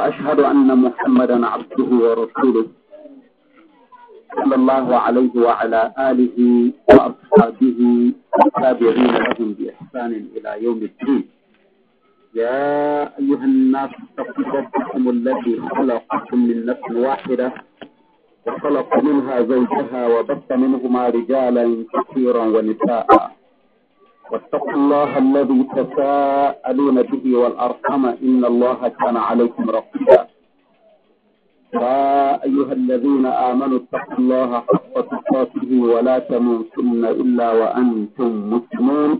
وأشهد أن محمدا عبده ورسوله صلى الله عليه وعلى آله وأصحابه والتابعين لهم بإحسان إلى يوم الدين يا أيها الناس اتقوا ربكم الذي خلقكم من نفس واحدة وخلق منها زوجها وبث منهما رجالا كثيرا ونساء واتقوا الله الذي تساءلون به والأرحم إن الله كان عليكم رقيبا يا أيها الذين آمنوا اتقوا الله حق تقاته ولا تموتن إلا وأنتم مسلمون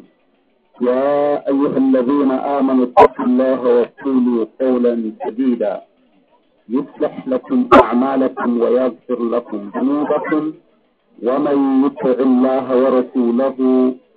يا أيها الذين آمنوا اتقوا الله وقولوا قولا سديدا يصلح لكم أعمالكم ويغفر لكم ذنوبكم ومن يطع الله ورسوله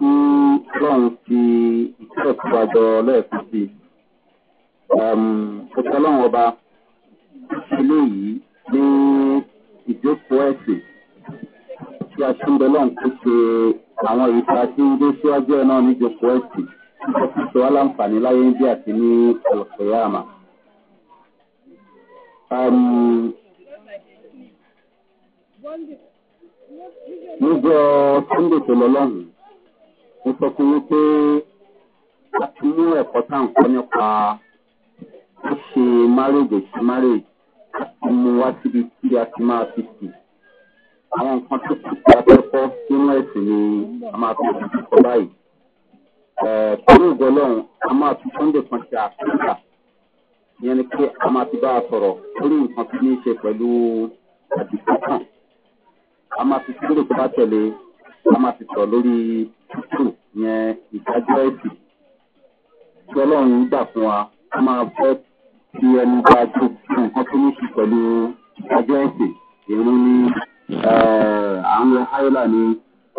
kí ọlọ́run fi ìtúrọ̀ tó wá jọ lẹ́ẹ̀kan sí i. ọ̀pọ̀ ọlọ́run ọba ilé yìí ní ìjókòó ẹ̀sìn tí a ti ń bẹ lọ́run tó ṣe àwọn èyí tí a ti ń gbé síwájú ẹ̀ náà ní ìjókòó ẹ̀sìn tó ti sọ aláǹfààní láyé ń bí àti ní ọ̀lọ́kẹ̀yàmà. níjọ́ sunday tó lọ lọ́hùn-ún mo sọ fún yín pé a ti mú ẹ̀kọ́ tá à ń kọ́ nípa ó ṣe marriage èsì marriage a ti mú wá síbi tí a ti máa fi sì àwọn nǹkan tó kù tí a fẹ́ kọ́ nínú ẹ̀sìn ni a máa fi ọ̀dọ̀ kọ́ báyìí. pẹ̀lú ìgbọ́lọ́run a máa fi sunday kan ṣe àfíríkà ìyẹn ni pé a máa fi bá a sọ̀rọ̀ lórí nǹkan tó ní í ṣe pẹ̀lú àdìsọ́kàn a máa fi sunday tó tẹ̀lé a máa ti sọ lórí títù yẹn ìdájọ́ ẹ̀sìn tí ọlọ́run gbà fún wa a máa fẹ́ fi ẹnu bá tó nǹkan tó ní í pẹ̀lú ìdájọ́ ẹ̀sìn èrò eh, ní àwọn eh, háìlà ní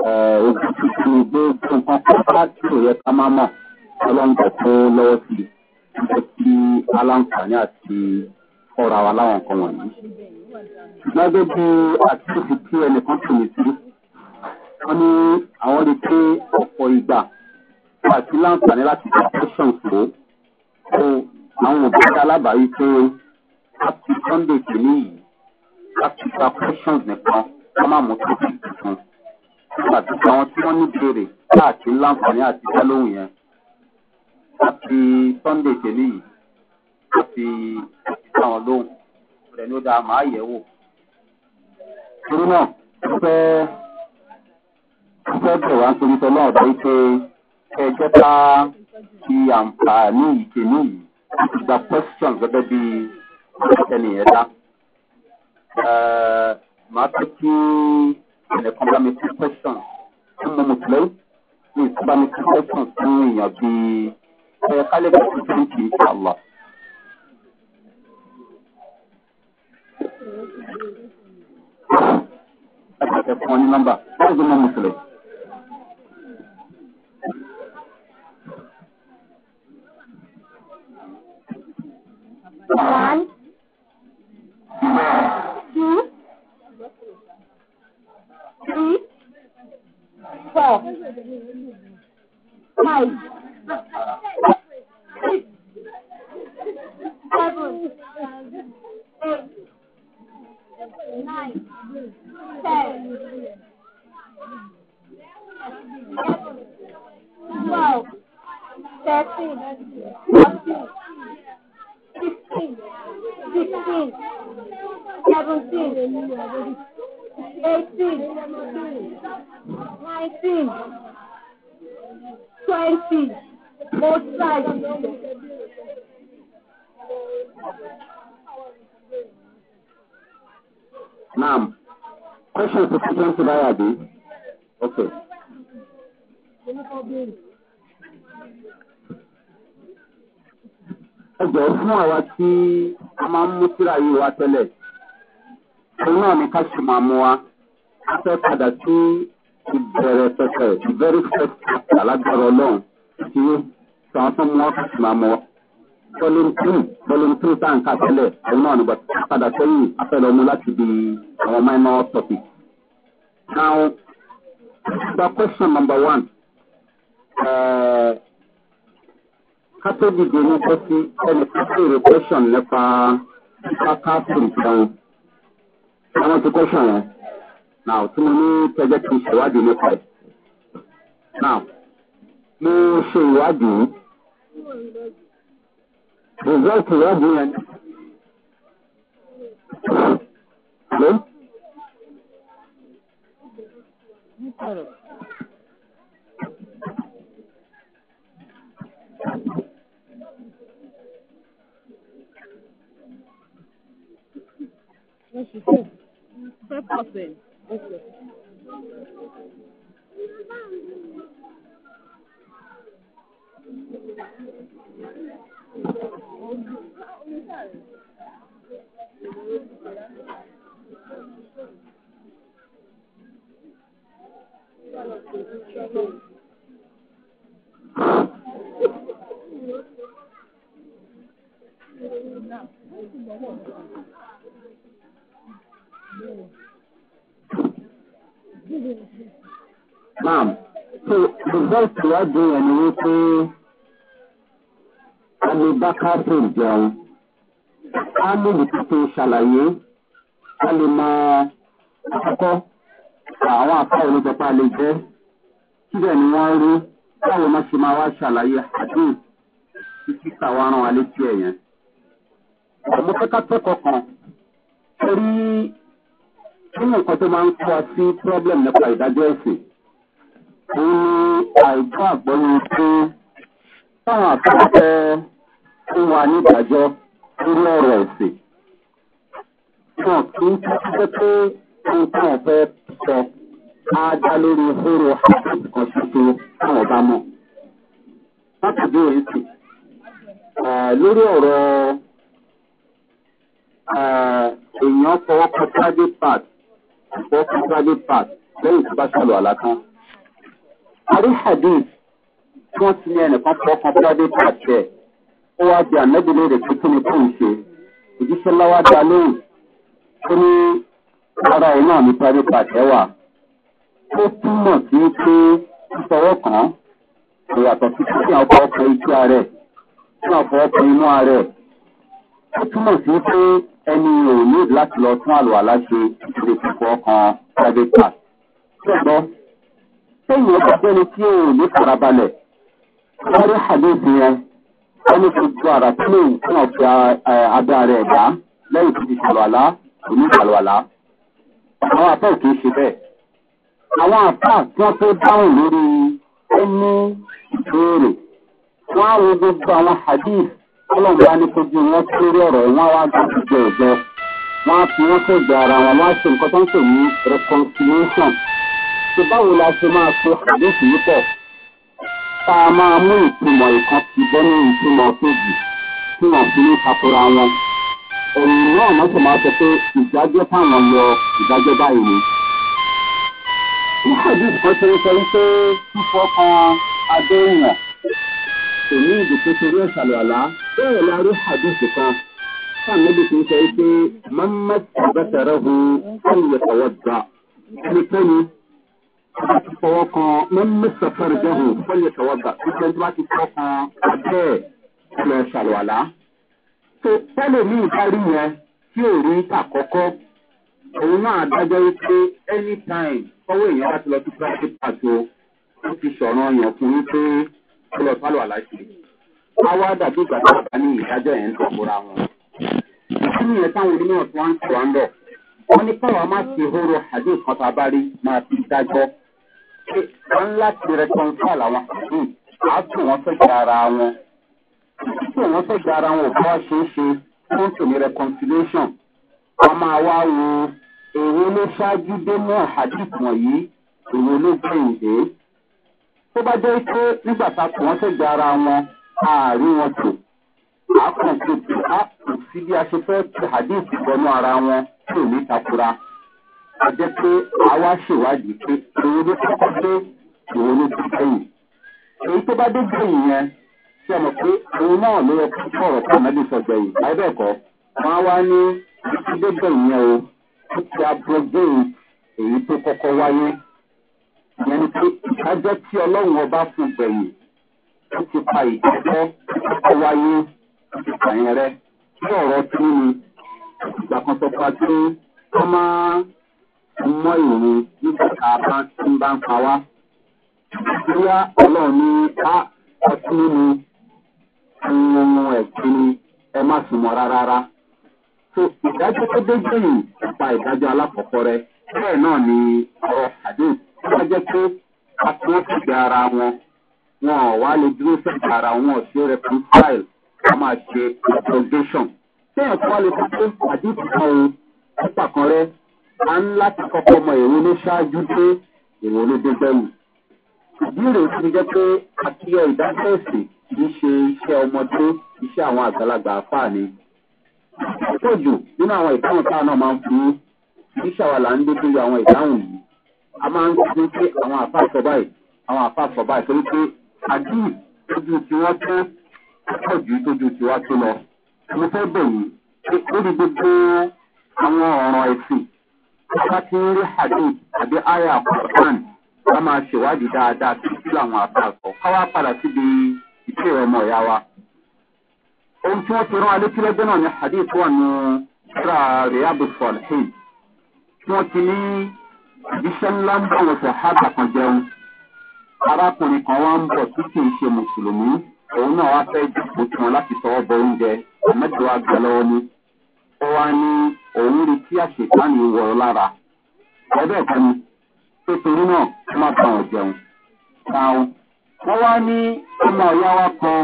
ojú tuntun ní nǹkan pátá tí ò yẹ ká má mọ̀ ọlọ́run gbà tó lọ́wọ́ sí i nígbà tí aláǹfààní àti ọ̀rọ̀ àwa láwọn nǹkan wọ̀nyí. lágbègbè àti òfin ẹnìkan tò mí sí wọ́n ní àwọn rí pé ọ̀pọ̀ ìgbà wà sí láǹfààní láti gba questions tó kó àwọn òbí dá lábàáyé pé láti sunday kìíní yìí láti gba questions nìkan wọ́n máa mú tó kìí tuntun nígbà tó gba àwọn tí wọ́n ní béèrè káàkiri láǹfààní àti dálóhùn yẹn láti sunday kìíní yìí láti gba àwọn lóhùn rẹ̀ ló dáa màá yẹ̀ wò. torí náà ó fẹ́ẹ́ gbọ́dọ̀ wá pé nítorí náà bá wípé ẹ jẹ́ ká fi àǹfààní ìkíní yìí láti gba question gẹ́gẹ́ bí ẹnìyẹn dá. Màá fẹ́ kí ẹnìkan bá mi kí question fún mo mùtúlẹ́ ní ìtúbá mi kí question fún èèyàn bí ẹ kálẹ̀ bá ti tún kì í kàlọ́. Ẹ bá tẹ̀ ní nọ́mbà. Báwo ni mo mùtúlẹ̀? One. Two. Three. Four. Five. Six. Seven. Eight. Nine. Ten. Eleven. Twelve. Thirteen. Fourteen. 16, 16, 17, 18, 19, 20, both sides. Ma'am, question for Christian Subayabi. Okay ẹjọ́ fún àwa tí a máa ń mú síra yìí wá tẹ́lẹ̀ òun náà ni ká sì máa mú wa a fẹ́ padà sí ìbẹ̀rẹ̀ pẹ̀pẹ̀ very first chapter alágbára ọlọ́run ti yé tí àwọn tó mú wa ká sì máa mú wa volume three volume three tá à ń kà tẹ́lẹ̀ òun náà ni bọ̀ padà sẹ́yìn a fẹ́ lọ mú láti di àwọn minor topic. now the question number one. Uh, kátó dìde ní kọ́sí ẹni ká béèrè question nípa nípa káàpùrù kan àwọn ti question yẹn now tí mo ní tẹ́jẹ́ kí n ṣèwádìí nípa ẹ̀ now mo ṣe ìwádìí result ìwádìí yẹn. Hello. oṣù tó twelve percent Thank you. Ma'am, so the best ìwádìí yẹn ni wípé Abubakar jẹun. A ní ìdíkùtù ṣàlàyé. A lè máa àkọ́kọ́ àwọn àpá olùjọba lè jẹ́. Síbẹ̀ ni wọ́n rí báwo má ṣe máa wá ṣàlàyé àdéhùn títí táwa rán wa létí ẹ̀ yẹn. Àmọ́ fẹ́ ká kẹ́kọ̀ọ́ kan. Torí nínú nǹkan tó máa ń kó sí problem nípa ìdájọ́ ẹ̀sìn òun ni àìgbọ́ àgbọ́yé pé táwọn àfẹ́fẹ́ fún wa nídàájọ́ lórí ọ̀rọ̀ ẹ̀sìn wọn kì í tẹ́tẹ́ pé ohun táwọn fẹ́ sọ á dá lórí hóró àkókò kan ṣoṣo táwọn bá mọ̀ látàbí èsì lórí ọ̀rọ̀ èèyàn fọwọ́ kan private part for private part lẹ́yìn tó bá ṣàlù àlá tán. àrí hadith tí wọ́n ti ní ẹnìkan fọ́ kan private part rẹ̀ ó wá di ànábìlẹ̀ rẹ̀ pé kí ni kò ń ṣe òjíṣẹ́ láwá dá lóhùn ó ní ara ẹ̀ náà ní private part rẹ̀ wà. ó túmọ̀ sí pé fífọwọ́ kàn kò yàtọ̀ sí kí wọ́n fọwọ́ kan iṣẹ́ rẹ̀ kí wọ́n fọwọ́ kan inú rẹ̀ ó túmọ̀ sí pé ẹni ò ní láti lọ tún àlọ́ aláṣẹ ìṣẹ̀lẹ̀ fífọ́ kan private part. ṣùgbọ́n sẹ́yìn ọgbà pẹ́ni tí ò ní farabalẹ̀ wọ́n rí àdéhùn yẹn wọ́n ní kò ju àrà tí lóun fún ọ̀fẹ́ abẹ́ ara ẹ̀dá lẹ́yìn tó ti ṣàlọ́ àlá kò ní ṣàlọ́ àlá. àwọn àpá ò kì í ṣe bẹ́ẹ̀. àwọn àpá tí wọ́n fẹ́ dáhùn lórí ẹni ìbéèrè wọ́n á wo gbogbo àwọn àdéhùn ọlọ́run bá ní kojú wọn tó lórí ọ̀rọ̀ wọn wá gbà jíjẹ ìjọ wọn á fi wọn tó gbà ara wọn wọn á ṣe nǹkan tó ń pè ní reconciliation ṣe báwo la ṣe máa ṣe àdéhùn yìí pọ̀ tá a máa mú ìtumọ̀ ìkan ti bọ́ ní ìtumọ̀ kejì tí wọ́n fi ní takora wọn ẹ̀yìn náà wọ́n sì máa sọ pé ìdájọ́ táwọn yọ ìdájọ́ báyìí ni. ní àdéhùn kan ṣe ń sọ wípé fífọ́ kan adéhùn kò ní ìdòkè torí ẹ̀ṣàlẹ̀ àlá bẹ́ẹ̀ la rí hadith kan sáàmìlì kì í sọ pé muhammad abasarahu fọlẹ̀tọ̀wọ́dà ẹnikẹ́ni fọwọ́ kan muhammad safarjahu fọlẹ̀tọ̀wọ́dà títí ẹni tó bá ti fọwọ́ kan abẹ́ ẹ̀rọ ṣàlùwàlá. tó tẹ́lẹ̀ ní ìdarí yẹn tí ò rí àkọ́kọ́ òun náà dájọ́ wípé anytime fọwọ́ èèyàn láti lọ sí private party o ó ti sọ̀rọ̀ yẹn fún wípé ó lọ á wá dàbí ìgbà tó bá ní ìdájọ́ yẹn ń tàkóra wọn. ìdí nìyẹn táwọn onímọ̀ tí wọ́n ń sọ̀rọ̀ ń bọ̀ wọ́n ní káwọn má fi hóró àdé kan tá a bá rí máa fi dájọ́ wọ́n láti rẹkọ̀nfàl àwọn àdéhùn á tún wọ́n fẹ́ ara wọn tún wọ́n fẹ́ ara wọn ò bá ṣe é ṣe fún tòní reconciliation wọ́n máa wá wo èrò ló ṣáájú dé mọ́ àdéhùn wọ̀nyí èrò ló gbẹ̀yìn dé tó bá jẹ́ pé nígbà tá àárín wọn tò àkànṣe tí a kò sí bí a ṣe fẹ́ tu hadith bọnú ara wọn tí ò ní takura a jẹ́ pé a wá ṣèwádìí pé èwo ló kọ́kọ́ dé èwo ló dé kẹ́yìn èyí tó bá dé gbẹ̀yìn yẹn ṣe mọ̀ pé òun náà ló yẹ kó sọ̀rọ̀ kó ànábì sọ gbẹ̀yìn láìbẹ̀kọ́ wọn á wá ní títí dé gbẹ̀yìn yẹn o ó ti abrogate èyí tó kọ́kọ́ wáyé ìyẹn ni pé ìkájọ́ tí ọlọ́run ọba fún gbẹ̀yìn ó ti pa ìtẹ́tẹ́ ó wáyé ó rẹ tí ọ̀rọ̀ tí ni ìgbà pa tí wọ́n máa ń mọ ìròyìn nígbà tá a bá ń bá ń pa wá. bóyá ọlọ́run ní ká ọtí nínú ohun ẹ̀sìn ni ẹ má sùn mọ́ rárá. tó nípa ìdájọ́ ni ọ̀rọ̀ àdéhùn wọn. wọn ò wá lè dúró sẹ́yìn ara wọn ṣe reconcile wọn máa ṣe interrogation. sẹ́yìn kọ́ lè fi pé àdìpọ̀ kan o pípa kan rẹ a ń láti kọ́kọ́ mọ èrò ní ṣáájú dé èrò ló dé bẹ́ẹ̀ ìdí rèé ti jẹ́ pé akíyọ ìdájọ́ ẹ̀sìn kì í ṣe iṣẹ́ ọmọdé iṣẹ́ àwọn àgbàlagbà àfáà ni. púpọ̀ jù nínú àwọn ìdáhùn táwọn náà máa ń fi iṣẹ́ àwa là ń dé lórí àwọn ìdáhùn yìí a máa ń fi pé àwọn àfáà sọ àwọn àfáà sọ torí pé àdí tójú tí tó pọ̀ tójú tí tó lọ. mo fẹ́ bẹ̀yìn pé lórí gbogbo àwọn ọ̀ràn ẹ̀sìn bá ti ń rí hadith àbí aya quran ká máa ṣèwádìí dáadáa tó sí àwọn àbáàkọ ká wá padà síbi ìtẹ́ ọmọ ìyá wa. ohun tí wọ́n ti rán alétílẹ́gbẹ́ náà ni hadith wà nù sra riabu salihin tí wọ́n ti ní ìdíṣẹ́ ńlá ń bá wọn sọ̀hábà kan jẹun arákùnrin kan wá ń bọ̀ tí kì í ṣe mùsùlùmí òun náà wá fẹ́ jòkó tí wọn láti tọwọ́ bọ oúnjẹ ọmọdé wa gbà lọ́wọ́ ni ó wá ní òun rí tí àṣetánì wọ̀ọ́ lára ẹgbẹ́ ẹ̀kọ́ ni pé torí náà ó má bá wọn jẹun táwọn. wọ́n wá ní ọmọ ọ̀yá wa kan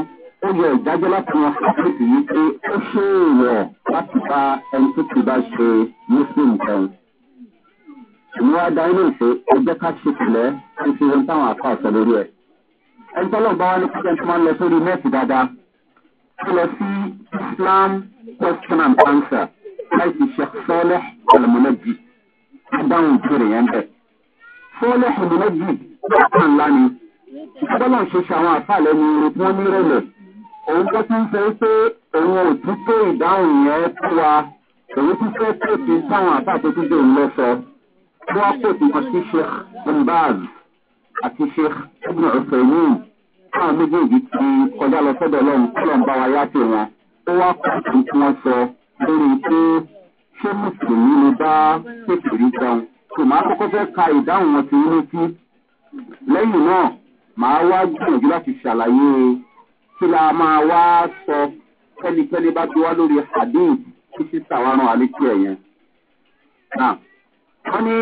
ó yọ ìdájọ́ láti wọn fàkìtì yìí pé ó ṣe é wọ̀ láti bá ẹni tó ti bá ṣe muslim jẹun èmi wá da inú ìpè ẹjẹ ká ṣe pẹ̀lẹ́ kí n fi ohun táwọn àfa ọ̀sẹ̀ lórí ẹ̀. ẹni tọ́lọ̀ bá wá ní kíkẹ́ tó máa ń lọ sórí nẹ́ẹ̀tì dáadáa tó lọ sí islam question and answer láìsí sheikh sọ́ọ́lẹ̀ alamọ́lẹ́jì adáhùn ìbéèrè yẹn bẹ̀. sọ́ọ́lẹ̀ alamọ́lẹ́jì ọ̀pọ̀ ńlá ni ìfọ́lọ́ ṣe ṣe àwọn àfa lẹ́nu irun tí wọ́n ní rẹ̀lẹ̀ òun tó ti ń sọ pé òun ò tún tó ìdáhùn yẹn fún wa òun tún fẹ́ pèsè táwọn àfa tó tún dé òun lọ tó wá pò tó sí sheikh mbaz àti sheikh ibn ọ̀sẹ̀yìn táwọn méjèèjì ti kọjá lọ sọ́dọ̀ lọ́hùn kọ́ lọ́n bá wa yá sí wọn ó wá pò tó tí wọ́n sọ lórí pé ṣé mùsùlùmí ló bá kékeré jẹun tó máa kọ́kọ́ fẹ́ ka ìdáhùn wọn ti rí sí lẹ́yìn náà màá wá gbìyànjú láti ṣàlàyé kí la máa wá sọ kẹ́nikẹ́ni bá ti wá lórí hadith kí sísà wa rán wa létí ẹ̀ yẹn wọ́n ní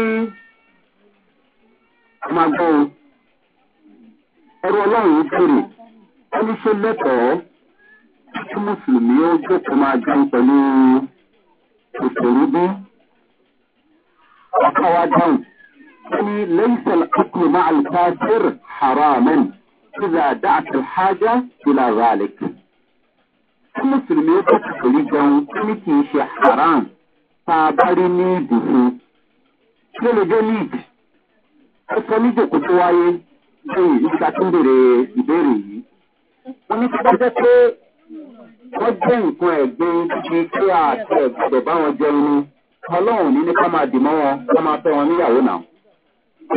ọmọ agbọ́ ẹrú ọlọ́run yìí bèrè wọ́n ní ṣe lẹ́tọ̀ọ́ tí mùsùlùmí ó jókòó máa jẹun pẹ̀lú òṣèlú bí ọ̀ká wa dáhùn wọ́n ní lẹ́yìn sọ̀rọ̀ àkùnrin máa àlùfáàjẹ́r haramen ìgbà dáàtì hájá ìlà ràlẹ̀k. tí mùsùlùmí ó jókòó pẹ̀lú jẹun tí kì í ṣe haram tá a bá rí ní ìdìbò kí ló dé lead ó sọ ní ìjòkó tó wáyé lẹ́yìn nígbà tó ń béèrè ìbéèrè yìí wọ́n ní kí wọ́n jẹ́ pé wọ́n jẹ́ nǹkan ẹ̀gbin títí kí àti ẹ̀gbọ́dọ̀ bá wọn jẹun ni ọlọ́run ní ní ká máa dì mọ́ wọn ká máa fẹ́ wọn níyàwó náà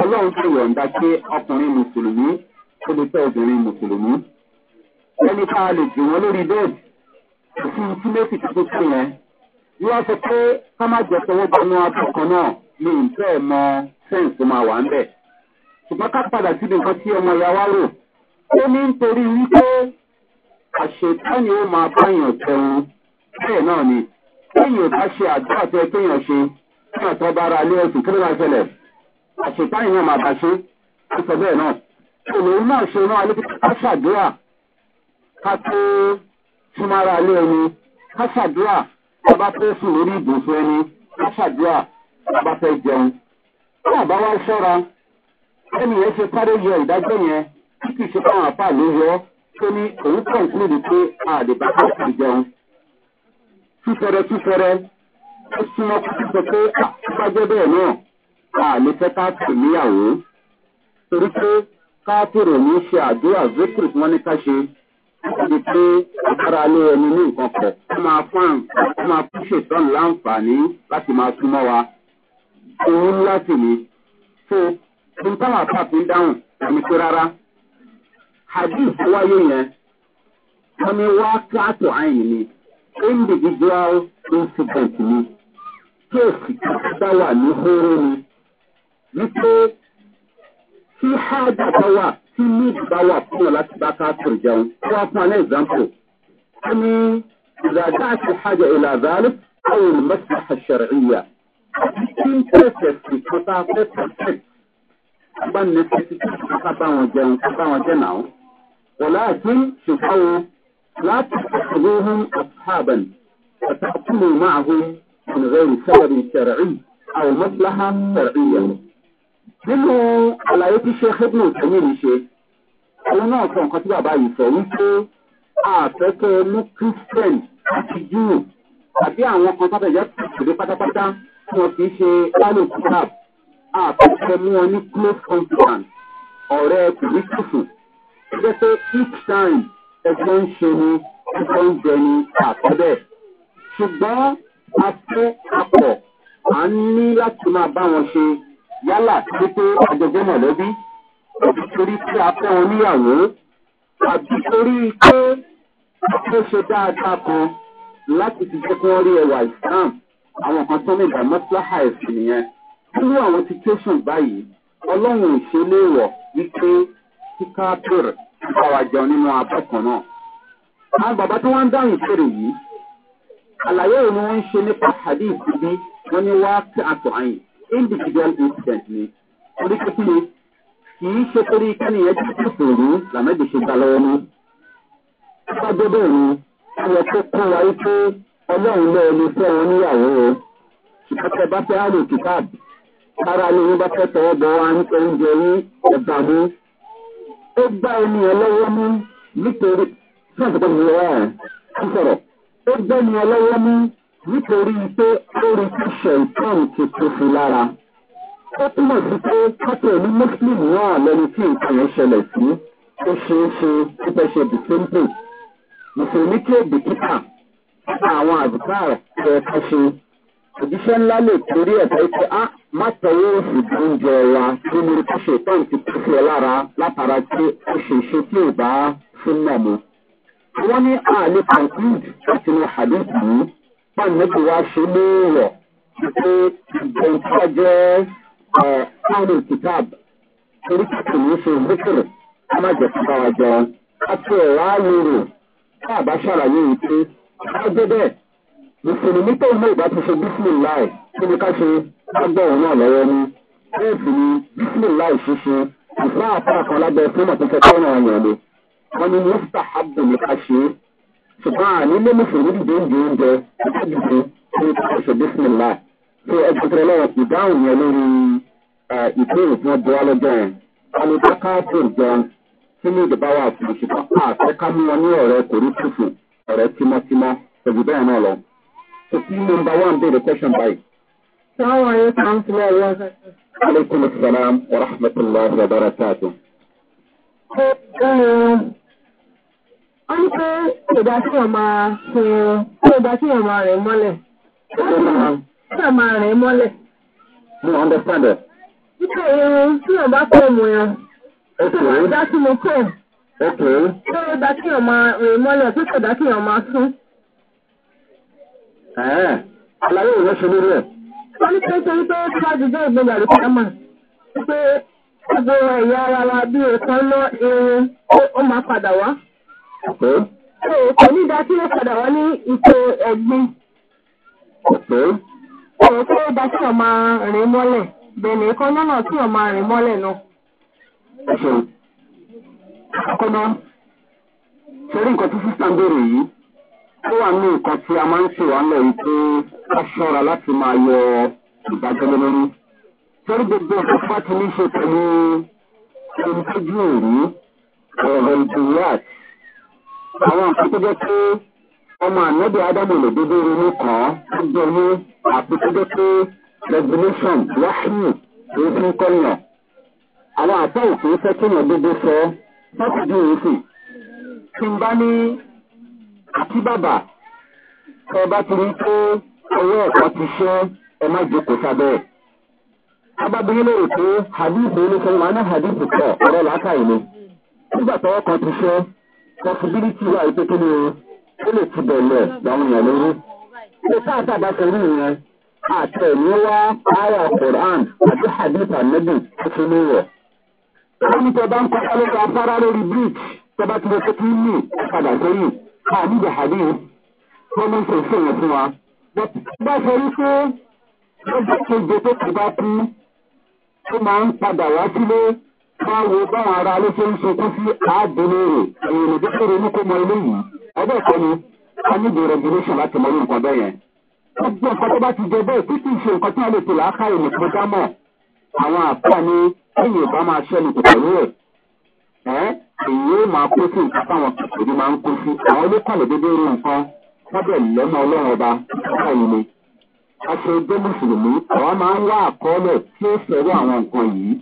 ọlọ́run ti yọ̀ǹda pé ọkùnrin mùsùlùmí ó lè fẹ́ obìnrin mùsùlùmí ẹni ká lè jù wọn lórí bẹ́ẹ̀ òfin tí méjì tó tó yẹn ni sọ pé ká má jẹ́ mi ì fẹ́ mọ fẹ́ǹsì tó máa wà ń bẹ̀. ṣùgbọ́n ká padà síbi nǹkan tí ọmọ ìyá wa rò ó ní nítorí wípé àṣetánì ó máa báyàn jẹun bẹ́ẹ̀ náà ni lẹ́yìn ò bá ṣe àdúrà tó yẹ kéèyàn ṣe kí ọ̀tọ́ bá ara lé ẹ̀sùn kí ló máa ṣẹlẹ̀ àṣetánì náà máa bá ṣe ó sọ bẹ́ẹ̀ náà òun náà ṣe rán alẹ́ ká ṣàdúrà ká tó súnmọ́ ara lé ẹni ká ṣàdúrà ká bá tó sùn lórí ìbùsùn ẹni ká ṣàdúrà bá fẹ́ jẹun. Bí àbá wá ṣọ́ra, ẹni yẹn ṣe sáré yọ ìdájọ́ yẹn tí kì í ṣe fáwọn àpá ló yọ tó ní òun kàn sí níbi pé àdìbá fẹ́ jẹun. Túfẹ́rẹ́ túfẹ́rẹ́ ó súnmọ́ kó sọ pé àtúbájẹ́ bẹ́ẹ̀ náà a lè fẹ́ káàtì níyàwó. Torí pé káàtì rò ní ṣe àdúrà zékìrì tí wọ́n ní ká ṣe níbi pé agbára lé ẹni ní nǹkan kọ̀. Ó máa fún ṣètọ́nù láǹfààní láti máa súnmọ́ wa òun ńlá sì ni so n táwọn àpapọ̀ ń dáhùn àmì pé rárá hadith wáyé yẹn wọ́n ní wá kíláàsì àyìn ni individual incident ni kéèsì kíkọ́ wà ní hóró ni wípé tí hájà bá wà tí níbi bá wà fún ọ láti bá káàkiri jẹun tí wọ́n fún ọ ní example wọ́n ní ìdàgbà àti hájà ìlàzàlẹ̀ àwọn olùmọ̀sí àṣẹrẹ̀ ìyá tí ń tẹ̀sẹ̀ sí kọ́tà tẹ̀sẹ̀ tẹ̀ agbánilẹ́sẹ̀ ti kí ká bá wọn jẹun ká bá wọn jẹun àwọn. wọ̀lá àti ṣùgbọ́n láti ṣàkóso ohun àtàbẹ̀n àtàkùnlé máa hó ìrẹ́ ìṣẹ́lẹ̀ ìṣẹ̀rẹ̀ rí àwọn mọ́tíláhà ṣẹ̀rẹ̀ yẹn. nínú àlàyé tí ṣe hébùn ìtẹ́yìn ní ṣe òun náà sọ nǹkan tí bàbá yìí sọ wípé àfẹ́kẹ́ mú kírísítẹ́nì àti júù àti àwọn kan sábẹ̀ yẹn kìí wọn kì í ṣe alukab àpẹẹrẹ mú wọn ní close confidant ọ̀rẹ́ kìrìtìfù ẹgbẹ́ pé each time ẹgbẹ́ ń ṣe ni ẹgbẹ́ ń jẹ ni àkọ́bẹ̀ ṣùgbọ́n a fẹ́ apọ̀ à ń ní láti máa bá wọn ṣe yálà tí pé àjọjọ mọ̀lẹ́bí àti torí pé a fẹ́ wọn níyàwó àti torí pé a fẹ́ ṣe dáadáa kan láti fi jẹ́ kí wọ́n rí ẹwà ìsáàmù àwọn kan tó lè dá mọ́tíláhà ẹ̀sìn nìyẹn nínú àwọn situation báyìí ọlọ́run ìṣeléwọ̀ wípé kíká pèrè kíkọ́ wa jẹun nínú abọ́ kan náà. àwọn bàbá tí wọ́n ń dáhùn ìbéèrè yìí àlàyé òun ni wọ́n ń ṣe nípa hadith bí wọ́n ní wá sí àtọ̀ àyìn individual incident ni orí kékeré kì í ṣe torí kẹ́niyẹn tí kò fòrú làmẹ́jì ṣe gbà lọ́wọ́ bẹ́ẹ̀ ni ó yẹ kó kó wa ọlọ́run lọ́ọ́ lè fẹ́ wọn níyàwó o ìkọ́tẹ̀ bá fẹ́ àrò kìkáp ara ni wọ́n bá fẹ́ tọwọ́ bọ̀ wá ní oúnjẹ yín ẹ̀bà mú ó gbá ẹni ẹ lọ́wọ́ mú nítorí fẹ́ǹsìkọ́ mi wá ẹ̀ ń sọ̀rọ̀ ó gbẹ́ni ẹ lọ́wọ́ mú nítorí pé ó rí kíṣẹ̀ ìtàn ti tuntun lára ó túmọ̀ sí pé kọ́tẹ̀ ní muslim wà lẹ́ni tí nǹkan yẹn ṣẹlẹ̀ sí ó ṣeé ṣe ó fẹ́ ṣe the mùsùlùmí tí ó bìkítà nípa àwọn àbùkárà tó yẹ ká ṣe òjíṣẹ́ ńlá lè torí ẹ̀fọ́ pé a ah, má tẹ̀wé oṣù tó ń jẹ wa tí mo ti ṣe tán ti kú sí ẹ lára látara tí ó ṣe ṣe tí ò bá fún náà mu. wọ́n ní àlè ah, conclude láti ní hadith yìí wọ́n ní wá ṣe léèrọ̀ pé ìgbọ̀n tí jẹ́ ọ̀hún kitab torí kí kò ní ṣe zikiri ká má jẹ́ kí bá wa jẹun. a ti ẹ̀ wá lérò tá a bá ṣàlàyé yìí pé àgbẹ̀ bẹ́ẹ̀ mùsùlùmí tó ń mú ìbá ti ṣe bísíláì tó ní ká ṣe lágbọ̀ òun náà lọ́wọ́ ní bẹ́ẹ̀ sì ni bísíláì ṣíṣe ìfẹ́ àpárá kan lábẹ́ fún àtúnṣe tó ràn yàn ni wọ́n ní mọ́tà àbò ní ká ṣe ṣùgbọ́n àní ní mùsùlùmí dìde ń di oúnjẹ ìfẹ́ dìde tó ní ká ṣe bísíláì tó ẹgbẹ́ tẹ̀lé lọ́wọ́ ìdáhùn yẹn lórí ìbéèrè tí wọ́n bí wá lọ́jọ́ yẹn alùpàkà tó jẹun sínú ìdìbáwá àti ìṣùpá àfẹ́kámú wọn ní ọ̀rẹ́ kòrí ọ̀rẹ́ tímọ́tímọ́ pẹ̀lú bẹ́ẹ̀ náà lọ. kò sí nọmba wán béèrè question báyìí. sáwọn ayé kan ti lọ wọ. aleykum salaam wa rahmatulahi wa barakatu. wọ́n ní pé ìdá tí wọ́n máa ṣe ìdá tí wọ́n máa rìn mọ́lẹ̀. ṣé wọ́n máa rìn mọ́lẹ̀. mo understand it. nípa irun tí wọ́n bá kọ́ ọmọ yẹn. ó ti wọ́n dá sí mi kọ́ ọ̀. ṣé ó dá kíyàn máa rìn mọ́lẹ̀ tó kò dá kíyàn máa sún. ṣe lórí ẹ̀. wọ́n ní pé torí pé ó bá jíjẹ́ ìgbéyàwó kámà pé gbogbo ẹ̀yà ara wa bí òkan irun ó máa padà wá. kò ní dá kí ó padà wá ní ipò ẹ̀gbin. kò dá mọ́lẹ̀ náà mọ́lẹ̀ náà. àkọ́kọ́ náà torí nǹkan tí sísan béèrè yìí ó wà ní nǹkan tí a máa ń ṣe wà lọ yìí pé ká ṣọ́ra láti máa yọ ìdájọ́ lórí torí gbogbo nǹkan tí wọ́n ti ní ṣe pẹ̀lú ohun tó jù òrí ọ̀rọ̀ ìdúnyàt àwọn nǹkan tó jẹ́ pé ọmọ ànábì ádámù lè dédé ronú kan ó jẹ́ ní àti tó jẹ́ pé regulation wáhíù ló fi ń kọ́ yàn àwọn àtọ́ òfin fẹ́ kéèyàn dédé sọ láti dín òun sìn tí n bá ní àti bàbà tẹ bá ti rí pé ọwọ́ ẹ̀kọ́ ti ṣe ẹ má jókòó sábẹ́ ẹ̀. abábíyí lè rò pé hadith oníṣẹ́ wa ní hadith kọ̀ ọ̀rọ̀ làákàyè ni nígbà tọwọ́ kan ti ṣe possibility wà wípé kí ni ó lè ti bẹ̀rẹ̀ làwọn èèyàn lórí. ilé táàtà bá ṣe rí ìyẹn àtẹ̀yẹ́wá ayà quran àti hadith anabi tuntun ní rẹ̀ ẹni tẹ bá ń kọjá lórí afárá lórí bíríkì tẹ bá ti lọ sí kí ní padà sẹ́yìn ká níbi àdé wọn ló ń ṣe fún wọn fún wa. bá a ṣe rí pé lọ́jọ́ keje tó kù bá kú ó máa ń padà wá sílé máa wo báwọn ará ló ṣe ń sunkún sí àádọ́lérè èèyàn ìdí tó ronú kó mọ ilé yìí ọjọ́ ìkọ́ ni a níbi regulation láti mọ nǹkan bẹ́ẹ̀ yẹn. gbogbo nǹkan tó bá ti jẹ bẹ́ẹ̀ tí kì nǹkan tí wọ́n lè tò láákàyè nìkan dámọ̀ àwọn àpá ẹ̀yìn ìbá máa ṣẹlẹ̀ pẹ̀lú ẹ̀ ẹ́ èyí máa kó sí nǹkan táwọn kòkòrò máa ń kó sí àwọn olókàlẹ̀ dédé rí nǹkan lábẹ́ lẹ́mọ ọlọ́run ọba báyìí ni aṣọ ẹgbẹ́ mùsùlùmí àwọn máa ń wá àkọọ́lẹ̀ tí ó fẹ̀rẹ̀ àwọn nǹkan yìí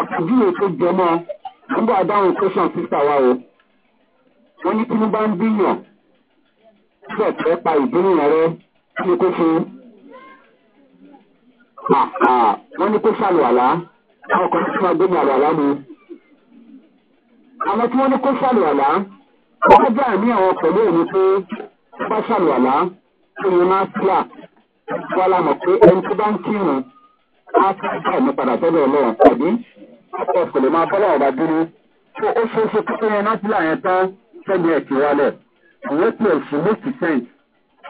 àpèjúwe tó jẹmọ́ nígbà dáhùn tẹ̀sán sísà wa o wọ́n ní tinubu bá ń bíyàn síbẹ̀ tẹ́ pa ìbínú rẹ kí ni kó fún un wọ́n ní kó ṣàlùwàlá àwọn kan tí wọ́n gbé ní àlàlá mu. àwọn tí wọ́n ní kó sàlùwàlá wọ́n bá ní àwọn pẹ̀lú òní pé bá sàlùwàlá kí ni máa tílà wọ́n la mọ̀ pé ẹni tó bá ń kírun á ti bá ẹ̀mí padà sọ́dọ̀ ọlọ́run tàbí ọ̀pọ̀ kò lè máa fọ́lọ́ ọ̀bà dúró tó ó ṣe é ṣe kókó yẹn náà tílà yẹn tán sẹ́gun ẹ̀kí wálẹ̀ ìwé pẹ̀lú fún mẹ́sì sẹ́ǹtì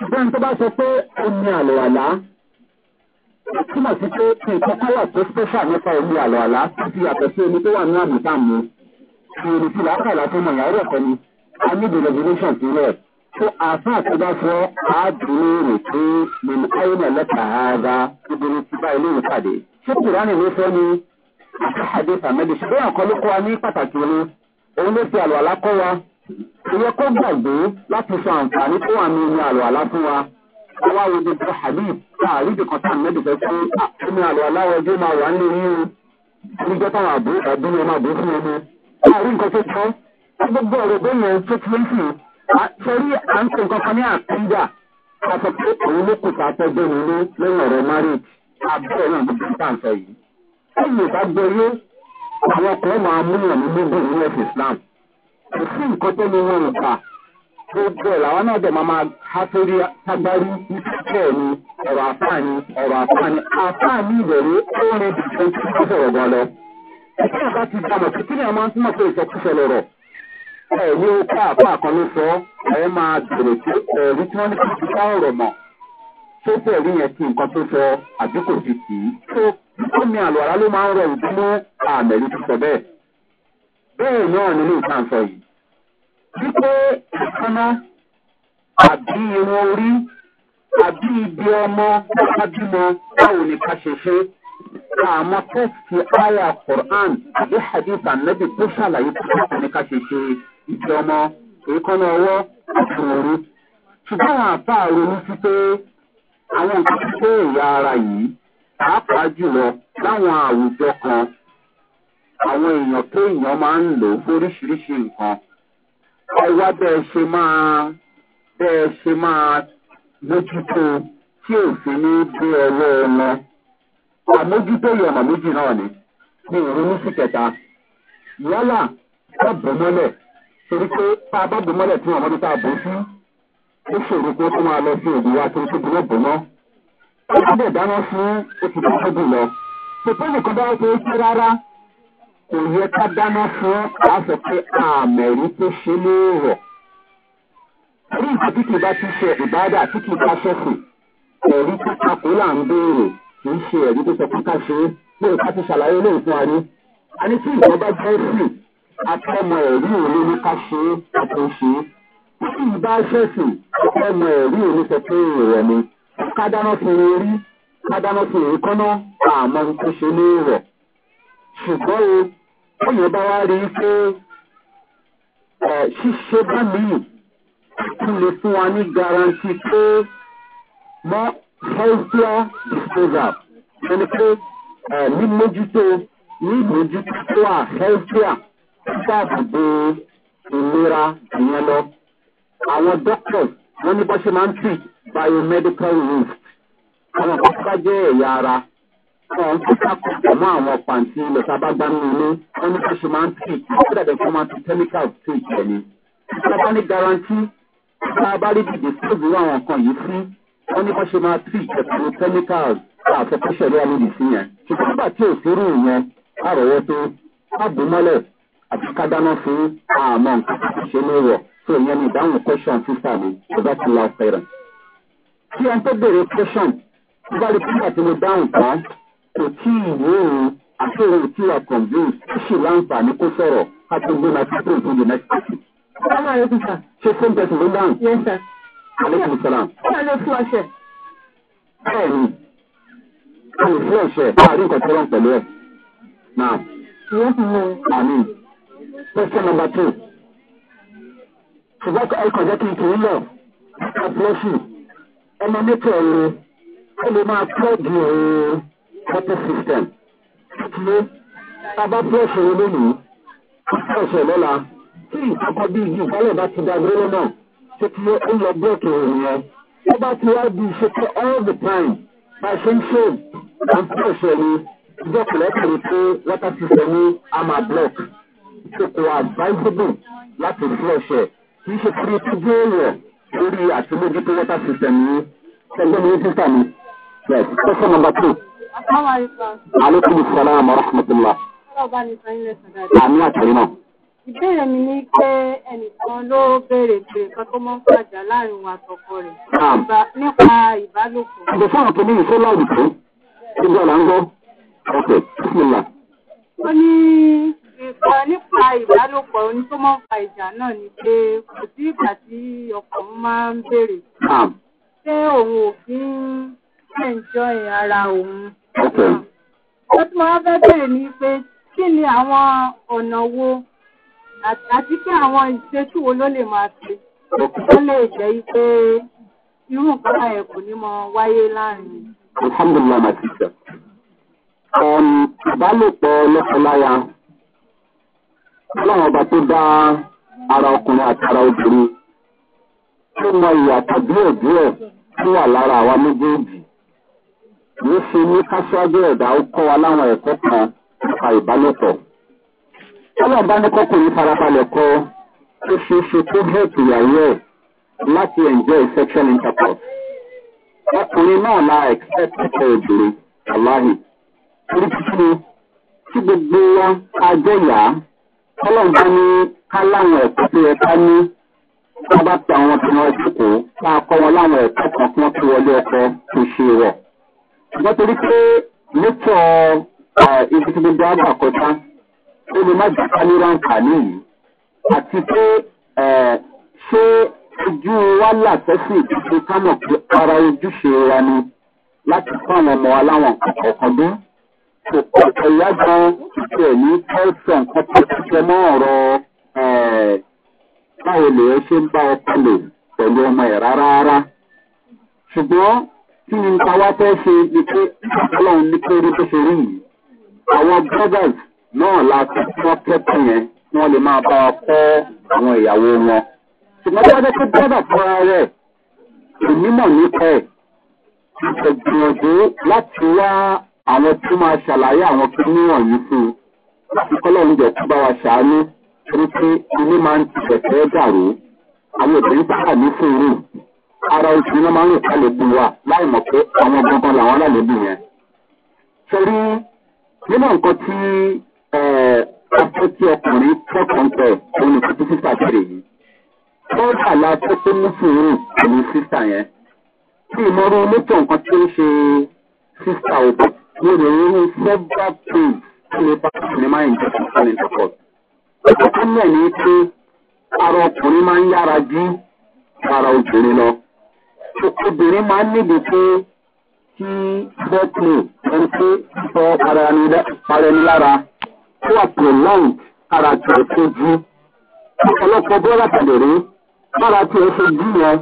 ṣùgbọ́n pé ó ní àlùwàlá ó túmọ̀ sí pé kí nǹkan kọ́ wà tó special nípa omi àlọ́ àlá àti yàtọ̀ sí omi tó wà ní àmì tá a mú fi omi tó mọ̀ yàrá ẹ̀kọ́ ni a ní the regulation ti rẹ̀ tó àáfà tó bá fọ́ àádúró rè pé mọ̀nà ayé náà lẹ́tà ara ìbòrò ti bá ilé ìwé pàdé ṣé kùránì ló fẹ́ ni àtàkàdé tàmẹ́lì ṣe bẹ́ẹ̀ kọ́ wa ní pàtàkì omi òun ló fi àlọ́ àlá kọ́ wa ìyẹn kó gbàgbé láti sọ àǹfààní tó wà ní omi àlọ́ àlá fún wa àwa wo ti sọ habib káàrí ti kàn sáà mẹ́tò fẹ́ fún àkómi àlọ́ aláwọ̀ ẹjọ́ máa wà nílé yín o níjọ́ táwọn àbúrò tàbí ni ọmọ àbúrò fún ẹni. káàrí nǹkan tó tọ́ gbogbo ọ̀rọ̀ bẹ́ẹ̀ yẹn tó ti ń sìn sọrí à ń pè nǹkan kan ní àtúndà kàtó pé òun ló kùtà àtẹ́gbẹ́ mi ní lẹ́yìn ọ̀rọ̀ mari àbúrò náà ló bá ń yìí. ẹ̀yìn gbogbo làwọn náà dẹ̀ máa máa há sórí tágbárí nípẹ́ ni ọ̀rọ̀ àfáàní ọ̀rọ̀ àfáàní àfáàní ìrẹ̀lẹ̀ orin tuntun tí wọ́n sọ̀rọ̀ gan lọ. ìpínlẹ̀ bá ti dámọ̀ pé kí ni a máa ń túmọ̀ pé ìsọkúsọ lọ̀rọ̀. ẹ ní o ká àpá kan ló sọ ẹ máa bèrè pé ẹ̀rí tí wọ́n ní kí wọ́n ọ̀rọ̀ mọ̀ tó tẹ̀rí yẹn kí nǹkan tó sọ àbí kò fi í. tó tó mi àlọ́ àlá ló máa ń rọrùn dúró àmẹ̀rí tó sọ bẹ́ẹ̀. bẹ́ẹ̀ náà nínú ìtàn sọ yìí wípé ìkànnà àbí irun orí àbí ibi ọmọ bá bímọ báwo ni ká ṣe ṣe àmọ́ tẹ́sítì àyà quran àbí hadith anabi tó ṣàlàyé báwo ni ká ṣe ibi ọmọ ìkànnà ọwọ́ àti orí. ṣùgbọ́n àwọn àfáà ronú sí pé àwọn nǹkan tó ara yìí pàápàá jùlọ láwọn àwùjọ kan àwọn èèyàn tó èèyàn máa ń lò fóríṣiríṣi ọwá bẹ́ẹ̀ ṣe máa bẹ́ẹ̀ ṣe máa mójútó tí òfin ní dé ọwọ́ ọmọ àmójútó ìyọ̀nà méjì náà ni ní ìrònú sí kẹta yálà ká bò mọ́lẹ̀ torí pé tá a bá bò mọ́lẹ̀ tí wọn mọ́tò tá a bò sí ó ṣòro pé ó tún máa lọ sí òbí wa torí pé bí wọ́n bò mọ́ ó ti bẹ̀ dáná fún oṣù tó tóbi lọ. pèpè nìkan bá wọ́n pé ó ti rárá kò yẹ ká dáná fún a sọ pé àmẹ̀rí tó ṣe ló rọ̀. orí nǹkan tí kì bá ti ṣe ìbáàdà tí kì bá ṣẹ̀fù ẹ̀rí tó takò là ń béèrè kì í ṣe ẹ̀rí tó sọ pé ká ṣe é lóò ká ti ṣàlàyé lóò fún a ní tí ìjọba jẹ́ sí akọ́mọ ẹ̀rí òní ní ká ṣe é ọkọ̀ ṣe é. tí ìbá ṣẹ̀fù akọ́mọ ẹ̀rí òní sọ pé ìrọ̀ ni ká dáná fún orí ká dáná fún èékánná àmọ́ tó ṣe ló rọ̀ ṣùgbọ́n ọmọ bá wá rí i pé ṣíṣe bá míì tún lè fún wa ní garanti pé mọ healthier disposal ẹni pé mímójútó mímójútó tó wà healthier nígbà àbùdó ìlera ìyẹn lọ àwọn doctors wọn ní bó ṣe máa ń treat biomedical risk àwọn kan bá jẹ ẹ̀yà ara kan tó kàkọ́ pẹ̀lú àwọn pàǹtí ilẹ̀ tá a bá gbá nínú ilé wọn ní kó ṣe máa ń tì kí ó dàbẹ̀ kó máa ti chemical tì kí ẹni. tá a bá ní garanti tá a bá rí dìde sóògùn irú àwọn nǹkan yìí sí wọn ní kó ṣe máa tì kí pẹ̀lú chemical tá a fẹ́kọ́ ṣẹ̀rí àlòdì sí yẹn. ṣùgbọ́n nígbà tí ò sí irú ìyẹn àròwọ́ tó káàbù mọ́lẹ̀ àti kádáná fún àmọ́ nǹkan tó ṣe ní rọ̀ tó ìyẹn ní ìdáhùn question sísà mi ọ̀gá ti la ọ̀pẹ̀rẹ̀. kí ẹn tó béèrè question nígbà tí kò tí ì wó o àfihàn tí wà confused ó sì láǹfààní kó sọ̀rọ̀ ká tó gbé máa tó tó the next person. Báwo ayé ti sà? Ṣé fún bẹ́sẹ̀ ló dáhùn? Yes sir. Aleykum salaam. Báwo ló fún ọṣẹ? Bẹ́ẹ̀ni, a lè fún ọṣẹ láàrin nǹkan tó rán pẹ̀lú ẹ̀. Now, yes, Mami, question number two. Ṣùgbọ́n ẹ̀kọ́ jẹ́ kí n kì í lọ, ẹ̀ka blessing, ọmọ mẹ́tẹ̀ẹ̀rin, ó lè máa tọ́jú ẹ̀rọ healthy system títí tábà fúrẹ́ṣẹ̀ wọn lónìí fúrẹ́ṣẹ̀ lọ́la tí ìkọ́kọ́ bí ìjì ìbálẹ̀ bá ti dàgbé lọ́nà títí ó lọ bírèkì òun yẹn ó bá ti wá di iṣẹ́ all the time bá ṣe ń ṣe à ń fúrẹ́ṣẹ̀ ni ìjọ kìlọ́kìlì pé water system ni a máa block ṣe kò advisable láti fúrẹ́ṣẹ̀ kì í ṣe kí tó dé èèyàn lórí àti mójútó water system ni ẹgbẹ́ mi ń sísà mi. Yes, question number two. Aleykum salaam wa rahmatulah. Ọlọ́ba ni sọ ilé sọ̀dá. Àmì àtàrí náà. Ìbéèrè mi ni pé ẹnìkan ló béèrè pé nǹkan tó máa ń fàjà láàrin wa àtọkọ rẹ̀. Nípa ìbálòpọ̀. Àbẹ̀ fún àwọn kìnìún fún láàrú tó. Ṣé ìjọ là ń gbọ́? Ọ̀kẹ́ bísímìlà. Ó ní nǹkan nípa ìbálòpọ̀ oní tó máa ń fa ìjà náà ni pé kò sí ìgbà tí ọkọ̀ máa ń béèrè. Ṣé òun ò fi ń enjoy ara òun? ọ ah. Ó tún wá ni pé kí ni àwọn ọ̀nà wo àti pé àwọn ìṣesí ló lè máa ṣe tó lè jẹ́ pé irú nǹkan báyẹn kò ní mọ wáyé láàrin. Alhamdulilayi my sister. Um, ìbálòpọ̀ Ọlọ́run ọba tó dá ara ọkùnrin àti ara obìnrin. mọ ìyàtọ̀ tó wà lára àwa méjèèjì. ní ṣe ní káṣíwájú ẹ̀dá ó kọ́ wa láwọn ẹ̀kọ́ kan nípa ìbálòpọ̀. tọ́lọ̀ bá ní kọ́kùnrin farabalẹ̀ kọ ó ṣe é ṣe tó hẹ́ẹ̀tì ìyàwó ẹ̀ láti enjoy sexual intercourse. ọkùnrin náà la expect ọ̀pọ̀ obìnrin aláhì. torí títí tí gbogbo wa ajẹ́ yá tọ́lọ̀ bá ní ká láwọn ẹ̀kọ́ tó yẹ ká ní tá a bá pe àwọn tí wọ́n jókòó ká kọ́ wọn láwọn ẹ̀kọ́ kan tí wọ́n ti wọlé ọkọ̀ tó ṣe rẹ̀ ṣùgbọ́n torí pé nítọ̀ ibi tí gbogbo àgbà kọjá ó lè má jà ká ní ráǹkàní yìí àti pé ṣé ojú wa là sẹ́sìn ìdíje kánò pé ara ojúṣe wa ni láti fún àwọn ọmọ wa láwọn ọ̀kọ̀ọ̀kan dún. ọ̀pọ̀ ìyá gan ṣe ní kẹ́sọ̀ nǹkan tó ti jẹ mọ́ ọ̀rọ̀ báwo lè ṣe ń bá ọkọ lò pẹ̀lú ọmọ ẹ̀ rárá rárá. ṣùgbọ́n kí n ta wá fẹ́ ṣe ni pé ọlọ́run ní pé orí tó rí yìí àwọn brothers náà la ti wọ́n kẹ́kọ̀ọ́ yẹn kí wọ́n lè máa bá wa kọ́ àwọn ìyàwó wọn. ṣùgbọ́n tí wọ́n fẹ́ pé brother fúnra rẹ̀ onímọ̀ nípa ẹ̀ ìgbìyànjú láti wá àwọn tó máa ṣàlàyé àwọn tó níwọ̀n yìí fún un láti kọ́lọ́ oúnjẹ tó bá wa ṣàánú torí pé ilé máa ń tẹ̀sẹ̀ dàrú àwọn òbí ń pàdánù fún un ara oṣù ni wọ́n máa ń rìn kálẹ̀bù wa láì mọ̀ pé àwọn gbọ́ngàn làwọn alálẹ́bù yẹn. sẹ́rí nínú nǹkan tí ọjọ́ tí ọkùnrin kẹ́kọ̀ọ́ ń tẹ̀ òun nìkan tí sísà kiri yìí. tọ́jà la tó tó mú sùúrù pẹ̀lú sísà yẹn. tí ìmọ̀rú mọ́tò nǹkan tí ó ṣe sísà òbí mo rè é ní several things tó lè bá sinimá ìjọsìn fún intercourse. ọ̀pọ̀ tó mẹ́ ni pé ara ọkùnrin máa ń yára jí ara obìnrin lọ obìnrin máa ń níbi pé kí bọ́ọ̀kì ẹni pé sọ ara ẹni lára tó wà prolonged ara tó fojú ọ̀pọ̀lọpọ̀ bọ́ọ̀lá tàbí rí lára tó fojú yẹn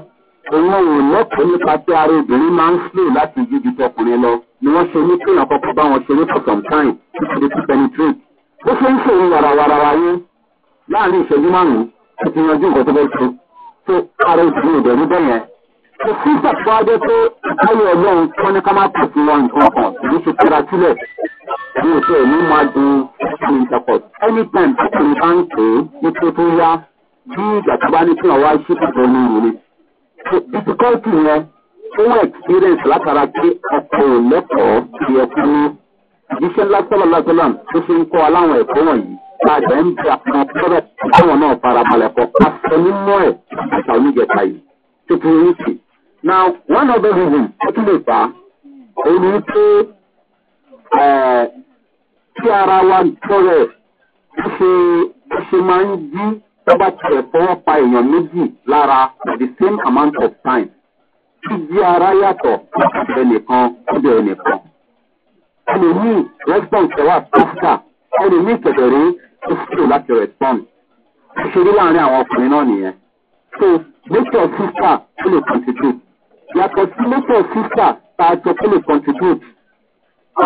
òun ò lọ́kọ̀ọ́ nípa pé ara obìnrin máa ń slow láti yí ju tọkùnrin lọ ni wọ́n ṣe ní pé àkọ́kọ́ bá wọn ṣeré for some time títí di two penetrate ó ṣe ń ṣòro warawara wáyé láàrin ìṣẹ́jú márùn-ún ó ti yanjú nǹkan tó bẹ́ẹ̀ tó tó ara obìnrin ò dẹ̀ ní yẹn kò sí ìṣàkóso ajé pé ayé ọlọ́run wọn ní ká má tà sí wọn nǹkan kan ìdí ṣe tẹ́ra sílẹ̀ ní òṣè ní máa di ṣe intercourse anytime tí kò ní bá ń pè é ní tó tó yá bí ìgbà tó bá ní kí wọn wá sí ìpàdé ní ìrìn difficulty yẹn fún experience látara pé ọkọ̀ ò lẹ́kọ̀ọ́ ti ẹkú ní ìdíṣẹ́ ńlá sọ́lọ́lọ́sọ́lọ́ tó ṣe ń kọ́ aláwọn ẹ̀kọ́ wọ̀nyí láàbẹ̀ ń bí àwọn pọ́rọ̀ táwọn náà farabalẹ̀ kọ́ àfẹnumọ́ ẹ̀ àtàwọn oníjẹta yìí tó fi ń sìn now one other reason tó tún lè fà á òun ni pé tí ara wa tọrẹ ṣe ṣe máa ń jí tọ́ba tẹ̀lẹ̀ fọwọ́ pa èèyàn méjì lára for the same amount of time jíjí ara yàtọ̀ ọ̀dọ̀ ẹnìkan ọ̀dọ̀ ẹnìkan ẹlòmíì response ẹ̀ wà pásítà ẹlòmíì kẹ̀dẹ̀rẹ́ ó fúlò láti respond ṣe rí láàrin àwọn ọkùnrin náà nìyẹn so nature sister ó lè constitute yàtọ̀ sí mọ́tò sísà tá a jọ kó lè contribute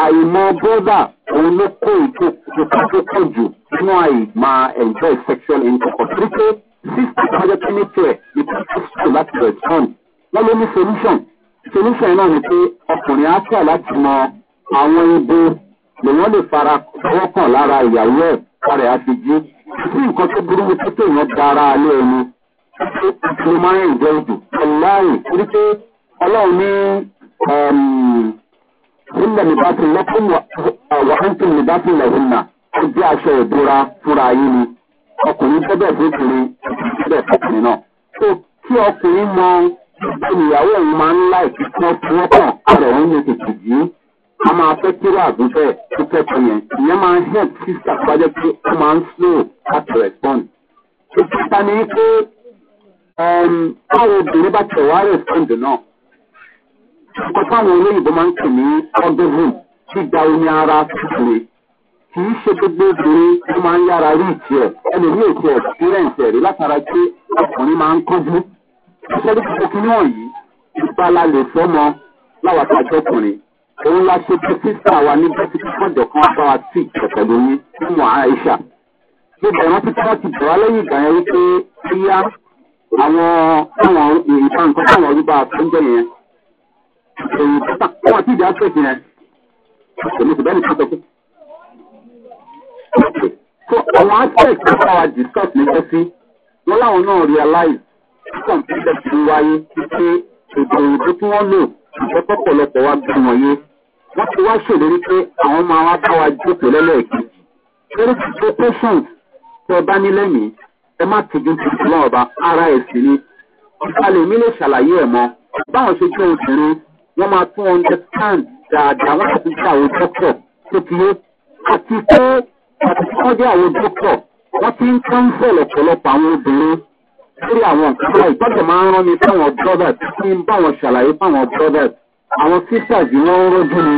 àìmọ bọ́dà òun ló kó ìjókòó jù nínú àìmọ enjoy sexual intercourse torí pé sísà tá a jọ kí ní tiẹ̀ ní kí wọ́n sọ láti respond wọ́n ló ní solution solution náà ni pé ọkùnrin á tẹ̀ láti mọ àwọn ibo lèwọ́n lè fara fọwọ́ kàn lára ìyàwó ẹ̀ kárẹ̀ á ti jí sí nǹkan tó burú mi tó tó ìyẹn dára alẹ́ ẹni tó tó máa ń jẹ́ ìdù ọ̀láyìn torí pé ọlọ́run ní húnlẹ̀ nígbà tí lọ́kùn wàhántì nígbà tí lọ́hùn náà ó jẹ́ aṣọ ìbúra fúnra yín ni ọkùnrin gbọ́dọ̀ fóbìnrin gbọ́dọ̀ fọkùnrin náà. tó kí ọkùnrin mọ ìyàwó òun máa ń láì kí wọ́n fi wọ́n kàn àrẹ̀ òun ní tètè jí a máa fẹ́ kí wà gbígbẹ́ tó kẹ́kọ̀ọ́ yẹn ìyẹn máa ń help sísà pàjẹ́ pé ó máa ń slow láti respond. ìpínta ni pé báwo obìnrin bá tẹ̀wá respond náà nǹkan táwọn olóyìnbó máa ń pè ní ọdúnrún gbígba omi ara kékeré kì í ṣe gbogbo obìnrin ló máa ń yára rí ìtì ẹ ẹlòmíì ti experience ẹ rí látara pé ọkùnrin máa ń kánjú ìṣẹ́jú kíkọ́ kí níwọ̀n yìí ìpalà lè fọ́mọ láwàtà ọjọ́kùnrin òun la ṣe pé sísá wa ní bẹ́ẹ̀ tí kọ́jọ̀ kan bá wa tí ìpẹ̀tẹ̀lú yín fún wọn àìsà gbogbo ìrántí tí wọ́n ti bọ̀ wá lẹ́yìn ìgbà yẹn wípé ó yá àwọn ìbá èyí pátá wọn àti ìdí aspect yẹn èmi kò bẹ́ẹ̀ ni ká sọ pé. so àwọn aspect tó bá wa discuss lẹ́jọ́ sí wọn láwọn náà realize kọ̀ǹpútà ti wáyé pé èdè òyìnbó tí wọ́n lò ìjọpọ̀ pọ̀lọpọ̀ wa gbé wọn yé wọ́n ti wá ṣèlérí pé àwọn máa wá bá wa jókòó lẹ́lẹ́ẹ̀kejì lórí títí patient tẹ bá nílẹ̀ ẹ má tìjú tìjú lọ́ọ̀ba ara ẹ̀ sí ni ìfalẹ̀ mi lè ṣàlàyé ẹ̀ mọ́ báwọn ṣe jẹ́ obìnrin wọ́n máa tún understand dáadáa wọ́n ti jẹ́ àwọn dọ́kítọ̀ tó ti yé àti pé àti tí wọ́n jẹ́ àwọn dọ́kítọ̀ wọ́n ti ń cancel ọ̀pọ̀lọpọ̀ àwọn obìnrin lórí àwọn nǹkan báyìí gbọ́dọ̀ máa ń rán mi fáwọn brothers tí ń bá wọn ṣàlàyé fáwọn brothers àwọn sisters yìí wọ́n ń rọ́jú mi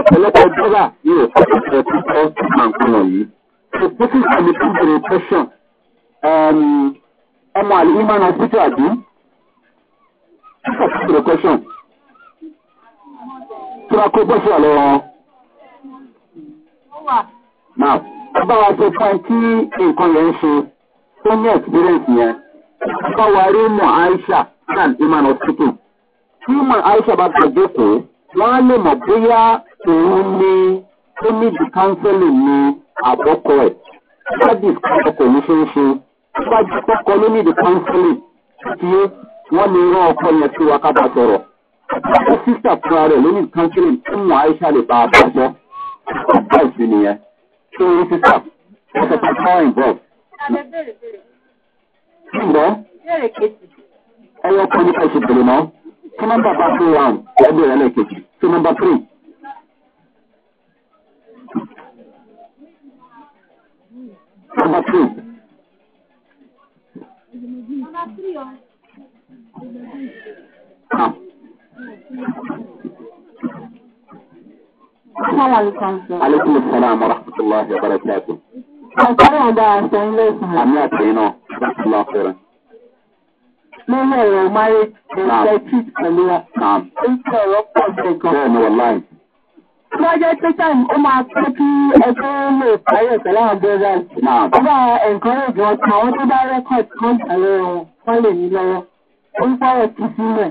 ọ̀pọ̀lọpọ̀ brother ni ò fẹ́ kọ́ ti kọ́ nǹkan wọ̀nyí. so this is the primary question ọmọ àlè human hospital àbí? question tíra kó bọ́sù àlọ́ wọn. náà bàbá wa sọ fún ẹ tí nǹkan yẹn ń ṣe tó ní experience yẹn bàbá wa rí mọ aisha and iman hospital tí mọ aisha bá gbàgbé kó wọn á lè mọ bóyá òun ní ó ní di counseling ní àbọ̀kọ ẹ̀ service ọkọ̀ yìí ṣe ń ṣe bá jẹ́ kọ́kọ́ ló ní di counseling tí wọ́n lè rán ọkọ yẹn sí wa ká bá sọ̀rọ̀ ọ̀pọ̀ sísà fúnra rẹ̀ lónìí kan kí ọmọ àìsà lè bá a bá sọ ọ̀pọ̀ ìsìn nìyẹn tó ń sísà wọ́n sọ pé power involved. ṣùgbọ́n ẹyọ kan ní ẹsẹ̀ pẹ̀lú mọ́ kí nọ́mbà bá fún wa ẹgbẹ́ rẹ̀ lẹ́ẹ̀kejì sí nọ́mbà three. Nọ́mbà three. Nọ́mbà three ọ̀ aleykum salaam wa rahmatulahi wa barakatu. àṣàrò ọ̀dà àṣẹ̀yìnlẹ̀ ìsìn. àmì àtẹ̀yìn náà láti lọ fẹ́rẹ̀. lórí ọ̀rọ̀ máyé ẹ̀ṣẹ̀ tíì pẹ̀lú wa. èyí ọ̀rọ̀ pọ̀ jẹ̀ bẹ́ẹ̀ ni wọ́n láì. tí wọ́n jẹ́ tẹ́tàn ó máa pẹ́ kí ẹgbẹ́ lè parí pẹ̀lú àwọn bẹ́ẹ̀rẹ̀. ọba ẹ̀ǹkọ́rẹ́jì wọn kan àwọn tó bá rẹ́kọ̀d kan dà lọ́wọ́ wọn lè ní lọ́wọ́ orúkọ rẹ̀ kì í sílẹ̀.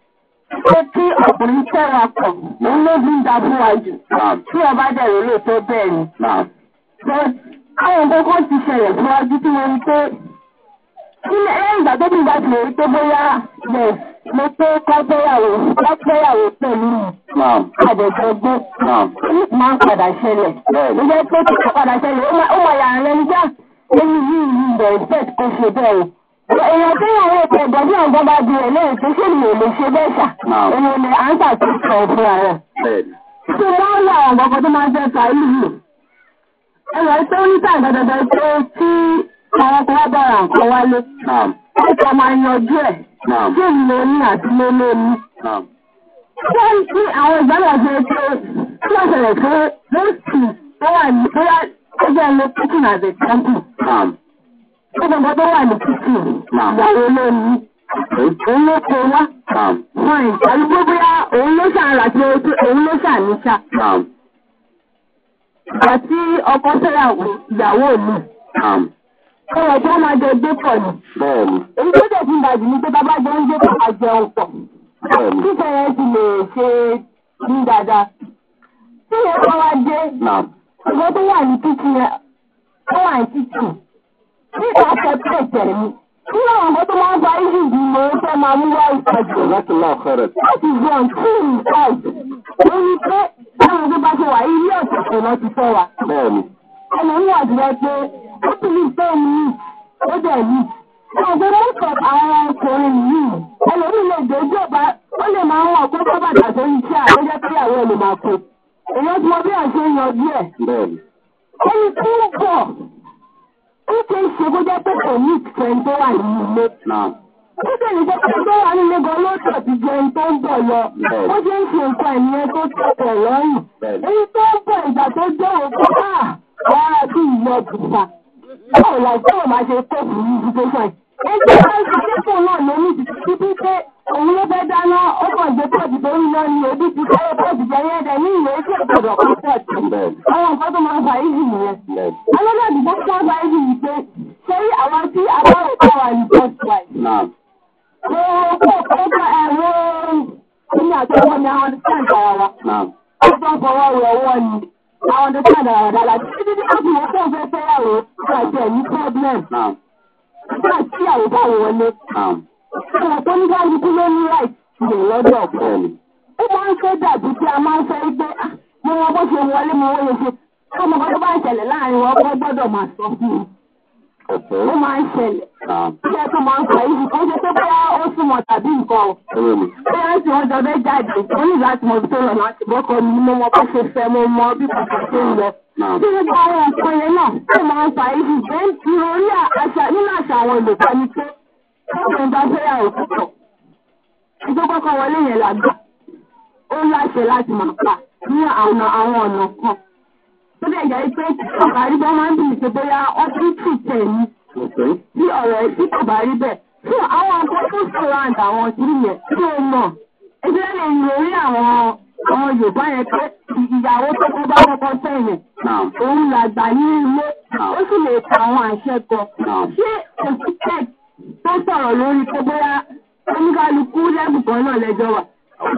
pé kí ọkùnrin tẹ́ra pọ̀ òun ló bí ń da fún wa jù tí ọba dẹ̀rọ lè tó bẹ́ẹ̀ ni. káwọn kókó ti ṣẹlẹ̀ síwájú tí wọ́n ń pé lẹ́yìn ìgbà tó bí ìgbà tí èyí bóyá lẹ̀ mo pé kọ́pẹ́yàwó kọ́pẹ́yàwó pẹ̀lú àbẹ̀gbẹ́gbẹ́ máa ń padà ṣẹlẹ̀. mo jẹ́ pé kí ó padà ṣẹlẹ̀ ó máa yà rẹ̀ nígbà èyí yìí ìbẹ̀rẹ̀ bẹ́ẹ̀ kó ṣe bẹ́ẹ̀ èèyàn tó yàwó ètò ìgbàgbé àgbàgbà di rẹ̀ lẹ́yìn tó ṣe lè lè ṣe bẹ́ẹ̀ ṣá èèyàn lè à ń tà tó sọ fún ara. tí wọ́n ń lọ àwọn kankan tó máa ń fẹ́ ta ìlú ẹ̀rọ tó ń tà dandandan pé tí àwọn kan wá bára nǹkan wálé ó ta máa yanjú ẹ̀ tí èmi lè ní àdúlé lónìí. ṣé tí àwọn ìgbàlá ṣe pé kí ló ṣẹlẹ̀ pé lóṣù tó wà ní Ọmọ bàbá wà ní títì ìyàwó lónìí. Òun ló pe wá. Fine. Àbí pé bóyá òun ló ṣàrà sí ojú òun ló ṣàníṣà. Ìgbà tí ọkọ fẹ́yàwó ìyàwó mi. Ọ̀rọ̀ tí wọ́n máa jẹ gbé pọ̀ ni. Èyí tó dẹ̀ fi bàjẹ́ ni pé bàbá jẹ oúnjẹ tó máa jẹun pọ̀. Títẹ̀ yẹn ti lè ṣe ní dáadáa. Tí ìyẹn bá wá dé, ọgbọ́n tó wà ní títì yẹn, ó wà ní títì nígbà àtẹ̀tẹ̀ ẹ̀sẹ̀ mi. Nínú àwọn ọmọ tó máa ń gba ìlú ìgbìmọ̀ ó fẹ́ máa mú wá ìtajà. Láti máa fẹ́rẹ̀. Láti gbọ́ tí ì ṣáìd. Ó ní pé báwo ló bá ṣe wà ilé ọ̀sẹ̀ kò lọ ti fẹ́ wa. Bẹ́ẹ̀ni. Ẹnì ń wà jùlọ pé ó ti ní pé mi ó dẹ̀ mí. Ọ̀gbẹ́ mọ́tò àwọn ọkùnrin yìí. Ẹlòmíì lè dé ìjọba ó lè máa ń wọ̀ pé kó bàtà sórí iṣẹ́ àtọ́jọ́ pé àwọn èlò máa kó. Èèyàn ti mọ bí àṣeyàn díẹ̀. Bẹ́ẹ̀ni. Ẹni tí ó bọ̀ ó ṣe é ṣe kó jẹ́ pé kò ní ìtẹ̀yìn tó wà ní ilé. ó sì ní pé tó wà ní ilé gan ló tọ̀ ti jẹun tó ń bọ̀ lọ. ó ṣe ń ṣe nǹkan ìyẹn tó tọ̀tọ̀ lọ́rùn. èyí tó ń bọ̀ ìgbà tó jẹ́ òkú bá wàá sí ìlọ bùbá. báwo la ìjọba máa ṣe kó fún yìí òun ló fẹ́ dáná ó kàn gbé pọ́ọ̀tù tó ń lọ ní ebi ti sáré pọ́ọ̀tù jẹ yẹn dẹ̀ ní ìwé tí ó gbọdọ̀ àwọn nǹkan tó máa fa ìjì nìyẹn. alọ́dọ̀ àdìgbò tó máa fa ìjì yìí pé ṣé àwa tí abáwò bá wà ní pọ́ọ̀tù wa kó kó ká ẹ wo èmi àti ọmọ mi àwọn understand ara wa. ó sọ fọwọ́ rẹ̀ wọ́ ni àwọn understand ara wa dára títí tí ọ̀sán tó ń dárúkú ló ní láìpẹ́ lọ́dọ̀ ọ̀pọ̀ mi. ó máa ń fẹ́ dàbí pé a máa ń fẹ́ gbé mo wọn bó ṣe wọlé mo wọlé ṣe kí ọmọ kan tó bá ń ṣẹlẹ̀ láàrin wọn ọkọ gbọ́dọ̀ máa sọ fún un. ó máa ń ṣẹlẹ̀ bí ẹ tó máa ń fà yìí kò ṣe pé bóyá ó súnmọ̀ tàbí nǹkan o. bóyá sì wọ́n jọ bẹ́ jáde ó ní láti mọ ibi tó lọ láti bọ́kọ ni mo mọ bó ṣe fẹ́ mo mọ bí bàbá tó ń lọ. bí wọ́n bá wọn kọyẹ náà ó máa ń fà yìí ṣùgbọ́n ìròyìn àṣà nínú àṣà àwọn Yorùbá ni pé Báwo bá fẹ́yàwó púpọ̀? Ẹjọ́ kọ́kọ́ wọlé yẹn làgbà. Ó láṣẹ láti máa pa ní àwọn àwọn ọ̀nà kan. Ó dẹ̀ jẹ́ pé bàbá rí máa ń bìí ṣe bóyá ọdún tù tẹ̀ ní. Bí ọ̀rọ̀ ẹ̀ sí bàbá Fún àwọn akẹ́kọ̀ọ́ sọ̀rọ̀ àǹdà àwọn ìdílé yẹn tí ó mọ̀. Ẹjọ́ lè lórí àwọn àwọn Yorùbá yẹn pé ìyàwó tó kọ́ bá kọ́kọ́ sẹ́yìn òun làgbà ní ilé ó sì lè ta àwọn àṣẹ kan. Ṣé òṣìṣẹ́ tó sọ̀rọ̀ lórí pé bóyá oníkálukú lẹ́bùn kan náà lẹ́jọ́ wà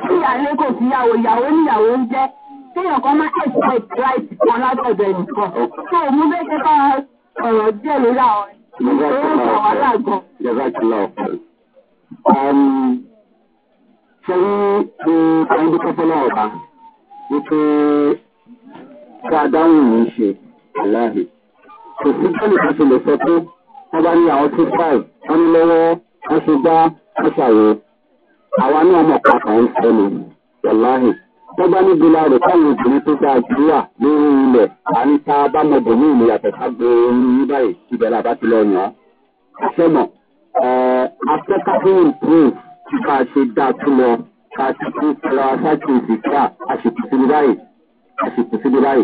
sí ìyáálé kò sí ìyàwó ìyàwó níyàwó ń jẹ́ kéèyàn kan máa expect right kan látọ̀dọ̀ ẹnìkan tó o mú bẹ́ẹ̀ ká ọ̀rọ̀ díẹ̀ lórí àwọn ìṣòro kan wà láàgàn. Um, ṣé ní ayélujáfẹ́ náà ọba wípé ká dáhùn ní í ṣe aláàbì kò sí kẹ́lì kan ṣe lè sọ pé wọ́n bá ní àwọn two five ọmọlọ́wọ́ aṣègbà aṣàwò àwa náà mọ̀ pàtà ń sẹ́nu wàláhì tọ́gbà níbi la rò káwọn obìnrin tó dáa jù wà lórí ilẹ̀ àní tá a bá mọ bòmí ìlú yàtọ̀ ká gbòòrò yín báyìí ibẹ̀ la bá ti lọ yàn án. àṣẹmọ̀ afẹ́káfíìn improve ká ṣe dáa tún lọ ká ti tún kọ́ra ṣáàkìyèsí ká a síbi báyìí a síbi báyìí.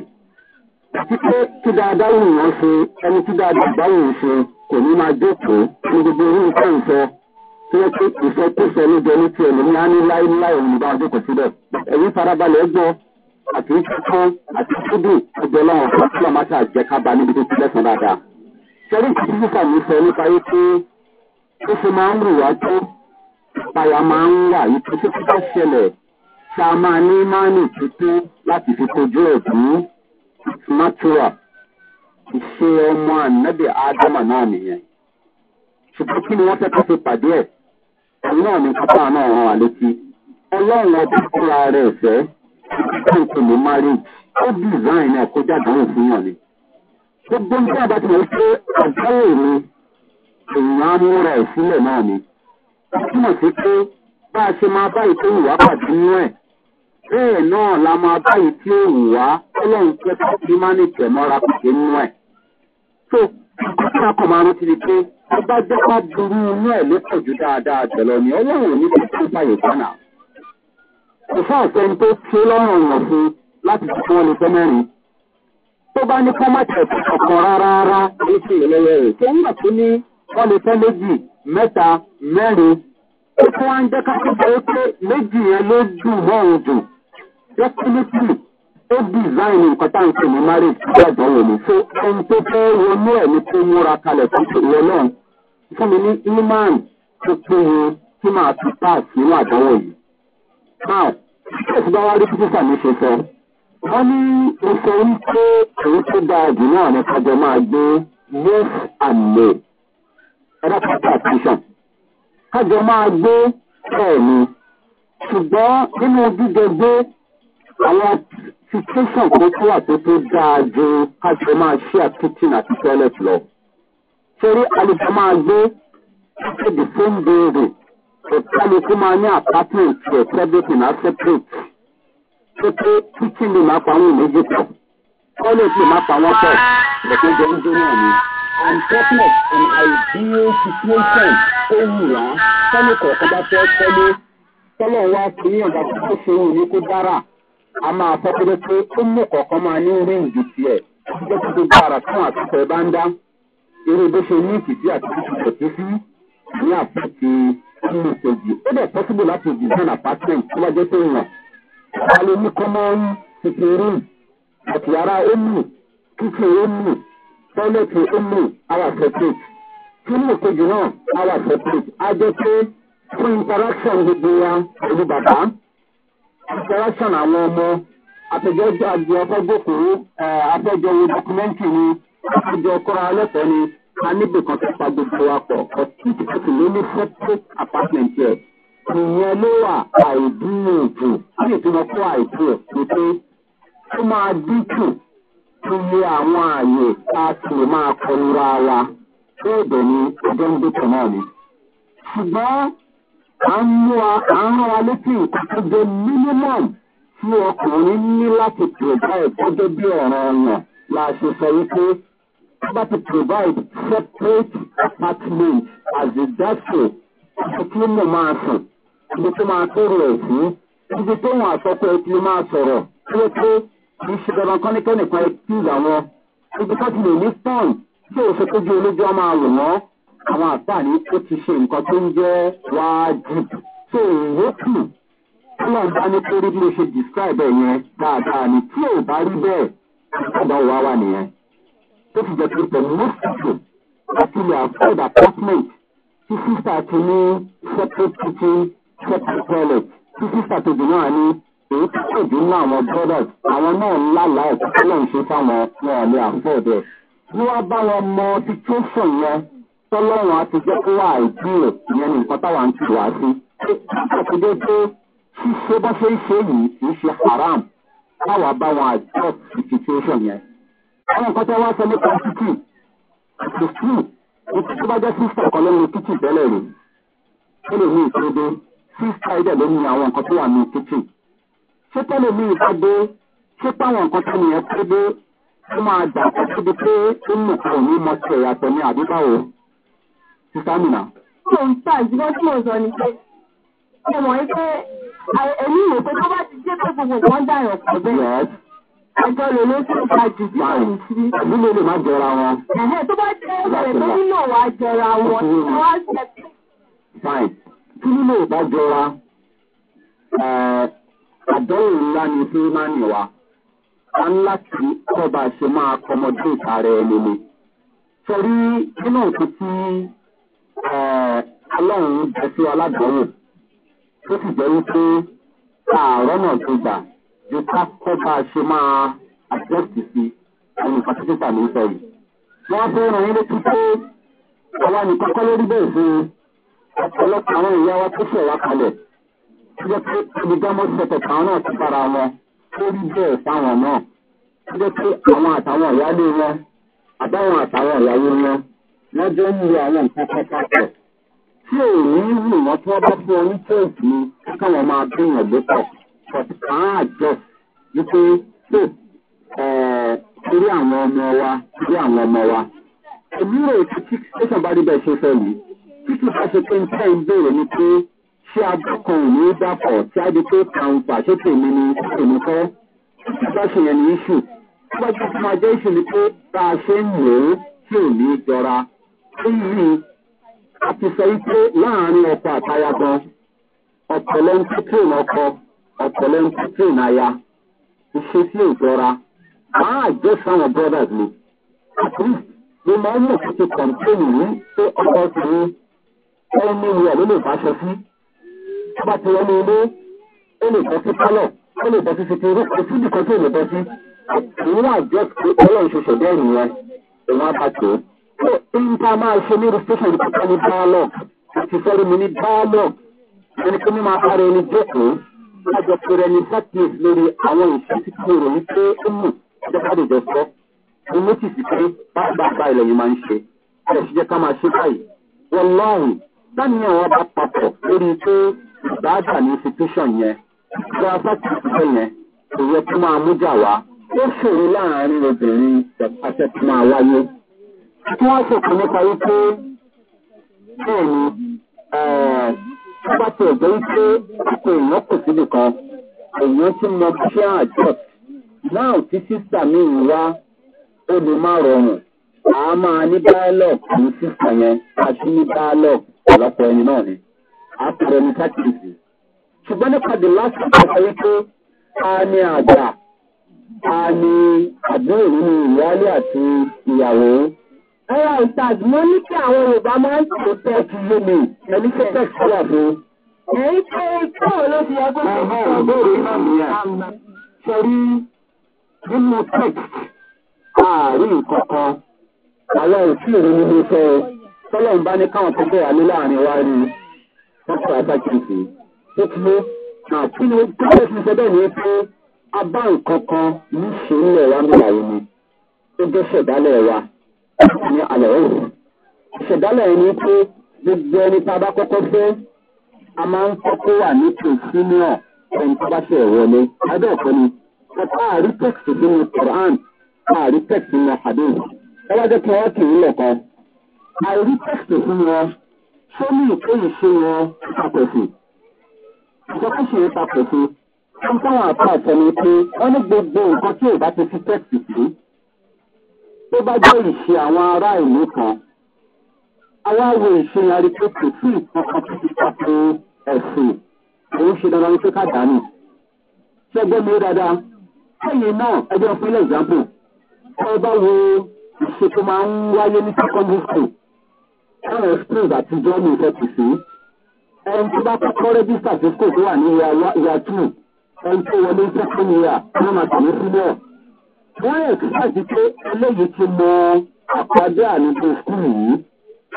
àti pé kí dáadáa wù wọ́n ṣe ẹni tí dáadáa bá wù ṣe kò ní máa jókòó ní gbogbo orí nǹkan ìfẹ́ tí wọ́n pé ìfẹ́ tó sọ níjọ ní tiẹ̀ lómi á ní láéláé òun ìbá jókòó síbẹ̀ ẹ̀yìn farabalẹ̀ gbọ́ àti kíkan àti kúdù ọjọ́ náà fún kí wọ́n má ṣáà jẹ́ ká ba níbi tó ti lẹ́sàn dáadáa. sẹ́rí ìtìjú fífà mi sọ nípa yìí pé ó ṣe máa ń rù wá tó ìpayà máa ń wà yìí tó tó bá ṣẹlẹ̀ ṣá máa ní máa ní ìtútù láti fi kojú ẹ̀ bí natural ìṣe ọmọ ànábì ádámà náà nìyẹn ṣùgbọ́n kí ni wọ́n fẹ́ kó fi pàdé ẹ̀ òun náà ní kápá náà ràn án létí ọlọ́run ọdún fúnra rẹ̀ fẹ́ kí n kò lè má rí ó dìzáìn ẹ̀ kó jáde òun fún yàn ni gbogbo ní àbá tí mo ṣe àgbáyé mi èèyàn á múra ẹ̀ sílẹ̀ náà ni ó sí pé bá a ṣe máa bá ìtòhùn wá pàdé nínú ẹ̀ bẹ́ẹ̀ náà la máa báyìí tí ó ọlọ́run pẹ́ tó fi ní tẹ̀mọ́ra pàdé nínú ẹ̀. so nǹkan tí a máa rántí ni pé tó bá jẹ́ inú ẹ̀ ló pọ̀ dáadáa jẹ̀lọ ni ọlọ́run ní kí tó bá yẹn gbànà. kò fún àtẹni tó ṣe fún láti fi lè tó bá ní rárá rárá ó dìzáìnì nǹkan tá à ń pè ní marriage gbàgbọ́ wò ni so ẹni tó fẹ́ ronú ẹ̀ ni kó múra kalẹ̀ fún ìwọ náà fún mi ní iman tó péye tí màá fi pass nínú àdánwò yìí. now ṣíṣe bá wá rí pípísà mi ṣe sọ wọ́n ní oṣù ń pé èyí tó dáa jù náà ní kájọ máa gbé yes and no ẹ̀rọ pàtó àtúnṣàn kájọ máa gbé bẹ́ẹ̀ ni ṣùgbọ́n nínú gbígbẹ gbé àwọn situation kan tó wà tó tó dáa ju kájọ máa ṣí àtúntìn àti toilet lọ. Ṣeré àlejò máa gbé ṣíṣe the same building máa ní apartment rẹ̀ everything are separate. Ṣé pé kitchen lè máa pa àwọn méjì pọ̀? Toilet lè máa pa wọ́n pọ̀ lẹ́kọ̀ọ́ jẹ́ oúnjẹ náà ni. I'm talking of an ideal situation tó wù wá tẹ́lẹ̀ kọ̀ọ̀kan bá fẹ́ tẹ́lẹ̀ tẹ́lẹ̀ wá kí ní ọ̀gá tó ní kó dára a máa fọ́ pé pé ó mú kọ̀ọ̀kan máa ní ríǹgì tiẹ̀ jẹ́ kí gbogbo ara fún àtúntò ẹ̀ bá ń dá eré bó ṣe ní ìkìtì àti ìkìtì kò sí ní àpótí nínú kejì ó dẹ̀ pọ́sibú láti design apartment tó bá jẹ́ pé wọ̀n a lè ní common sitting room àti yàrá ó mú kitchen ó mú toilet ó mú our separate nínú kejì náà our separate a jẹ́ pé fún interaction gbogbo wa pẹ̀lú bàbá. interaction àwọn ọmọ àtẹjọjọ àjẹ afẹjọkòó afẹjọ wo dọkumẹntì ni afẹjọ kọra alẹkọọ ni a níbi kan tó pa gbogbo wa pọ ọtí tìkọtì ló ní separate apartment yẹ ìyẹn ló wà àìdúnyòjò bí ìtumọ̀ kó ẹ̀ ó máa iye àwọn máa wa ni ọjọ́ ń ni. à ń mú wa mínímọ̀m tí ọkùnrin ní láti provide gẹ́gẹ́ bí ọ̀ràn ọ̀yàn la ṣe sọ wípé tó bá ti provide separate apartment as a dasso ibi tí mo máa sùn ibi tó máa tó rẹ̀ sí ibi tó wọn àsọpọ̀ ẹ ti máa sọ̀rọ̀ tí ó pé kì í ṣe dandan kọ́nikẹ́nìkan ẹ ti ìyàwó ibi tó ti lè ní pọ́ùn tí òṣèpéjú olójú ọmọ àwòrán àwọn àfààní ó ti ṣe nǹkan tó ń jẹ́ wáájú tó ìwókù tọ́lọ̀ bá ní kó rí bí mo ṣe describe ẹ̀ yẹn dáadáa ni tí ò bá rí bẹ́ẹ̀ ọ̀dọ̀ wa wà nìyẹn tó ti jẹ́ pé pẹ̀lú mọ́sítò láti lè afford apartment tí sísà ti ní separate kitchen separate toilet tí sísà tó dì náà ní èyí tó pè jù ní àwọn brothers àwọn náà ń lálàá ẹ̀kọ́ tó lọ́n ṣe fáwọn wọn ò lè ẹ̀. wọ́n bá wọn mọ situation yẹn tọ́lọ́run á ti jẹ́ kó wà ìdí rẹ̀ ìyẹn ní nǹkan táwa ń tìwá sí. àtúndé pé ṣíṣe bá ṣe ń ṣe yìí kì í ṣe haram táwa bá wọn àjọ situation yẹn. àwọn nǹkan tí wọ́n sọ nípa títì kò sí ìtì tó bá jẹ́ sísè ọ̀kan lónìí títì tẹ́lẹ̀ rè ó lè mú ìkéde sísè ẹ̀dẹ̀ ló ní àwọn nǹkan tó wà ní títì. ṣé tẹ́lẹ̀ mi ìfẹ́ dé ṣé páwọn nǹkan tó nìyẹn pé dé ó máa dà kó tóbi pé ó mú òun mọ tiẹ̀ yàtọ̀ ní àdúgbò sítámìnà. Mo ń fà ìdíwọ́ tí mo sọ ni pé mo mọ̀ pé èmi rò pé tó bá ti dé pé gbogbo nǹkan dàrọ̀ pọ̀ bẹ́ẹ̀. Ẹjọ́ lè ló sì ta jù sí òun sí. Àbí lè lè má jọra wọn. Tó bá jẹ́ ẹ̀rẹ̀ tó nílò wá jọra wọn, tí wọ́n á ṣẹ̀tì. Fine, tí nílò bá jọra, àdánwò ńlá ni fún Mánì wa. A ń láti kọ́ bá a ṣe máa kọmọdé ìta rẹ̀ ẹni ni. Sọ̀rí nínú nǹkan tí ọlọ́run bẹ sí aládùúgbò tó sì jẹ́ wípé àárọ̀ náà ti gbà ju ká kọ́ bá a ṣe máa àjẹ́sì sí àwọn nǹkan tó tẹ̀sà ló ń sọ yìí. wọ́n fẹ́ ràn yín létí pé nìkan kọ́ ọ̀pọ̀lọpọ̀ àwọn ìyá wa tó ṣẹ̀wá kalẹ̀ tó jẹ́ pé náà ti bára wọn lórí bẹ́ẹ̀ fáwọn náà tó pé àwọn àtàwọn ìyáálé wọ́n ń lo àwọn nǹkan kan tí ò ní wù wọ́n tí wọ́n bá fún ọ ní tóòtù ni káwọn máa bíyàn lópọ̀ but kàn wípé tó torí àwọn ọmọ wa torí àwọn ọmọ wa èmi rò tí tí bá rí ṣe fẹ́ yìí títí bá ṣe pé nǹkan ẹ̀ ń béèrè ni pé ṣé agbọ́kan ò ní dàpọ̀ tí a di pé kàn pàṣẹ tèmi ni tèmi kọ́ títí bá ṣe yẹn ní iṣu tí wọ́n ti máa jẹ́ iṣu ni pé bá a ṣe ń lò tí ò ní jọra èyí mhm. a ti sọ wípé láàrin ọkọ àtaya gan ọ̀pọ̀lọ́ ń tẹ́tẹ́ẹ̀nì ọkọ ọ̀pọ̀lọ́ ń tẹ́tẹ́ẹ̀nì aya iṣẹ́ sí ìjọra máa jẹ́ sáwọn brothers ni at least mo máa ń mọ̀ tó ti kọ̀ǹtẹ́ẹ̀nì rí pé ọkọ ti rí ẹni ni ọ̀rẹ́ lè bá ṣe sí tó bá ti wọnú ilé ó lè bọ́ sí pálọ̀ ó lè bọ́ sí fìtì rú kò sí nìkan tó lè bọ́ sí ìwọ́n àjọ pé ọlọ́run bẹ́ẹ̀ nìyẹn òun á tó ń tá a máa ṣe ní rìsíṣàn kíkà ní dialogue àti sọ́rí mi ní dialogue ẹni pé mímọ afárá ẹni jókòó lájọ pèrè ẹni sákìyèsí lórí àwọn ìṣẹ́sí tí mo rò yí pé ó mú jẹ́kádé jọ sọ mo nọ́tìsì pé bàbá ilẹ̀ yìí máa ń ṣe ẹ̀ ṣe jẹ́ ká máa ṣe báyìí wọ́n lọ́rùn dání àwọn bá papọ̀ lórí pé ìbáàdà ní institution yẹn ìjọba sákìyèsí yẹn kò yẹ kó máa mú jà wá ó ṣòro láàárín obìnrin àti ẹ̀kọ́ máa wáyé tí wọ́n ṣètò nípa wípé bẹ́ẹ̀ ni tó bá ti ẹ̀jẹ̀ wípé àpò èèyàn kò síbi kan èèyàn ti mọ bí ṣé àjọt náà tí sísà mi ń wá ó lè má rọrùn a máa ní dialogue pẹ̀lú sísà yẹn a ti ní dialogue ọ̀pọ̀lọpọ̀ ẹni náà ni a pèrè ní sákìlìsì ṣùgbọ́n nípa the last time ṣe wípé a ní àgbà a ní àbúrò nínú ìyáálé àti ìyàwó ẹ̀rọ ìtajà mo ní kí àwọn yorùbá máa ń tò tẹ́ẹ̀tì lómi ẹni tí tẹ́ẹ̀tì wà fún. èyí tó ikọ́ ló fi ẹgbẹ́ tó ń sọ bóyá náà nìyẹn. sẹ́rí nínú tẹ́ẹ̀tì àárín kankan àwọn òfin ìrìn nínú iṣẹ́ tọ́lọ̀ ń bá ní káwọn tó bẹ̀rẹ̀ alẹ́ láàrin wá rí dókítà àtàkìrìsì ó ti mú àti ní dókítà ti sọ bẹ́ẹ̀ ni pé abá nǹkan kan ní ṣe ń lẹ̀ wá nílàyé ni ó ẹ̀ka ní àlẹ́ òun. ìṣẹ̀dálẹ̀ ẹni pé gbogbo ẹni tá a bá kọ́kọ́ fẹ́ a máa ń kọ́kọ́ wà ní tòsíníọ̀ ẹni tá a bá ṣe wọlé abẹ́ ọ̀kọ́ ni. ọ̀pá àrí tẹ̀sì sínú quran àrí tẹ̀sì sínú hadith. ẹ wá jẹ́ kí wọ́n kì í lẹ̀kọ́. àrí tẹ̀sì sínú wọn ṣé ní ìkéyìí ṣe wọn pàtẹ́sì. ìjọba ṣe é táwọn àpá àtẹnipé wọ́n ní gbogbo nǹkan tí ò bá ti fi tẹ̀sì sí tó bá jẹ́ ìṣe àwọn ará ìlú kan àwa wo ìṣe àríkò kò sí nǹkan kan tó ti tako ẹ̀sìn òun ṣe dandan pé ká dànù ṣẹgbẹ́ mi dáadáa lẹ́yìn náà ẹgbẹ́ fún ilé example ọ bá wo ìṣe tó máa ń wáyé ní secondary school ẹ̀rọ springs àtijọ́ ní ìfẹ́ kù sí ẹni tó bá kọ́kọ́ rẹ́gísítà sí school tó wà ní ìyá two ẹni tó wọlé second year wọ́n máa tẹ̀lé sílẹ̀ wọ́n yẹ kí láti pé eléyìí ti mọ àpàdé àníkù skul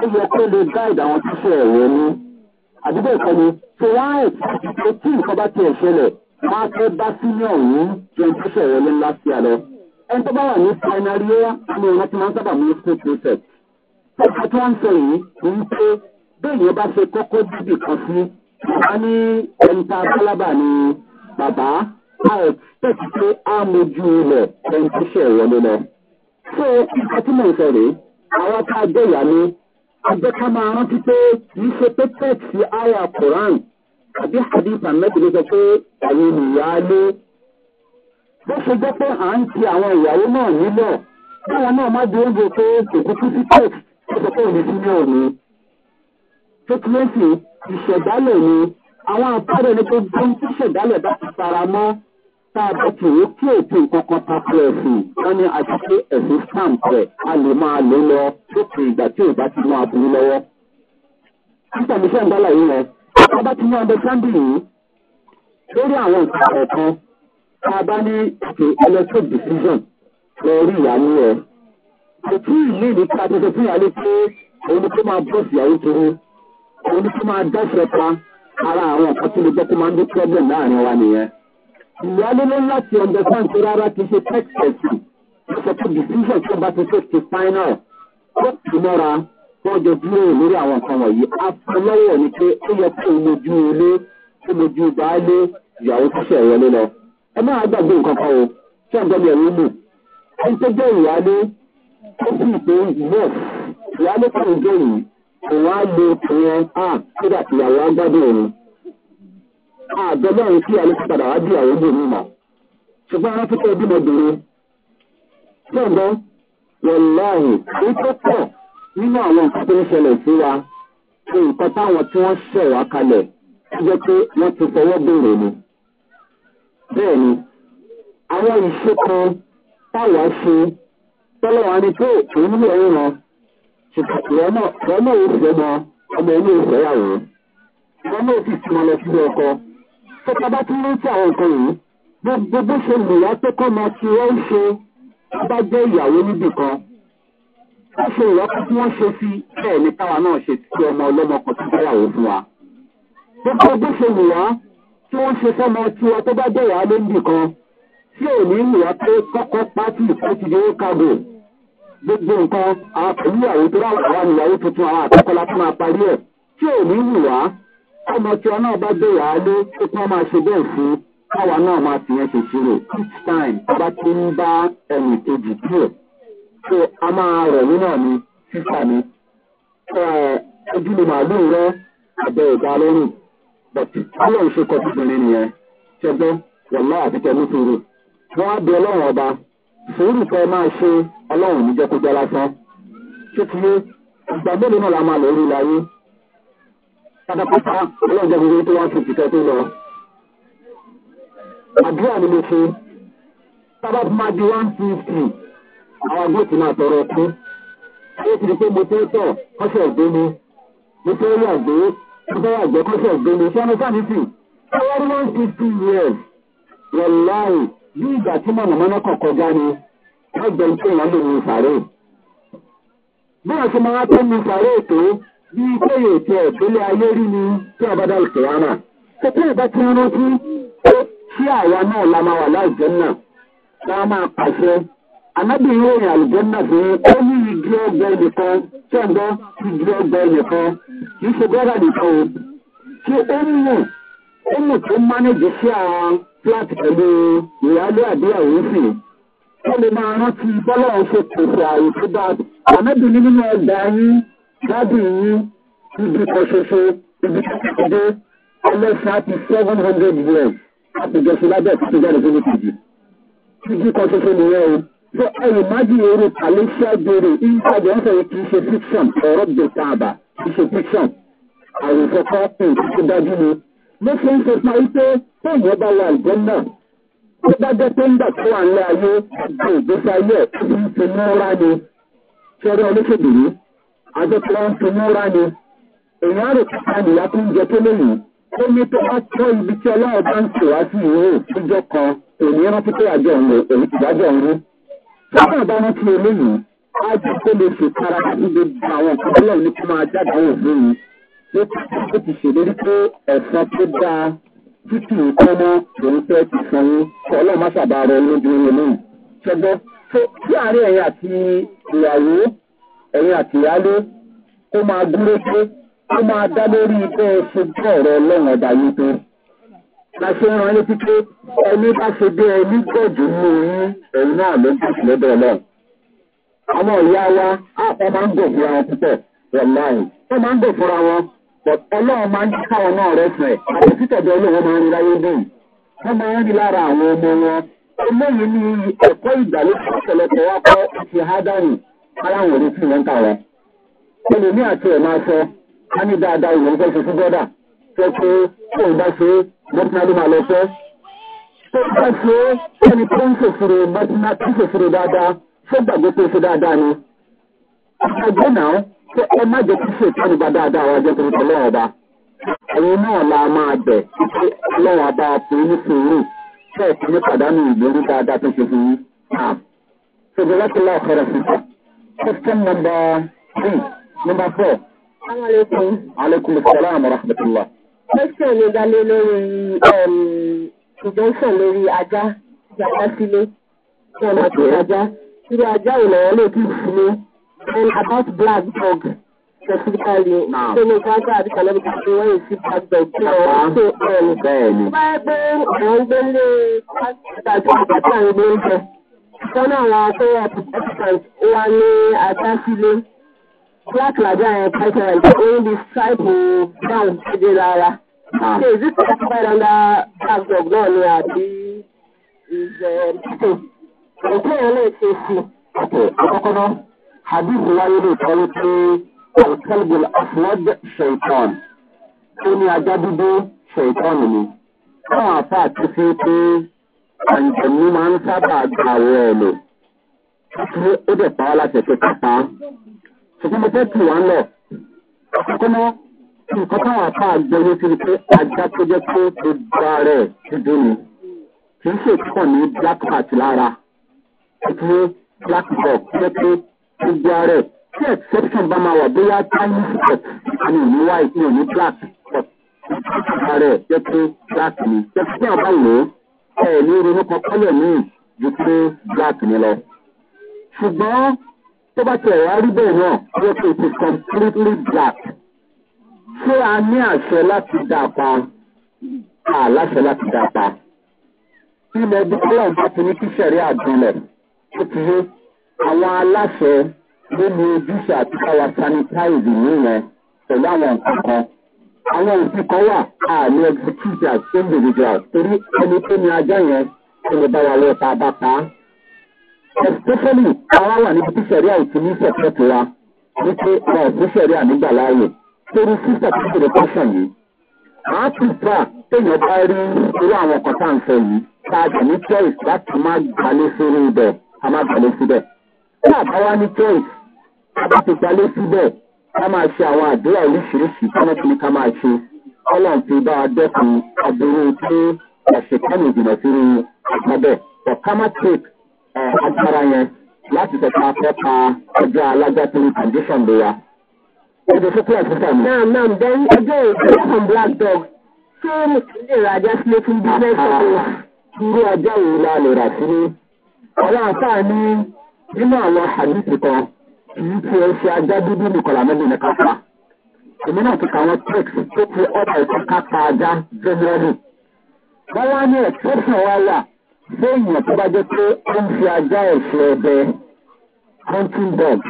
yìí ó yẹ kó lè gáìdì àwọn tíṣẹ́ ẹ̀rọ ní àdúgbò ìkọni tí wọ́n yẹ kí pé tí nǹkan bá tiẹ̀ ṣẹlẹ̀ wọ́n á fẹ́ bá senior yìí jẹun tíṣẹ́ ẹ̀rọ ní ńlá sí alẹ́ ẹni tó bá wà ní primary year ni wọ́n ti máa ń sábà mú school prefect ọ̀pọ̀ tí wọ́n ń sọ yìí ń pé bẹ́ẹ̀ yẹn bá ṣe kọ́kọ́ bíbì kan sí wọ́n á ní ẹni tá a bálábà ni bàbá out tẹ̀sí pé á mojú ilẹ̀ ẹni tó ṣe ìwọlé lọ. ṣé ìgbà tí mò ń sọ rèé àwọn tá a jẹ́ ìyá mi ẹgbẹ́ ká máa rántí pé kì í ṣe pé tẹ̀sí àyà quran àbí hadith ahmed ló sọ pé àwọn ìyáálé bó ṣe jẹ́ pé à ń ti àwọn ìyàwó náà nílọ̀ báwọn náà má di oúnjẹ pé òkú kú sí tẹ̀sí ó sọ pé òní sí ní òní. tó kí ló sì ìṣẹ̀dálẹ̀ ni àwọn àpárẹ̀ ni pé bóńtí ṣẹ̀dálẹ̀ bá ti fara mọ́ tá a bá ti wò kí ètò ìkọ̀kọ̀ tako ẹ̀sìn wọn ni àti pé ẹ̀sìn stamp rẹ̀ a lè máa lò lọ lópin ìgbà tí ò bá ti máa burú lọ́wọ́. títà mi fẹ́ ń dálà yìí rẹ̀ tá a bá ti ní ọ̀dẹ́sáńdì yìí lórí àwọn nǹkan kọ̀ọ̀kan tá a bá ní ètò electric decision lọ rí ìyáálé rẹ̀. kò tí ì ní ìdí ká tuntun fún ìyáálé pé òun tó máa bọ́ sí ìyàwó toro òun tó máa dáṣẹ pa ara àwọn nǹkan tó lè jẹ́ kó máa ń dé problem láàrin wa nìyẹn ìyáálé ló láti understand pé rárá ti ṣe texas ìṣètò decision tó bá ti take the final ó tì mọ́ra wọ́n jọ dúró lórí àwọn nǹkan wọ̀nyí afọlọ́wọ̀ ni pé ó yẹ kó mojú ilé kó mojú baálé ìyàwó ṣiṣẹ́ ìwọlé lọ ẹ máa gbàgbé nǹkan kan o tí ọ̀gá mi ẹ̀rú mù ẹni tó jẹ́ ìyáálé tó sì pé mọ̀ ìyáálé kàrún jẹ́ yìí òun á lo òun á kódà ìyàwó á gbádùn òun àjọ ah, báyìí sí àlejò padà wá bí àwọn obìnrin mọ̀ ṣùgbọ́n wọ́n fẹ́ bímọ obìnrin lọ́gbọ́n wọ̀láì èyí pọ̀ nínú àwọn nǹkan tó ń ṣẹlẹ̀ sí wa nǹkan táwọn tí wọ́n ṣẹ̀ wá kalẹ̀ jẹ́ pé wọ́n ti fọwọ́ bèrè ni. bẹ́ẹ̀ ni àwọn ìṣe kan táwa ṣe tọ́lọ́ wa ni pé òun nílò ẹ̀yìn wọn ṣùgbọ́n ìrọ́mọ̀ ìrọ́mọ̀ òfin ọmọ ọmọ ilé ìfẹ́yàwó ìrọ́mọ̀ òfin ti wọn lọ sílé ọkọ tó bá tún rántí àwọn nǹkan yìí gbogbo bó ṣe lè wá pé kọ́ máa fi wọ́n ṣe bá jẹ́ ìyàwó níbì kan wọ́n ṣe ìrọ́pò tí wọ́n ṣe sí bẹ́ẹ̀ ni táwa náà ṣe ti ọmọ ọlọ́mọ kan tó báyàwó fún wa gbogbo bó ṣe lè wá tí wọ́n ṣe fọ́mọ tiwa tó bá jẹ́ ìyàwó níbì kan tí ò ní ìwà pé kọ́kọ́ pátì ìkọ́tì ní kágò gbogbo nǹkan àwọn ìyàwó tó bá wà wà níyàwó tuntun àwọn àtọ́kọ́lá tó máa parí ẹ̀ tí ò ní ìwà ọmọ ọ náà bá dé wàhálé ó tún máa ṣe bẹ́ẹ̀ fún káwa náà máa fìyẹn ṣe ṣírò each time bá ti ń bá ẹnì kejì díẹ̀ so a máa rẹ̀ nínú mi sísà mi ojú ni màálù rẹ abẹ ìgbà lọ́rùn but ọlọ́run ṣe kọ́ tuntun nìyẹn ṣẹgbẹ́ wọ̀lá àti tẹ̀lé tòrò wọ́n á bẹ ọlọ́run ọba sùúrù kan máa ṣe ọlọ́run níjẹ́ kó jẹ́ lásán ṣé ti yé ìgbà mélòó náà la máa lò ó rí láyé pátápátá ọlọ́jà gbogbo tó wá fìtì kẹ́ tó lọ. àdúrà ni mo ṣe sábà máa di one fifty àwọn agbóòtú máa tọrọ ọkú. ó ti di pé mo tẹ́ tọ̀ kọ́ṣẹ́ ọ̀gbẹ́ mi mo tẹ́ rí àgbé mo tẹ́ rí àgbé kọ́ṣẹ́ ọ̀gbẹ́ mi ṣé mo sáà nísì. ọwọ́ ní one fifty years wọ̀láì bí ìgbà tí mọ̀nàmọ́ná kọ̀ kọjá ni wọ́n gbẹ̀ ń pè wọ́n lè mú ìsàrè. bí wọ́n bí pé ètò ìpínlẹ ayé rí ni tí ọba dá ìkẹyàmà kókó ìbá tí wọn rántí pé tí àwa náà la máa wà láìjẹnà la máa pàṣẹ anábìrin òyìn àlùjẹnà fún ó ní igi ọgbẹ nìkan tẹgbọ igi ọgbẹ nìkan kì í ṣe gbọdọ nìkan o tí ó mú ó mú tó mánéjì sí àwọn fúláàtì pẹlú ìyáálé àbíyàwó sì ó lè máa rántí bọ́lá ọ̀hún ṣe pèsè àyè tó dáa anábìrin nínú ẹgbàá yín dábì yín ibi kan ṣoṣo ibi kan dé ọlọ́sà ti seven hundred years àtijọ́sí lábẹ́ àtijọ́sí fún ìtìjì ibi kan ṣoṣo nìyẹn o so ẹ̀yìn májì eré pàlẹ́síà gbèrè ìyípadà ọ̀sẹ̀ yìí kì í ṣe fiction ọ̀rọ̀ gbèsè àbà kì í ṣe fiction àwòsọ kọ́ọ̀pù tó dájú ni mo fi ń sọ pa wípé téèyàn bá wà ìgbẹ́ náà tó bá jẹ́ pé ń gbà tó wà ń lé ayé àgbà ìgbésí ayé ẹ̀ tó fi ń fi mú rá ni ṣẹ́rí ọlọ́ṣèlú yìí àjọ tí wọ́n ń fi múra ni èèyàn rò kíkà nìyá tó ń jẹ tó lóyún ó ní tó bá tọ́ ibi tí ọlọ́run bá ń tì wá sí ìwé òtújọ́ kan òní rántí pé àjọ òun òun ìdájọ́ òun rú. sábà bá wọn ti eléyìí á jẹ kó lè fi kára sí gbogbo àwọn nǹkan tó lọ́run ní kó máa jáde àwọn òfin yìí ló ti ó ti ṣèlérí pé ẹ̀sán tó dáa títì ìkọ́mọ́ òun fẹ́ ti san yín kọ́ ọlọ́run má ṣàbà rọ inú ẹ̀yin àtìyálé kó máa dúró dé kó máa dá lórí bẹ́ ẹ ṣe bí ọ̀rọ̀ ọlọ́run ọ̀dà tó. la ṣe ń létí pé ẹni bá ṣe bí ẹni gbọ̀jù nínú ẹ̀yin náà ló ń lọ́dọ̀ ọlọ́run. àwọn wa máa ń fúnra náà ọlọ́run máa ń dùn wọ́n máa ń rí lára àwọn ọmọ wọn eléyìí ni aláwọ̀ ní tí wọ́n kà wọ́n. ẹlòmí àti ẹ̀ máa sọ á ní dáadáa ìwọ̀n fẹ́ ṣe sí bọ́dà sọ pé kó o bá ṣe é bọ́tínà ló máa lọ fẹ́. tó o bá ṣe é ẹni tó ń ṣòfòrò bọ́tínà tó ń ṣòfòrò dáadáa ṣé gbàgbé tó ṣe dáadáa ni. àgbẹ̀ náà ṣe ẹ má jẹ́ kí ṣe ìtànìgbà dáadáa wa jẹ́ tuntun lọ́wọ́ ọba. ẹ̀yin náà la máa bẹ̀ Question number three. Number four. Aleykum. Aleykum salaam wa rahmatulah. Question mi dá lé lórí ìjọsìn um, lórí ajá ìjàpá sílé. Ṣé ọmọ tó ajá? Irú ajá ò lọ́wọ́ lè kí sílé. And about black dog specifically. Ṣé mo bá gbà àbíkà lọ́dún kan wọ́n yóò sí black dog kí ọ̀rọ̀ um, tó ọ̀rọ̀? Bẹ́ẹ̀ni. Bá yẹ pé àwọn gbélé pásítà tó àgbàtà ń gbé ń jẹ ìkànnì àwọn co-op applicants wa ní àtàsílé black lajà yẹn president oyin di stripe brown kéde lára ṣe is this classified under black dog náà ni àbí is pipo eh, òkè yẹn lè ṣe sí. àkọ́kọ́ náà hadith wáyé lè kọ́ wípé alkalbul afuwad shaitan ó ní ajá dúdú shaitan ni. báwọn àpá àti fi pé àǹjẹ̀mú máa ń sábà gba àwọ̀ ẹ̀ lò kí ó dẹ̀ pa á láti ẹ̀fẹ́ kápá. ṣùgbọ́n mo fẹ́ tù wá lọ. àkọ́kọ́ náà nǹkan táwọn apá àgbẹ̀wò ti rí pé ajá tó jẹ́ pé ó gba rẹ̀ dúdú ni. kì í ṣe kàn ní black part lára. kí black box jẹ́ pé ó gba rẹ̀ tí exception bá máa wà bóyá tiny spot àmì ní white ní òní black spot. ó gba rẹ̀ jẹ́ pé black ni. jẹ́ pé àwọn bá a ò ní ronú kan kọ́lẹ̀ míì ju pé black ni lọ. ṣùgbọ́n tó bá tẹ̀ wá rí bẹ́ẹ̀ náà wọ́n pè é completely black. ṣé a ní àṣẹ láti dá a pa? a láṣẹ láti dá a pa. ilẹ̀ ẹbí kọ́lọ̀ bá ti ní kí sẹ̀rí àgbọ̀nlẹ̀ ó ti yé àwọn aláṣẹ ló ní ojúṣe àti káwa sanitize ìlú yẹn pẹ̀lú àwọn nǹkan kan àwọn òfin kan wà àmì execute as individual torí ẹni tó ní ajá yẹn tó lè bá wa lọ ta bá pa á. especially àwa wà níbi tí sẹ̀ríà ò ti ní sẹ̀kẹ́tì wa wípé wa ò fún sẹ̀ríà nígbà láàyè torí sísẹ̀ tó ti lè pọ́sàn yìí. àá ti gbà téèyàn bá rí irú àwọn kan tá à ń sọ yìí tá a ní choice láti má gbalé sórí ibẹ̀ a má gbalé síbẹ̀. bí àbáwá ní choice a bá ti gbalé síbẹ̀ ká máa ṣe àwọn àdúrà oríṣiríṣi tọ́lá tó ní ká máa ṣe ọlọ́run ti bá wa dẹ́kun aburú pé ẹ̀sìn kánú ìjìnà sí irú àgbàbẹ̀ but ká má take eh, agbára yẹn láti tẹ̀ka afẹ́ta ọjọ́ alájá tó ní condition lè ya. Èdè fúnpẹ́ ẹ̀sìnkà mi. Náà náà bẹ́ẹ̀ ọjọ́ ìṣẹ́lẹ̀ from black dog ṣé mo ti lè ra ajá sílé fún business ọ̀hún? Ah, irú ọjọ́ ìlànà ìrà sí ni. Àwọn àfáà ní nínú àwọn àdìsí kan èyí tí ẹ ṣe ajá dúdú nìkọlà méjì ní kápá èmi náà ti kà wọn tricks tó fi ọ̀dà ìtọ́ kápá ajá jẹ́mọ́rì wọ́n wá ní ẹ̀tẹ́sán wa wà ṣé èèyàn tó bá jẹ́ pé ó ń fi ajá ẹ̀ṣẹ̀ ẹ̀bẹ hunting dogs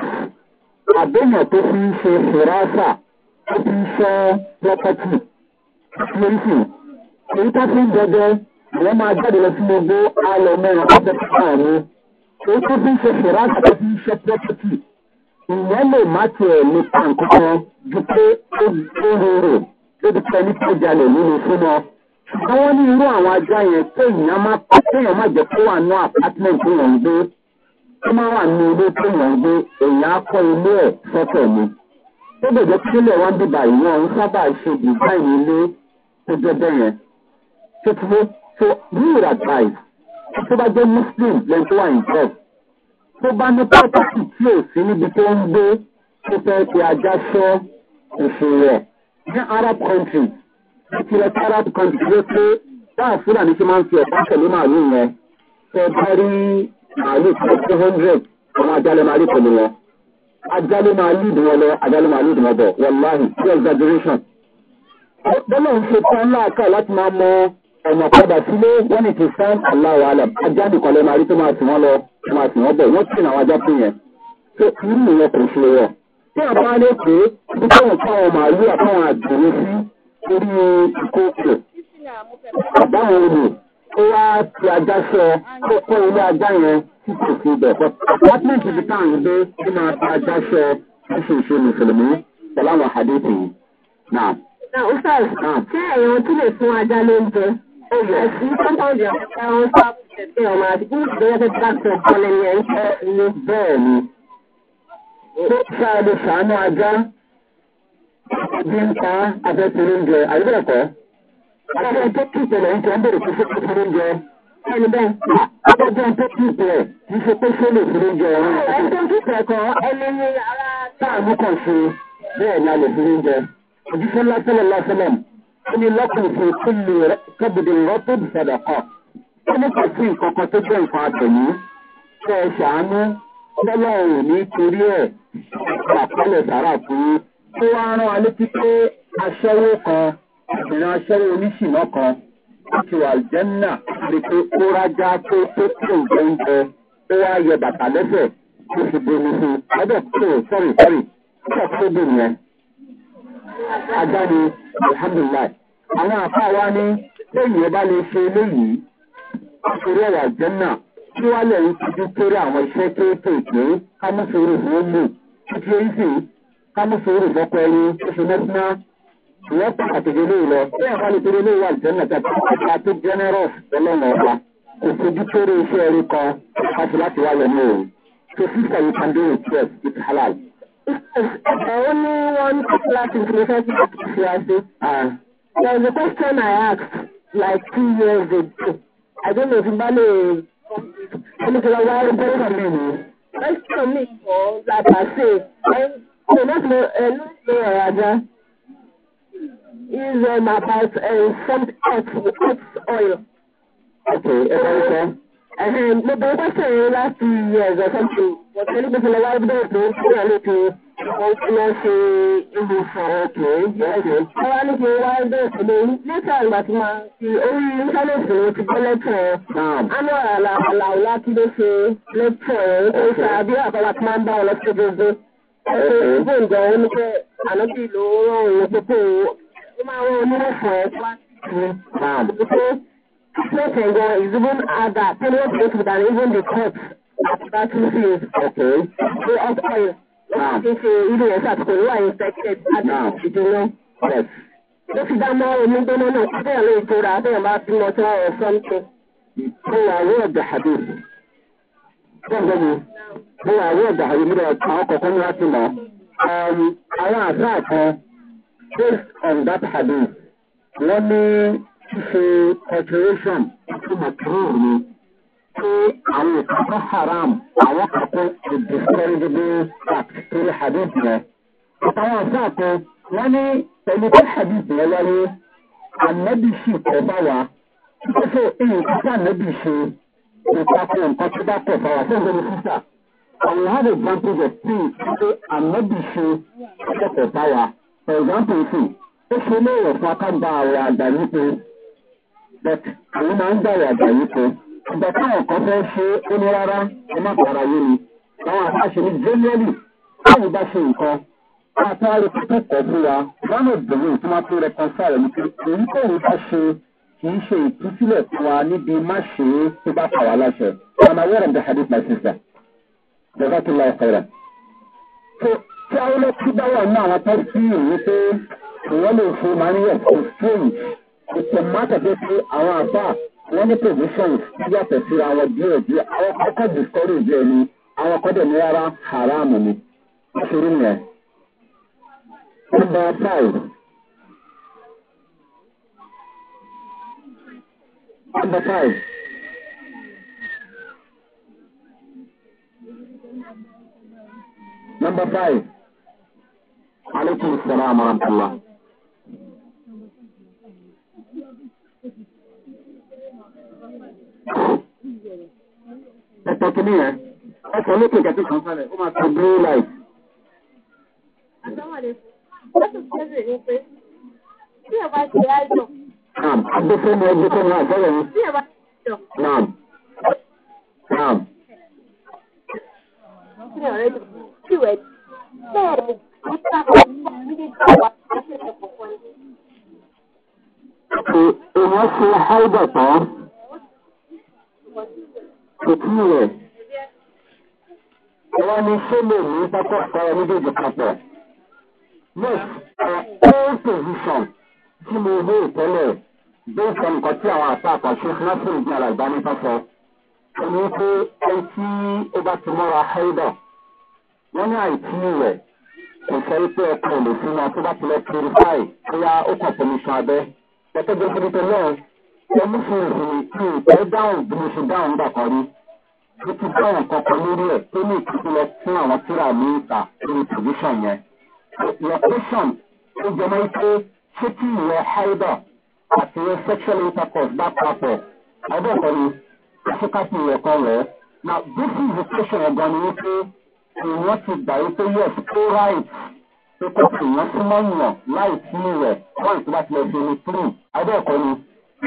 àbẹ̀yàn tó fi ń ṣe fìrásà tó fi ń ṣọ́ property lóríṣi èyí tó fi ń dọdẹ àwọn máa jáde lọ sí gbogbo alẹ́ mẹ́rin ọ̀sẹ̀ tó kàn mí èyí tó fi ń ṣe fìrásà tó fi ń ṣe property ìyẹn lè má tiẹ̀ ní pàǹkókan ju pé ó rorò débi tí ẹni tó jalè nínú fún ọ. ṣùgbọ́n wọ́n ní irú àwọn ajá yẹn pé èèyàn má kéèyàn má jẹ́ kó wà ní apartment tó yàn ń gbé tó má wà ní ilé tó yàn ń gbé èèyàn á ilé ẹ̀ sọ́tọ̀ ni. ó bèbè kí ilé wọn bíbà yìí ń sábà ṣe design ilé tó jẹ́ bẹ́yẹn. ṣé tí ó so real advice tó bá jẹ́ muslim lẹ́yìn wà in church tó bá ní pọ́tàkì tí ò sí níbi tó ń gbé tó fẹ́ fi ajá sọ rẹ̀ ní arab country láti lọ sí arab country ló pé báà fúlàní ṣe máa ń fi ọ̀pá tẹ̀lé màálùú yẹn tẹ bá rí màálùú tó two hundred àwọn ajálẹ̀ máa rí pẹ̀lú wọn ajálẹ̀ máa lead wọn lọ ajálẹ̀ máa lead wọn bọ̀ wọ́n láàyè sí exaggeration. bọ́lá ń ṣe tán láàkà láti máa mọ ọ̀nà padà sílé wọ́n ní ti sán aláwọ̀ alẹ̀ ajá nìkan lẹ́nu àrí tó máa tì wọ́n lọ tó máa tì wọ́n bọ̀ wọ́n tì àwọn ajá fún yẹn tó irú yẹn kò ṣe wọ̀. tí a bá lè pé bí káwọn káwọn màálù àtàwọn àgbèrè sí orí ìkókò àbáwọn olè ó wá ti ajá sọ tó kọ́ ilé ajá yẹn tí kò fi bẹ̀ pọ̀. wọ́pẹ́ntì ti ká àwọn gbé tí máa fi ajá sọ ẹ̀sìn ìṣe mùsùlùmí pẹ̀lú àwọn àdéhùn yìí. Náà, ó sọ̀rọ̀, ṣé ẹ̀yàn tún lè fún ajá lóúnjẹ? Bẹ́ẹ̀ni, ó ṣáàdé ṣàánú ajá bí ń pa afẹ́fẹ́rẹ́ oúnjẹ, àyíbẹ̀ẹ̀kọ́. Afẹ́ tó kí ìpẹ̀lẹ̀ ń jẹ́ ń bèrè fún fẹ́fẹ́rẹ́ oúnjẹ. Ẹni bẹ́ẹ̀, afẹ́fẹ́ tó kí ìpẹ̀lẹ̀ kì í ṣe pé ṣé lè fún ó ní lọ́kùn fún kúlù kébìdì rọ́tò sẹ̀dẹ̀kọ̀ ó ní kò sí nǹkan kan tó jẹ́ nǹkan àtẹ̀yìn kó ẹ ṣàánú lọ́lọ́ ò ní torí ẹ̀ àkọọ́lẹ̀ sàrà fún yín tó wá rán wa létí pé aṣẹ́wó kan ìran aṣẹ́wó oníṣìná kan ó wà jẹ́nà ni ó rájá tó tó tó oúnjẹ ó wá yẹ bàtà lẹ́sẹ̀ ó sì bomi fún un tó sọ̀rì sọ̀rì ó tó agbani alihamdulilayi àwọn àfa wa ní lẹ́yìn ẹ bá lè ṣe eléyìí àṣírí ẹ̀wà jẹ́nà kí wá lẹ̀ ń tijú kéré àwọn iṣẹ́ kéékèèké kámúsòrò fún mú títí èyí kámúsòrò fọ́kọ ẹyin oṣù mẹ́tínà ìwọ́n pàtàkì délé lọ bẹ́ẹ̀ bá lè torí ilé ìwà jẹ́nà tàbí ọba tó generous ọlọ́run ọba kò fojú kéré iṣẹ́ ẹ̀rí kan láti láti wá yọ ní òun. yìí kan dé with twelve the only one particular thing to refer to conspiracy. Uh, there was a question I asked like two years ago. I don't know if Mbale Olùkọ́lá wa ń bẹ́rẹ̀ kàn mí ni. Question mi kọ́ lápá ṣe ẹ ṣe lọ́sọ̀ ẹ lọ́sọ̀ ọ̀rọ̀ ajá. Is um, about uh, some earth, earth oil. Okay, ẹ bá ń sọ mo bẹ̀rẹ̀ bá sọ̀rọ̀ láti eh, ẹ̀zọ̀ sọ́jú ọ̀tẹ́ ní gbogbo lọ́wọ́ bẹ̀rẹ̀ tó ń fún àlejò wọ́n ti lọ ṣe ibi ìfọ̀rọ̀ tó ń bẹ̀rẹ̀. wọ́n á ní kí wọ́n á bẹ̀rẹ̀ tó lé lẹ́tà ìgbà tí máa fi orí íńtánẹ́ẹ̀tì ló ti gbọ́ lẹ́tọ̀ ẹ̀. ánú àlàó láti ló ṣe lẹ́tọ̀ ẹ̀ ó ṣe àbí àbára tí máa ń bá wọn lọ sí gbogbo. ẹgbẹ́ people can go is even other penal places than even the courts at battlefield. Okay. They offer ṣe irú ẹ̀ ṣàtúnkò ló are infected àti ìdùnnú. ló fi dá mọ́ omi gbóná náà bẹ́ẹ̀ ló ìtura bẹ́ẹ̀ bá bímọ tí wọ́n rẹ̀ something. mo wà wí ọ̀dà hadith. bẹ́ẹ̀ ni mo wà wí ọ̀dà hadith nígbà àwọn kọ̀ọ̀kan ní wọ́n ti mọ̀. àwọn àṣà kan based on that hadith wọ́n ní ṣíṣe operation tó mọ̀ kúrò ní pé àwọn ìkàkọ́ haram àwọn kàkọ́ to discouragable act torí hadith rẹ̀. Àtàwọn ọ̀sán àkọ́ wọ́n ní pẹ̀lú pé hadith rẹ̀ wáyé ànábì sì kọ́ bá wa. Ṣé nǹkan tí ànábì ṣe kò tako nǹkan tó bá kọ̀ bá fún ìgbẹ́ni sísà? And we have of things that ànábì ṣe kọ̀ bá wa. For example, ó ṣe lé fún akágbá àwọn àgbà nípe but àwọn máa ń gbàyà àgbàyé kan ìgbà táwọn kan fẹ́ ṣe ó ní rárá ẹ má para yé mi àwọn àṣàṣe ní jẹ́lẹ́lì báwo bá ṣe nǹkan àtàrí kẹ́kọ̀ọ́ fún wa lọ́nà ìbẹ̀rù tó máa tó rẹpọnsáà ní pé èyí kò ní bá ṣe kì í ṣe ìtúsílẹ̀ fún wa níbi má ṣe é tó bá kà wá láṣẹ. I'm aware of the hadith my sister. Jazakallah khairan. So tí àwọn ọlọ́tí bá wà ní àwọn tó sí ìwé pé ìwọ́n lè fún màá ní ẹ̀kọ́ strange ìtàn mọ́tò tó pé àwọn àbá wọ́n ní provisions tó yàtọ̀ síra wọn díẹ̀ díẹ̀ àwọn kọ́kọ́ discourage ẹni àwọn kọ́dọ̀ ní rárá haram ni nítorí yẹn. Number five. Number five. Number five. Aleykum salaam wa rahmatulah. ẹsẹ̀ kìíní yẹn ẹsẹ̀ lókè kẹ̀kẹ́ kan sálẹ̀ ó máa tẹ blue light. Tí ẹ bá ṣe àìsàn. Naam, agbésẹ́nu ẹgbẹ́ tó ń ra àgbẹ̀rẹ̀ yẹn. Tí ẹ bá ṣe àìsàn. Naam. Naam. Tí ẹ rẹ̀ tí wẹ̀ bẹ́ẹ̀ ni ó sábà fún mi ní ìjọba àti ìṣẹ̀lẹ̀ kọ̀ọ̀kan. Èèyàn ṣe háìdà tán. tó lè ní pápá ìpara méjèèjì papọ̀. next our own position tí mo wé ìtẹ́lẹ̀ based on nǹkan tí àwọn àtàkà ṣe násìrì ní àlàgbáni sọ. ẹni pé ẹni tí ó bá ti mọ́ra haida wọ́n ní àìtí rẹ̀ kò sọ pé ọkọ̀ lè fún wa tó bá ti lọ purify bóyá ó kàn fún abẹ́. gẹ́gẹ́ bí ó ti ẹ mú fún ìsinmi kí ìtẹ́ dáhùn bí mo ṣe dáhùn nígbà kan ó ti bá àwọn kankan lórí ẹ̀ tó ní ìtúsí lọ fún àwọn tíra ní ìta lórí provision yẹn. your ó jẹ mọ́ pé ṣé kí ìyẹn haida àti ìyẹn sexual intercourse bá papọ̀ ọdún kan ni àfikàtì ìyẹn kan rẹ̀ na this is the question ẹ̀gbọ́n ni wípé èèyàn ti gbà yí pé yes pay right pé kó èèyàn súnmọ́ yàn láì sí rẹ̀ wọ́n ìtura tilẹ̀ ṣe ní three ọdún kan ni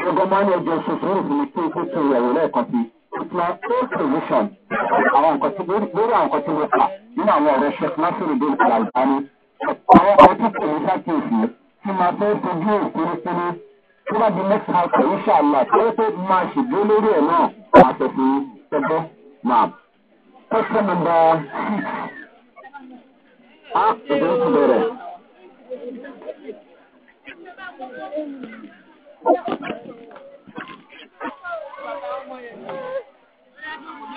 ẹ̀gbọ́n máa ń ṣoṣo ní ìfúnni pé kó tún ìyàwó lẹ́ẹ̀kan sí i ṣùgbọ́n ó solution àwọn nǹkan tí lórí àwọn nǹkan tí mo kà nínú àwọn ọ̀rọ̀ sheikh nasiru bin alalbani àwọn ọ̀rọ̀ tí kò ní sákèésì tí máa fẹ́ fojú òkúrúkúrú tó bá di next house ẹ̀yìn ṣàlá tó yẹ pé máa ṣègbè lórí ẹ̀ náà máa tẹ̀sí tẹ́gbẹ́ náà. question number six. Ah, ìbéèrè ti bẹ̀rẹ̀. Thank you.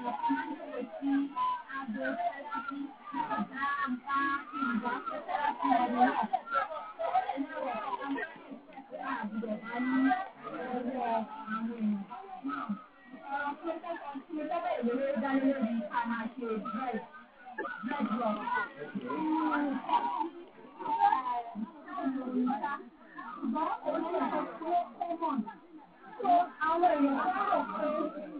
ṣùgbọ́n òun náà tó kọ́ mọ̀ tó àwọn èèyàn wọ́n rò pé.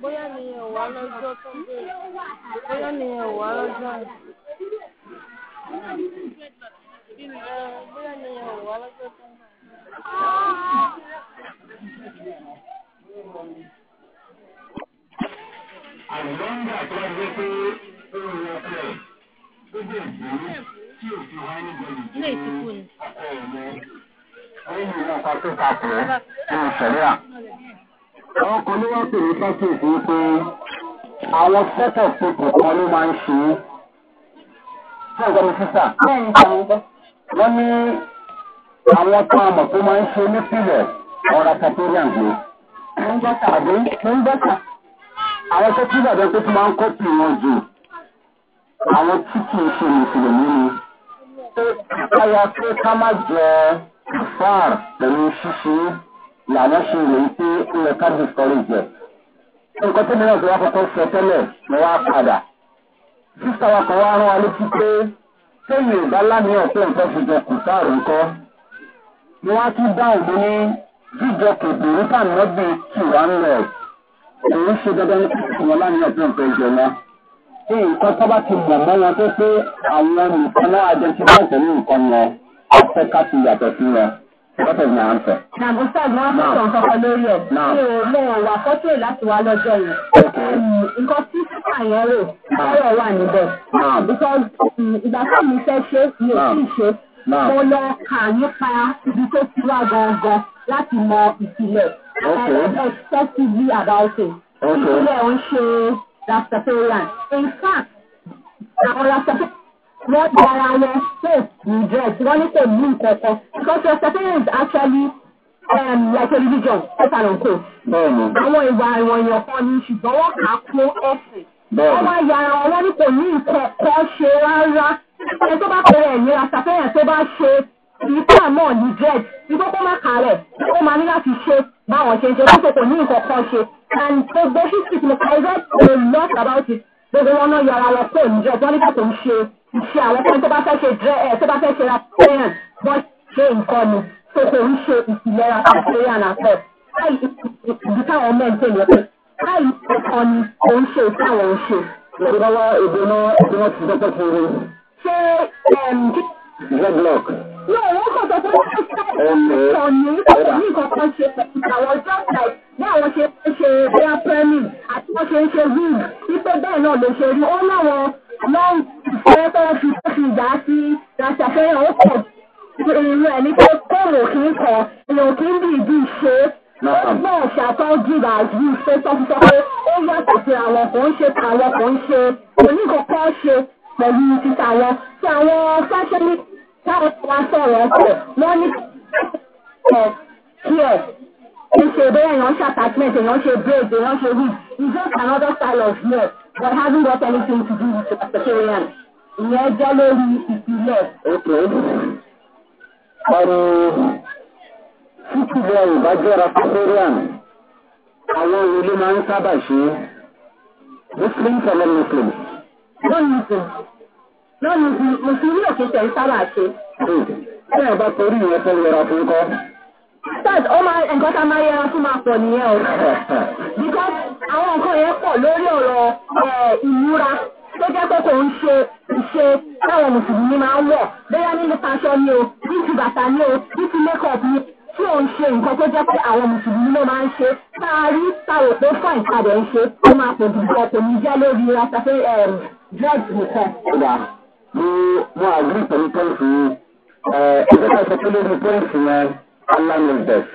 Bóyá nìyẹn ò wá lọ́jọ́ tó ń bèrè. Bóyá nìyẹn ò wá lọ́jọ́ yẹn. Bóyá tó ń gbé pé ó ń lọ pẹ̀. Ó dẹ̀ bí tí ò fi wá ní gbọ́dọ̀ jù. Ilé ọ̀mọ́. Ó ń lọ pa tó papọ̀ ní ìṣẹ̀lẹ̀ à àwọn kan ló wá pè ní sákèsì pé àwọn sẹ́tọ̀ pípọ̀ kan ló máa ń ṣe é. ṣé ìjọba mi sísà? wọ́n ní àwọn tó a mọ̀ tó máa ń ṣe nípìnlẹ̀ ọ̀rọ̀ caterian ni. àbí ń bẹ́tà. àwọn tó tí bàbá pé tó máa ń kọ́pì wọn jù àwọn tí kì í ṣe mùsùlùmí ni. ṣé ìpáyà pé ká má jẹ fáàr pẹ̀lú ṣíṣe é làwọn ṣe rèé pé ó yẹ ká discourage ẹ̀. nǹkan tó mìíràn tó wá kọ́kọ́ sọ tẹ́lẹ̀ ni wọ́n á padà. sísá wa kan wá rán wa létí pé téèyàn ìgbà lámìíràn tó nǹkan fi jẹ kù sáàrò ńkọ́. ni wọ́n á tún dáhùn mú ní jíjọ kòtò nípa nọ́bì kìwá ń lọ. èyí ṣe dandan kí wọ́n lámìíràn tó nǹkan jẹ náà. tí nǹkan tó bá ti mọ̀ mọ́ wọn tó pé àwọn nìkan náà That is my answer. Na Gustav máa ń sọ̀rọ̀ nǹkan kan lórí ẹ̀. Mi ò mọ òwà fọ́tò láti wá lọ́jọ́ yẹn. Nǹkan tí sísà yẹn rò fọ́rọ̀ wà níbẹ̀. Because ìgbà tó mi fẹ́ ṣe mi ò tí ì ṣe. Mo lọ kà nípa ibi tó ti wá gangan láti mọ excessively about it. Ìpìlẹ̀ ń ṣe Rastafarian. In fact, àwọn Rastafarian wọ́n di ara wọn safe in dress wọ́n ní kò ní nǹkan kan because your surveillance actually um, like television quote and unquote. bẹ́ẹ̀ni. àwọn ìwà ìwọ̀nyàn kan ní ṣùgbọ́n wọ́n kà á kó ẹ̀sìn. bẹ́ẹ̀ni. wọ́n máa yàrá wọn ní kò ní nǹkan kan ṣe rárá. ẹni tó bá kọrọ ẹ̀yìn ra surveillance tó bá ṣe ìfẹ́ àmọ́ ní dress igbó kó má kà rẹ̀ ó máa ní láti ṣe báwọn ṣe ń ṣe kó kò ní nǹkan kan ṣe and gbogbo history mo kà i read a lot about it gbogbo wọn náà yọra lọ kó níjọ jọ́líkà tó ń ṣe iṣẹ́ àwọn kan tó bá fẹ́ ṣe drẹ́ ẹ̀ tó bá fẹ́ ṣe ra pẹ́yàn bọ́ ṣe nǹkan ni tó kò ń ṣe ìlera pẹ́yàn àpọ̀ báyìí ìdí táwọn mẹ́ǹtẹ̀ yẹn pé báyìí nǹkan ni kò ń ṣe táwọn ń ṣe. lọ́wọ́ ìdènà ìdènà ti dọ́kẹ́ fún mi. ṣé red block àwọn kọ̀tọ̀ tó ń ṣe ọ̀nì ní kọ̀ọ̀kan ṣe àwọn just like bí àwọn ṣe ń ṣe air planning àti wọ́n ṣe ń ṣe wig wípé bẹ́ẹ̀ náà lè ṣe rí ó láwọn lọ́wọ́ ìfẹ́ tó fi tó fi gbà á sí ìdáṣà fẹ́ràn ó pọ̀ irú ẹ̀ ní pé kóòrò kì í kọ èrò kì í bì í bí ṣe ó gbọ́ ṣàtọ́jú ràjú ṣe sọ́sọ́ pé ó yàtọ̀ sí àwọn kò ń ṣe tàwọn kò ń ṣe oníkọ̀ọ́kọ́ ṣe pẹ̀lú títà wọn tí àwọn fáṣẹ́lì táwọn ti wá sọ̀rọ̀ ọ̀pọ̀ wọ́n ní kí ẹ̀ kí ṣe bẹ́ẹ̀ èèyàn ṣe attachment èèyàn ṣe braid èèyàn ṣe wig is just another style of hair but having got anything to do with vegetarian ìyẹn jẹ́ lórí ìpìlẹ̀. okay ọ̀rọ̀ títí bẹ́ẹ̀ ìbájọ́ra vegetarian àwọn òwe máa ń sábà ṣe muslim fellow muslim lẹ́yìn tí mùsùlùmí òkè tẹ̀lé sábà ṣe. ẹ ẹ bá torí ìyẹn tó lọ́ra fún kọ́. start ó máa nǹkan tá a máa yẹra fún máa pọ̀ nìyẹn o. because àwọn nǹkan yẹn pọ̀ lórí ọ̀rọ̀ ìmúra tó jẹ́ pé kò ń ṣe ìṣe táwọn mùsùlùmí máa ń wọ̀ bóyá nínú fashion ni o títí bàtà ni o títí makeup ni tí ò ń ṣe nǹkan tó jẹ́ pé àwọn mùsùlùmí ló máa ń ṣe tá a rí táwọn pé fáìn padà ń ṣe ó máa pò dùn gan kò ní jẹ́ lórí rata fún drugs nìkan mo mo agree pẹ̀lú pọ́ǹsì yìí ẹgbẹ́ kan sọ pé lórí pọ́ǹsì yẹn allah knows best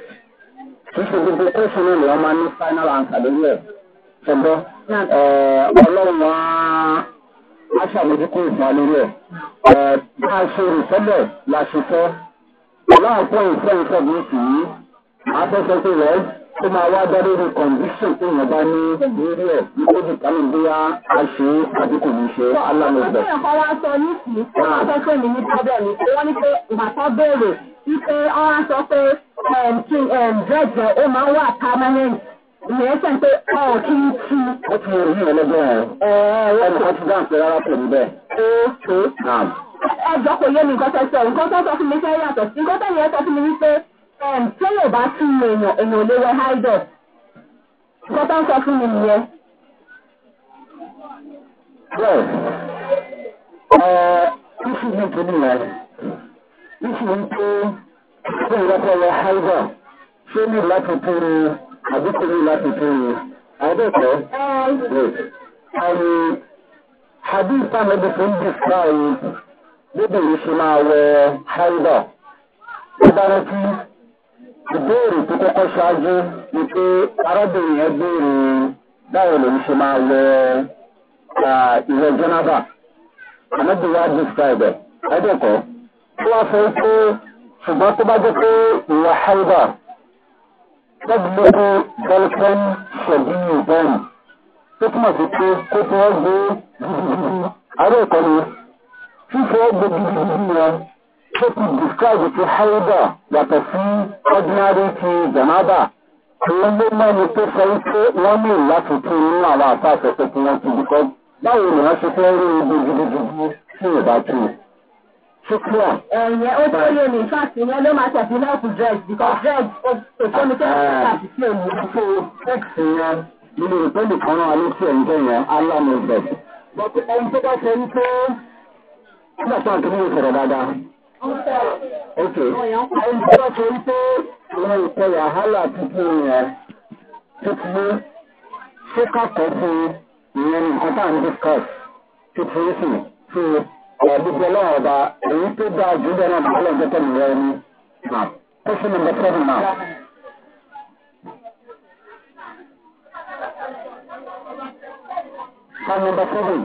ṣíṣe gbogbo kóòsù náà ni wọ́n máa ní final answer lórí ẹ̀ ṣẹ̀gbọ́ ọlọ́run wá aṣàmójú kóòsù wa lórí ẹ̀ bá a ṣe rò sẹ́lẹ̀ la ṣe fẹ́ ọlọ́run pọ́ǹsì yẹn sọ̀rọ̀ sí yìí a fẹ́ sọ pé wọ́n ó máa wá dá lórí kọ̀ǹdíṣìn tí èèyàn bá ní lórí ẹ̀ nípa kan ní bóyá a ṣe é àbí kò ní ṣe é alámọ̀gbẹ́. ọ̀sẹ̀ kan wá sọ nísìnyí tí wọ́n sọ pé mi ní bábẹ́ẹ̀lì wọ́n ní pé bàtà béèrè wípé ọ̀rá sọ pé um, kí um, dredge ó máa wà permanent ìyẹn sọ pé ọ̀ kí n tú. ó ti rí ẹlẹgbẹ́ ẹni kan ti dáhùn rárá pè mí bẹ́ẹ̀. ẹ̀ẹ́dọ́ kò yé mi nǹkan tẹ́ sọ nǹkan tẹ́ sọ fún mi fẹ́ yàtọ̀ nǹkan tẹ́ yẹn sọ fún mi wípé tí yóò bá tún lu èèyàn èèyàn ò lè wẹ haidọ nǹkan tó ń sọ fún mi nìyẹn. bẹ́ẹ̀ ẹ iṣu ní kíní yẹn iṣu ń pé ṣé ìrọ́pọ̀ wẹ haidọ ṣé ní láti tóru àbí kò ní láti tóru àbẹ̀tẹ̀ àyè hadith anabi fún bíkọ́ yìí bíbélì ṣe máa wẹ haidọ. Ó dára ìbéèrè tó kọ́kọ́ ṣáájú ni pé arábìnrin yẹn béèrè báwo lòun ṣe máa wẹ ìwẹ jẹnaba anábìnrin wa describe ẹ ẹdẹkọ tí wàá fẹ́ pé ṣùgbọ́n tó bá jẹ́ pé ìwà haiba lọ́gbọ̀lọ́gbọ̀ belkan ṣẹ̀dí ìbọn tó túmọ̀ sí pé kó tí wọ́n gbé gidigidi àárẹ̀ ìkọ́ni fífọ́ gbé gidigidi wọn tó ti describe ti haida yàtọ̀ sí ordinary ti janaba òun ló mẹ́ni tó sọ wípé wọ́n ní láti tún inú àwọn àtàkùn tó ti wọ́n ti dìkọ́ báwo ni wọ́n ṣe fẹ́ rí ibi gidigidi tí ò bá tún un ṣùkúrà. ẹ̀yẹ ó tó yé mi fáàtì yẹn ló máa tẹ̀sí lẹ́kù dred because dred kò tó mi tẹ́lẹ̀ fáàtì sí èmi. ṣé ẹ̀kì yẹn nínú ìpínlẹ̀ kan náà ló ṣe ẹ̀ǹjẹ́ yẹn alámọ̀ọ́bẹ̀. bọ́tù ẹni tó bá ṣe ń pé nígbà tí wọn kì í sọ̀rọ̀ dáadáa ok àwọn ìjọba sọ wípé àwọn ìtọ wàhálà tuntun yẹn tuntun ṣé kàkọ́ fún ìyẹn nǹkan tá à ń discuss tuntun sì fún ọ̀rọ̀ gbogbo ọlọ́run ọba èyí tó dáa jù bẹ́ẹ̀ náà bàbá ọ̀jọ́ tẹ̀lé rẹ ni. question number seven now. Question number seven.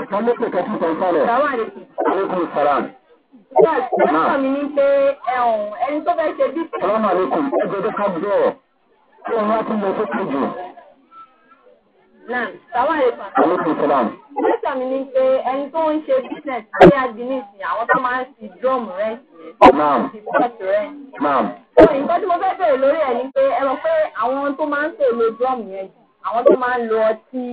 Ọ̀kan ló pè kẹ́kí sọ ìsàlẹ̀. Sàwọn àdéhùn. Aleykum salam. Bẹ́ẹ̀ mi ní pé ẹ̀hún ẹni tó fẹ́ ṣe bí. Sàlámù aleykum. Ẹgbẹ́ tó ká bí ọ̀rọ̀. Kí wọ́n wá tún lọ sókè jù. Nam, sàwárìkà. Aleykum salaam. Mẹ́ta mi ni pé ẹni tó ń ṣe business ní Aginisi, àwọn tó máa ń fi drum rent yẹn. Nam. Ti port rent. Nǹkan tí mo fẹ́ bèrè lórí ẹ̀ ni pé ẹ mọ̀ pé àwọn tó máa ń pè lo drum yẹn jù, àwọn tó máa ń lo ọtí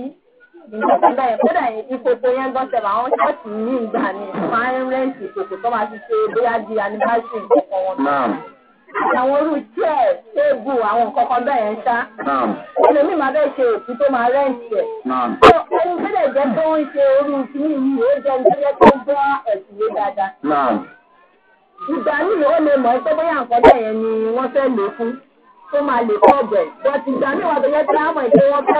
nǹkan kan bẹ́ẹ̀ kódà ìkòkò yẹn gan tẹ̀lé àwọn ṣọ́ọ̀tì ní ìgbà ni máa ń rẹ́ǹtì ìkòkò tó máa ti ṣe bóyá di anibáṣì ìkọ̀kọ̀ wọn àwọn orú díẹ̀ éèbù àwọn nǹkan kan bẹ́ẹ̀ ń ṣá. ẹlòmíì máa bẹ́ẹ̀ ṣe òkú tó máa rẹ́ǹtì ẹ̀. ẹni tó lè jẹ́ pé ó ń ṣe orú kìíní yìí ó jẹ́ jẹ́jẹ́ tó ń gbọ́ ẹ̀sìn yé dáadáa. ìgbà míì ó lè mọ̀ ẹ́ pé bóyá nǹkan bẹ́ẹ̀ yẹn ni wọ́n fẹ́ lò fún tó máa lè kọ́ ọ̀bẹ̀. bọ̀t ìgbà míì wà tó yẹ kí á mọ̀ pé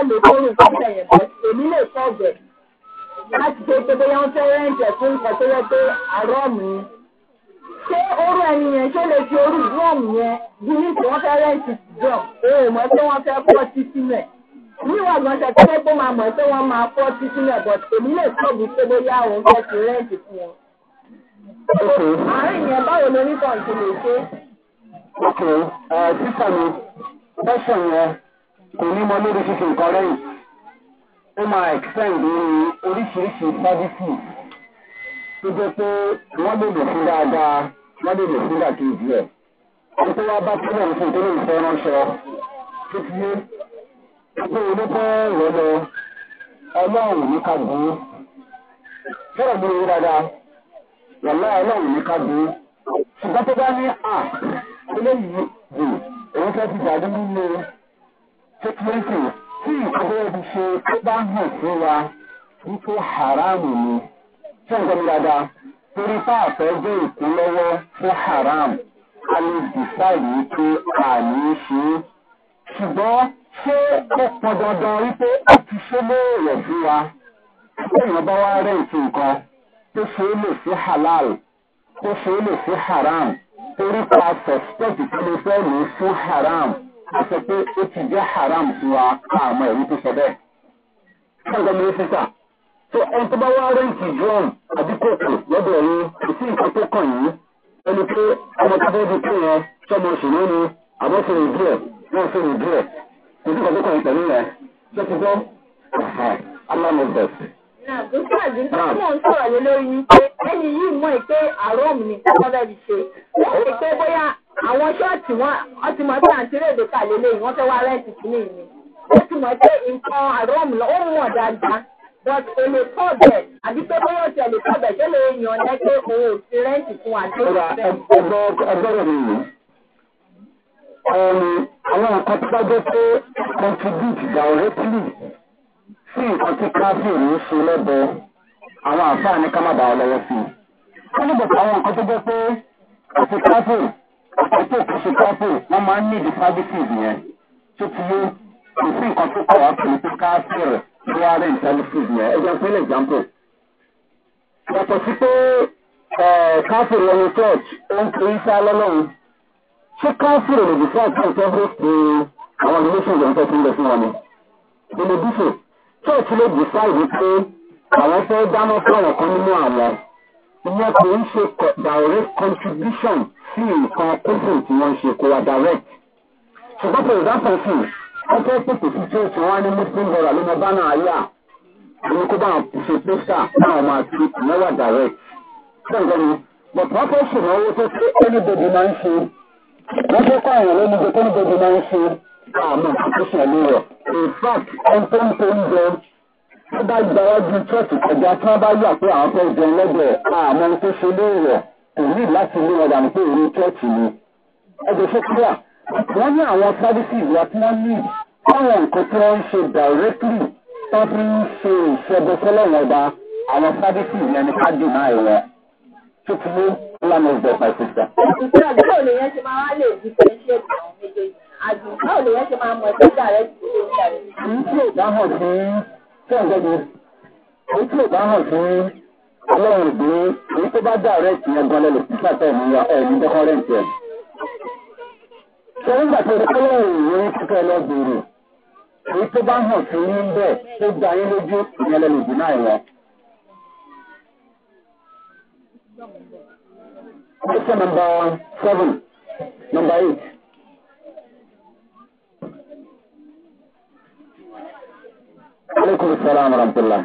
ṣé orú ẹni yẹn ṣé lè fi orú drum yẹn unit wọn fẹ́ rẹ́ǹtì drum èè mọ̀ pé wọ́n fẹ́ pọ́ títí mẹ́ níwọ̀n gan ṣe pé máa mọ̀ pé wọ́n máa pọ́ títí mẹ́ but èmi lè sọ̀bù pé bóyá òun fẹ́ fi rẹ́ǹtì fún wọn. àárín yẹn báwo ló ní kàn lè ṣe. ok sísè mi fẹsẹ̀ yẹn kò ní mọ lórí fífi nǹkan rẹ́yìn ó máa extend oríṣiríṣi services tó jẹ́ pé wọ́n lè lò fún dáadáa wọ́n lè lò fún dàkejì ẹ̀. wọ́n tó wá bá túbọ̀ fún tó lè ránṣọ tó ti yé pé onífẹ́ rẹ̀ lọ ọlọ́run ní ká mi rí dáadáa wàlá ọlọ́run ní ká ṣùgbọ́n tó bá ní à eléyìí òun fẹ́ ti tí ti ṣe tó bá hàn wa wípé haramu ni. fún nǹkan mi dáadáa torí fún àfẹ́jọ́ ìkú lọ́wọ́ fún haram a lè dìsáìdì wípé àní ṣe é ṣùgbọ́n ṣé ó pọn dandan wípé ó ti ṣe léèrè fún wa téèyàn bá wá rẹ́ǹtì nǹkan tó ṣe é lè sí halal tó ṣe é lè sí haram torí pa suspect tó lè fẹ́ lè fún haram a pé ó ti jẹ́ haram fún wa káàmọ́ ẹ̀rí tó sọ bẹ́ẹ̀. ṣé ọ̀gá mi ń sísà? tó ẹni tó bá wá rẹ́ǹtì drone àbí kòkò lọ́dọ̀ yìí kò sí nǹkan tó kàn yín ẹni pé ọmọ tó bẹ́ẹ̀ di pé yẹn sọmọ òṣèlú ni àbọ̀ ṣe rìn díẹ̀ wọ́n ṣe rìn díẹ̀ kò sí nǹkan tó kàn yín pẹ̀lú yẹn ṣé ti gbọ́ alámọ̀bẹ̀. Nàìjíríà àti mò ń sọ̀rọ̀ lé lórí wípé ẹni yìí mọ̀ pé àrọ́ọ̀mù ni wọ́n fẹ́ fi ṣe. Wọ́n ṣe pé bóyá àwọn ṣọ́ọ̀tì wọn ọtí mọ̀ pé àǹtí rèédè kà lélẹ́yìn wọ́n fẹ́ wá rẹ́ǹtì kìíní ni. Wọ́n ti mọ̀ pé nǹkan àrọ́ọ̀mù lọ́wọ́ wọn dáadáa but èlé kọ́ bẹ̀ àbí pé bóyá ọ̀sẹ̀ èlé kọ́ bẹ̀ ṣé lè yàn ẹ́ pé òun ò fi rẹ́ǹtì fún àdéhùn bẹ́ẹ̀. ọgbọ́rọ̀ mi yìí àwọn nǹkan tó bá jẹ́ pé contribute directly sí nǹkan tí káfíìn ń ṣe lẹ́bọ̀ àwọn àǹfààní ní ká má bàa lọ́wọ́ sí i. wọ́n ní bọ̀dọ̀ àwọn nǹkan tó jẹ́ pé àti káfíìn àti ètò ìṣe wọ́n máa ń ní ìdí services yẹn tó ti yé kò sí nǹkan tó kọ̀ wá pẹ̀lú káfíìn rẹ̀ wíwárẹ̀ ìtàlùfíìs yẹn ẹ jẹ́ fún ẹ̀gbáǹpù. yàtọ̀ sí pé káfíìrì ẹni church ó ń pe iṣẹ́ alọ́lọ́run ṣé káfíìrì lè dìfẹ́ àti ìtọ́ fún pé àwọn relations ọ̀hún tẹ̀sí ń bẹ fún wọn ni. ìlú bíṣọ̀ church lè dìfẹ́ wípé àwọn fẹ́ dáná fún ọ̀rọ̀ kan nínú àwọn ìyẹn kò ń ṣe direct contribution sí nǹkan kófò tí wọ́n ń ṣe kó wa direct. ṣùgbọ́n for example fún wọ́n fẹ́ pèsè sísun tí wọ́n ní muslim brother ló mọ bánà ayé à òun kó bá wọn ṣe pẹ́sà láwọn máa ti mẹ́wàá direct. ṣé nǹkan ni but wọ́n fẹ́ ṣèrànwó tó tí anybody máa ń ṣe wọ́n fẹ́ kọ́ àyàn lónìí tó anybody máa ń ṣe àmọ́ àtúnṣe ẹ̀mí rẹ̀ in fact ẹ̀ńtọ́ ń tó ń jẹ tó bá gbáwájú chọ́ọ̀tì kọjá tí wọ́n bá yà pé àwọn fẹ́ jẹun lọ́dọ̀ àmọ́ tó ṣe léèrè kò ní láti lé wọn dànù pé òun chọ́ọ̀tì ni ẹ̀jẹ̀ ṣé kíláà wọ́n ní àwọn services wa tí wọ́n ní táwọn nǹkan tí wọ́n ń ṣe directly tó fi ń ṣe ìṣẹ́gun ọba àwọn services yẹn ni ká dì náà ìwọ̀n tuntun lánà ìgbẹ́ pàṣípà. ìṣúra báwo lè yẹn ṣe máa wá lè di pẹ̀lẹ́ṣẹ̀ àwọn méjèèjì àjù báwo lè yẹn ṣe máa mọ ẹgbẹ́ dàrẹ́ tí ó ń dàrẹ́. èyí tí ò bá hàn sí ṣẹ́ǹgẹ́ni èyí tí ò bá hàn sí ọlọ́run ìgbé èyí tó bá dàrẹ́ tì yẹn gan lẹ́lẹ̀ pípàtà ìmúra ẹ̀ ní dẹ́kọ́rẹ́ǹtì ẹ̀ ṣé nígbà tó ṣe lẹ́yìn ìròyìn kíkẹ́ lọ bèrè èyí tó bá hàn sí yín bẹ́ẹ̀ tó gba yín lójú ìyẹn lẹ́nu ìdí náà yẹn. Question number seven, number eight. Aleykum salaam wa rahmatulah.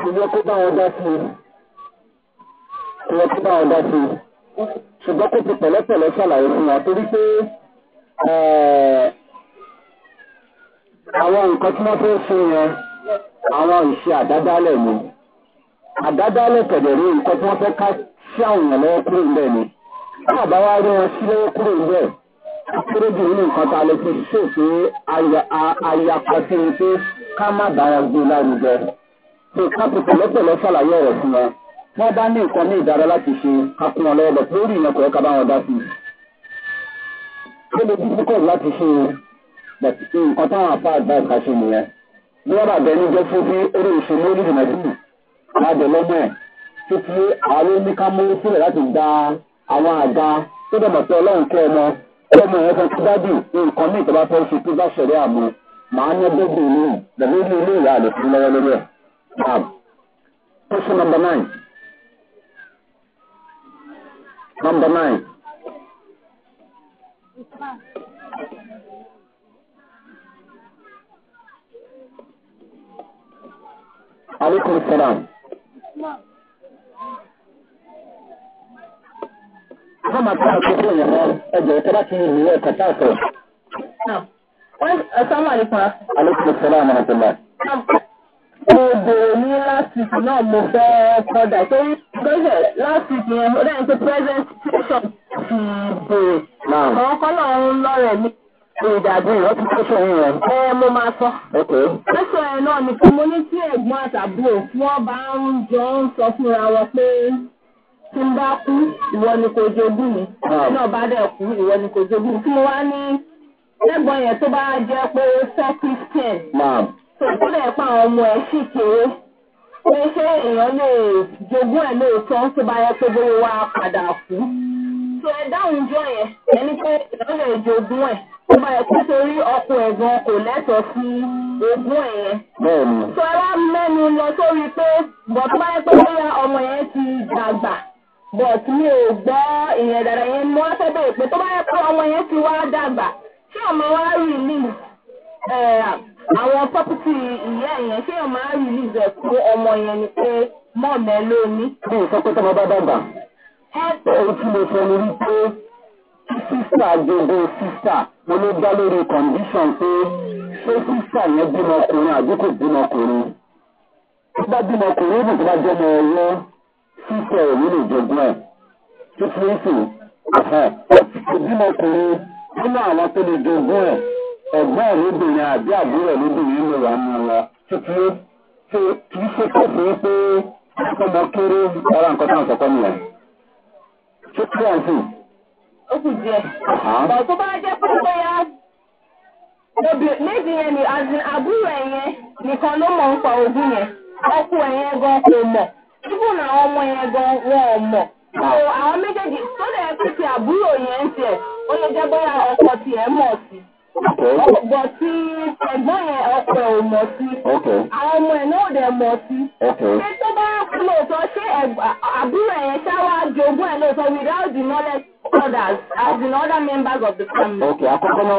kò yẹ kó bá wọn dá sí i ṣùgbọ́n kó ti pẹ̀lẹ́pẹ̀lẹ́ ṣàlàyé fún wa torí eh, àwọn nǹkan tí wọ́n fẹ́ fún yẹn àwọn ìṣe àdádálẹ̀ ni àdádálẹ̀ nǹkan tí wọ́n fẹ́ ká sí àwọn èèyàn lọ́wọ́ kúrò ni rí wọn sí lọ́wọ́ kúrò nǹkan tá a lè fi ṣèṣe pé ká tó káfí pẹ̀lẹ́pẹ̀lẹ́ ṣàlàyé ọ̀rọ̀ fún wọn wọ́n bá ní nǹkan ní ìdára láti ṣe kakún wọn lọ́wọ́ bọ̀ lórí ìyẹn kọ̀ọ̀kan bá wọn dá sí i. ó lè difficult láti ṣe nǹkan táwọn afá àgbà ìka ṣe nìyẹn bí wọ́n bá bẹ̀rẹ̀ jẹ́ fún bí orí ìṣòro orí ìdìmọ̀dìmọ̀ lábẹ̀ lọ́mọ ẹ̀ títí àwọn oníkámú sílẹ̀ láti gba àwọn àga tó dẹ̀ mọ̀ pé ọlọ́run kẹ́ ọmọ kẹ́ ọmọ yẹn fẹ́ kí dádì nǹkan ní ìtọ́ba fẹ́ ṣe tó bá ṣẹ̀rí àmọ́ màá ní ẹgbẹ́ gbòòrò lórí ilé ìyá àlè fún lọ́wọ́ lórí ẹ̀. Um, question number nine. Number nine. عليكم السلام Kama ta kuku ne ma ẹjọ ta láti yin ìwé ẹ̀ka ṣáàtọ̀. Assalamu alaikum. Alaikum salam wa mo ní last week náà mo fẹ́ kọ́dà tó gbẹ́sẹ̀ last week yẹn ó dẹ́yìn pé present station ti bèrè àwọn kọ́lọ̀ ń lọ́rẹ̀ ní ìdàgbé reputation yẹn. ẹ mo máa sọ. pẹ́sọ̀ ẹ̀ náà ni pé mo ní tí ẹ̀gbọ́n àtàbúrò wọ́n bá ń jọ ń sọ fúnra wọn pé tí ń bá kú ìwọ ni kò jogún mi náà bá dẹ̀ kú ìwọ ni kò jogún mi kí wọ́n á ní ẹ̀gbọ́n yẹn tó bá jẹ́ pé ó fẹ́ christian. ṣèkó lè pa àwọn ọmọ ẹ̀ si kéré pé ṣé èèyàn lè ẹ̀ lóòótọ́ tó bá pé bóyá wá padà sọ ẹ dáhùn jọ yẹn ẹni pé èèyàn lè jogún tó bá yẹ torí yẹn. sọ ẹ lọ sórí pé bọ̀ tó bá pé bóyá ọmọ yẹn ti dàgbà mi gbọ́ ìyẹn yẹn ni fẹ́ pé tó bá yẹ àwọn pọ́pítì ìyá yẹn ṣé yóò máa rí ìlú fún ọmọ yẹn ni pé mọ́ọ̀mẹ́ ló ní. bí nǹkan pé tọmọ bá dàgbà ohun tí mo sọ ni wípé sísà jogún sísà mo ló dá lórí kọ̀ǹdíṣọ̀n pé ṣé sísà yẹn bímọ ọkùnrin àbí kò bímọ ọkùnrin. tó bá bímọ ọkùnrin ìbùkún bá jẹ́ ọmọ ọwọ́ sísà òun lè jogún ẹ̀ tó fi ń sìn. ìbímọ ọkùnrin nínú àwọn tó lè jogún ẹ̀. ẹ̀gbọ́n ẹ̀ lóbìnrin àbí àbúrò ẹ̀ lóbìnrin ló wà nù wọn títí tí kì í ṣe kófù pé ọmọ kéré ọ̀rá nǹkan táwọn sọ̀kọ́ nìyẹn. ṣé kí wọ́n sì. ó kù díẹ̀. ọ̀ tó bá jẹ́ pé bóyá méjì yẹn ni àbúrò nìkan ló mọ̀ ogún yẹn ọkù gan kò mọ̀ ọmọ gan Ọ̀gbọ̀n tí ẹ̀gbọ́n yẹn ọkọ̀ ò mọ̀ sí. Àwọn ọmọ ẹ̀ náà dẹ̀ mọ̀ sí. Ṣé tó bá kú lóòótọ́ ṣé àbúrò ẹ̀yẹ ṣáwá jogún ẹ̀ lóòótọ́ without the knowledge others as in other members of the family? Ok, àkọ́kọ́ náà,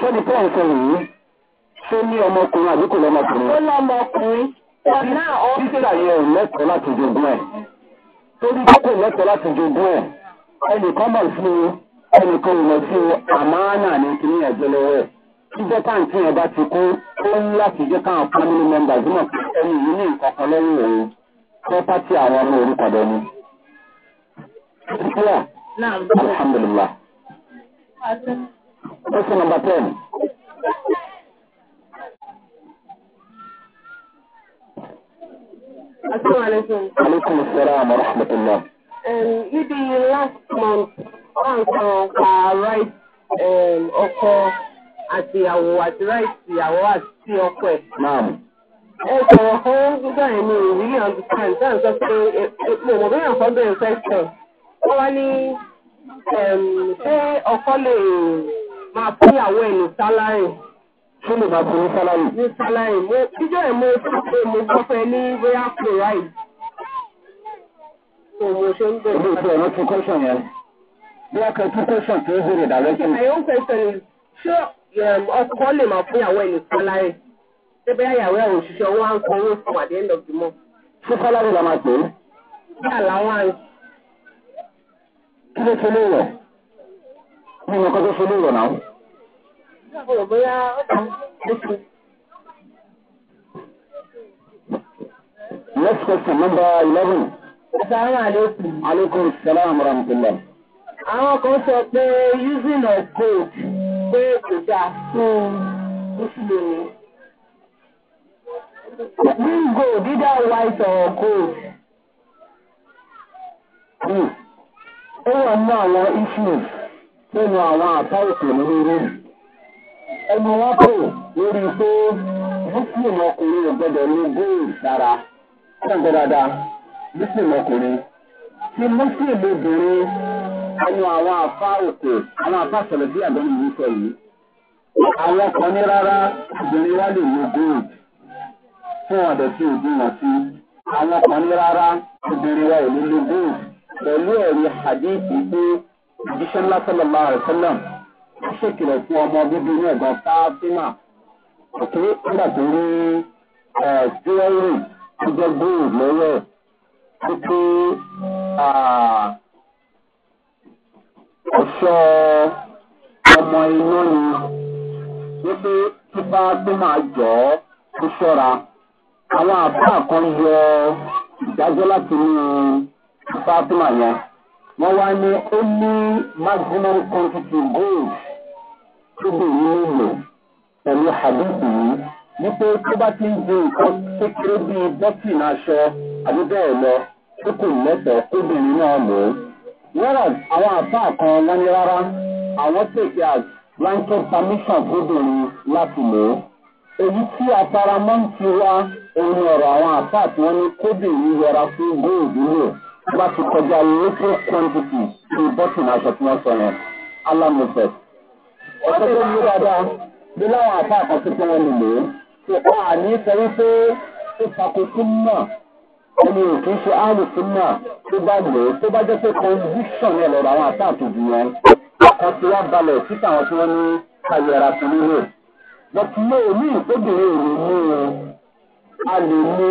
ṣé ní pẹ́ẹ́n sọ yìí? Ṣé ní ọmọkùnrin àbí kò lọ́mọkùnrin? Ó lọ́mọkùnrin. Ọ̀nà ọ̀hún. Títà yẹn ò lẹ́tọ̀ọ́ láti jogún ẹ̀. Torí kókò lẹ́tọ̀ọ́ láti jogún ẹ̀. Ẹnì ẹnìkan ìrọ̀jú àmàánà ní kìíní ẹ̀jẹ̀ lọ́wọ́ ẹ̀ káàntì yẹn bá ti kú ó ń láti jẹ́ káwọn family members náà pé ẹni yìí ní nǹkan lẹ́yìn òun property àwọn ọmọ orúkọ dẹ ni. question number ten. asalaamualeykum. aleykum salaam wa rahmatulah. ibi um, last month wọ́n sọ pa right ọkọ àtìyàwó àti right ìyàwó àti ọkọ ẹ̀. ẹ sọ̀rọ̀ fún gbígbà yẹn ní ìrírí understand tá à ń sọ pé mo mọ̀ bí yàn kọ́ bẹ̀rẹ̀ question wọ́n wá ní ṣé ọkọ lè máa fún ìyàwó ẹ̀ ní sálárì ṣé lè máa fún ní sálárì. ní sálárì mo jíjọ́ ẹ̀ mo sọ pé mo gbọ́ fẹ́ ní royal pro ride. Ilé ìfẹ́ ọ̀nà ti kọ́ṣọ̀ yẹn wọ́n kan tún tó ń bèrè direction. my own question is ṣé um, ọkọ lè máa fún ìyàwó ẹ̀ nìkan láyè ṣé bẹ́ẹ̀ ìyàwó ẹ̀ òṣìṣẹ́ owó à ń sanwó fún at the end of the month. ṣé sálárì la máa pè é. bí àláwọ̀ àrùn. kí ló ṣe lè rọ̀ ní ìyànkọ́ tó ṣe lè náà. Next question number eleven. Assalamu alaikum. Alaikum salam wa rahmatullah. àwọn kan sọ pé using of gold pé kò dáa fún mùsùlùmí. Green white or gold. Hmm. Ó wà ní àwọn issues nínú àwọn àpá òkè lórí. Ẹnu wọn kò lórí pé Muslim ọkùnrin ò ní gold dára. Ṣé dáadáa? Muslim ọkùnrin. Ti Muslim àwọn àwọn àfa òkè àwọn àfa sọ̀rọ̀ bí àgbọ̀n yìí sọ yìí. Àwọn kan ní rárá obìnrin wá lè lo gold fún ọ̀dọ̀ tí òbí wọn sí. Àwọn kan ní rárá obìnrin wa ò lè lo gold pẹ̀lú ẹ̀rí àdéhìí pé ìjíṣẹ́ ńlá sọ̀rọ̀ máa rẹ̀ sọ́lọ̀ ṣèkìlọ̀ fún ọmọ bíbí inú ẹ̀gbọ́n fáfímà. Òkè nígbà tó rí ẹ̀ tó jẹ́ gold lọ́wọ́ ẹ̀ pé ọ̀ṣọ́ ọmọ iná ni wípé tó bá tó máa jọ ọ́ tó ṣọ́ra àwọn àbá kan yọ ìdájọ́ láti inú fatima wọ́n wá ní ó ní maximum quantity gold tó bè ní ìlò pẹ̀lú yìí wípé tó bá ti ń di lọ tó kò lẹ́tọ̀ọ́ kóbìnrin náà wẹ́rà àwọn àfáà kan wọ́n ní rárá àwọn tètè àti blanket permission fóbìnrin láti lò ó. èyí tí afáramọ́ ń ti wá ohun ọ̀rọ̀ àwọn àfáà tí wọ́n ní kóbìnrin yẹra fún góòlù lò wọ́n ti kọjá lókè quantity ní bọ́tìnì aṣọ tí wọ́n sọ yẹn alámọ̀fẹ́. ọ̀sẹ̀ tó yí dáadáa bí láwọn àfáà kan tó tí wọ́n lè lò ó. ṣùgbọ́n àní sọ wípé ó takò náà ẹni ò kí ń ṣe áàlùfín náà tó bá lò ó tó bá jẹ́ pé conviction yẹn lọ́rọ̀ àwọn àtàkùnjù yẹn ọkọ̀ tí wọ́n balẹ̀ síta àwọn tí wọ́n ní kàyẹ̀rà tó nílò. bọ́tù lé èmi ìkóbìnrin èrè ní o a lè ní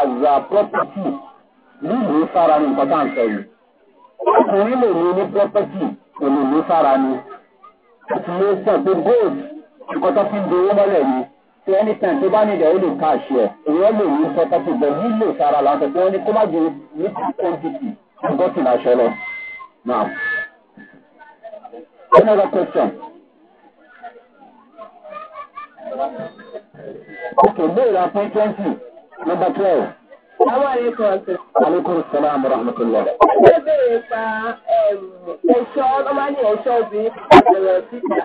àzà property nílùú sára ní nǹkan tá à ń sọ yìí. ọkùnrin lè ní ní property kò lè ní sára ní. bọ́tù lé sàn pé gold nǹkan tó fi ń do owó mọ́lẹ̀ yìí. tí anytime tó bá ní ó lè ká àṣẹ èèyàn lè ní property but nílò sára làwọn tẹ̀ wọ́n ní kó má ju ní quantity forgotten aṣọ lọ. now another question. okay béèrè apẹ́ twenty number twelve. Àwọn àlékún ọ̀sẹ̀. Àlékún sọ́lá àmọ́ràmọ́tòlá. Ó bèèrè pa ẹ̀ṣọ́ ọmọdé ẹ̀ṣọ́ obìnrin kò bẹ̀rẹ̀ síta.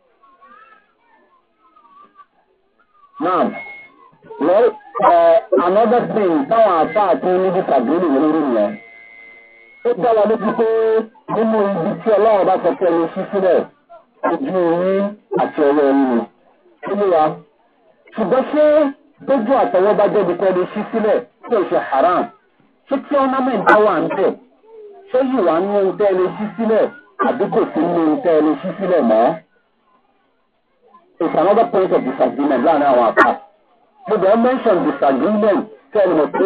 Now, well, uh, another thing táwọn àfáà tí ní bí kàdúrà lórí yẹn. Ó dára lójú pé nínú ibi tí ọlọ́run bá sọ pé ẹni sí sílẹ̀, ojú orí àti ọwọ́ ẹni ni. Kí ni wa? Ṣùgbọ́n ṣé tójú àtọwọ́ bá jẹ́ ibùkún ẹni sí sílẹ̀ tí ò ṣe haram? Ṣé tí ọ́námẹ̀ntì bá wà ń bẹ̀? Ṣé yìí wà nínú ohun tẹ́ ẹni sí sílẹ̀ àbí kò sí nínú ohun tẹ́ ẹni sí sílẹ̀ mọ́? it's another point of disagreement láàrin àwọn àpá. mo bẹ̀rẹ̀ mention disagreement tẹ́lẹ̀ mọ̀ pé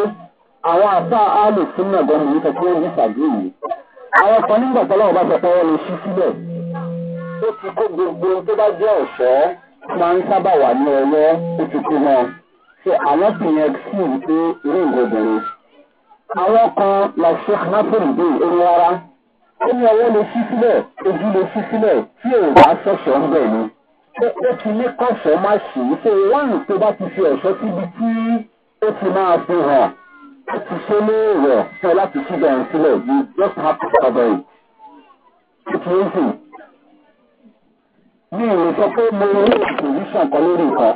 àwọn àpá àlè fún náà gan-an nìyí tẹ́tí wọ́n disagree yìí. àwọn kan nígbà tó lọ́wọ́ bá sọ pé wọ́n lè ṣí sílẹ̀ ó ti kó gbogbo tó bá jẹ́ ọ̀ṣọ́ máa ń sábà wà ní ọwọ́ ó ti kó wọn. ṣe àwọn sì yẹn sí wípé irú ìgbọ̀bẹ̀rẹ̀. àwọn kan la sheikh nafiri dé orí rárá ó ní ọwọ́ lè ṣí sílẹ̀ ojú lè ṣí sílẹ̀ tí èrò ó ti ní kọ̀ṣọ́ má ṣe é ṣe wọ́n tó bá ti fi ẹ̀ṣọ́ síbi tí ó ti máa fi hàn ó ti ṣe ní rẹ̀ fún ẹ láti ṣí bẹ̀rẹ̀ sílẹ̀ you just have to cover it. ó ti ń sìn. mi ò sọ pé mo ní ìpòsíṣàn kan lórí nǹkan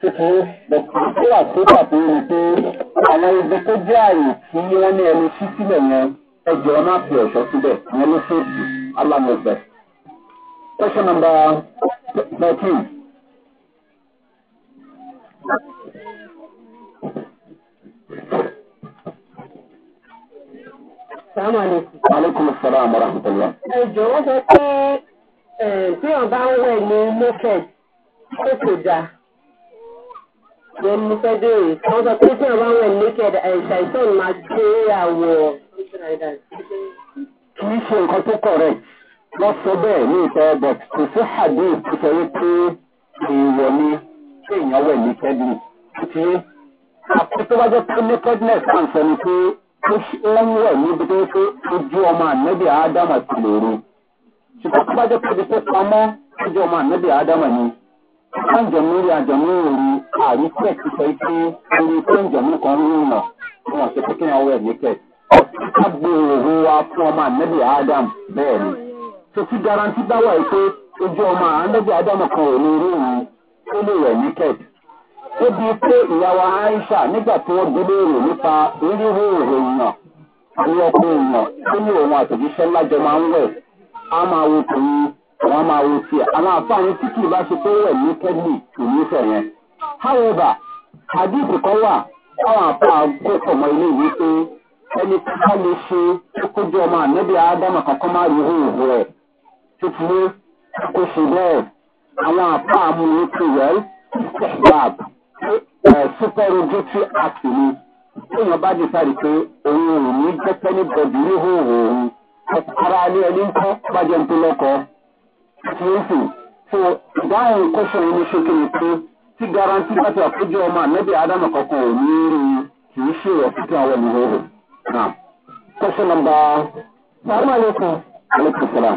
tó ti ń bẹ̀rẹ̀ tó wà tó pàtó ni pé àwọn ibi tó jẹ́ àyè tí wọ́n ní ẹni ṣí sílẹ̀ yẹn ẹjọ́ máa fi ẹ̀ṣọ́ síbẹ̀ ìyẹn ló ṣèṣì alámọ̀gbẹ̀. question number. Thirteen. Aleykum salaam wa rahmatulah. Ẹ jọ̀wọ́ sọ pé tí wọ́n bá ń wẹ̀ ní Moked, ó kò dáa mo fẹ́ béèrè wọ́n sọ pé tí wọ́n bá wẹ̀ naked ṣàìsàn máa gbé àwọ̀ kì í ṣe nǹkan tó correct wọ́n sọ bẹ́ẹ̀ ní ìtọ́ but kò sí hadith tó sọ wípé èèwọ̀ ni ṣé èèyàn wẹ̀ ní kẹ́dùn tó ti yé àkótó wájú pé nakedness kan sọ ni pé ó ń wẹ̀ níbi tó pé ojú ọmọ ànábì ádámà ti lè rí ṣùgbọ́n tó bá jẹ́ pé ibi tó pamọ́ ojú ọmọ ànábì ádámà ni àjọmí rí àjọmí òru àríkẹ́ ti sọ pé orí tó ń jọmí kan ń rìnà wọn ṣe pé kí wọn wẹ̀ ní kẹ́ ọ̀sán ká gbé òru wa fún ọmọ ànábì ádámà bẹ́ẹ̀ ni. tó ti garanti bá wà pé ojú ọmọ àádọ́jọ́ ádámù kan ò lè rí òun tó lè wẹ̀ naked. ó di pé ìyàwó aisha nígbà tí wọ́n gbélérò nípa rírí èèyàn àti èèyàn tó ní òun àtòjíṣẹ́ lájọ máa ń wẹ̀ á máa wo tòun wọ́n máa wo tiẹ̀ àwọn àfààní tí kì í bá ni yẹn. however kan wà táwọn ilé ìwé pé ẹni lè ṣe ọmọ títí kó ṣe bẹ́ẹ̀ àwọn àpá àmúlò pé wẹ́l bab superojuti act ni èèyàn bá di sáré pé òun ò ní jẹ́ pẹ́ni bọ̀dì ní hòhò òun ara ní ẹni ń kọ́ bàjẹ́ ń tó lọ́kọ́ ti ń sìn so ìdáhùn kọ́sọ̀ yìí ní ṣókè ni pé tí garanti láti àpéjọ ọmọ ànábì ádámù kankan ò ní rí i kì í ṣe ọ̀tútù àwọn ìhòhò náà kọ́sọ̀ nọmba. Assalamu alaikum. Alaikum salam.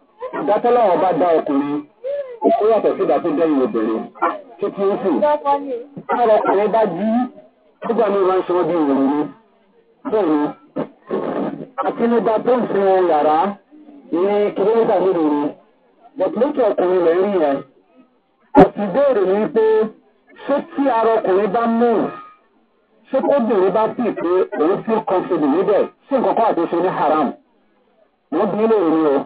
ìdátọ́lá ọba dá ọkùnrin ó yàtọ̀ sí ìdátọ́ dẹ́yìn obìnrin títí ń sùn ọ̀rọ̀ ọkùnrin bá jí nígbà míì máa ń ṣe bí ìròyìn ni bẹ́ẹ̀ ni àtinúdá tó ń fún wọn yàrá ní kìlómítà mélòó ni bọ̀tùlókè ọkùnrin rẹ̀ rí yẹn àti ìbéèrè ni pé ṣé tí ara ọkùnrin bá mú ṣé kóbìnrin bá pé òun o.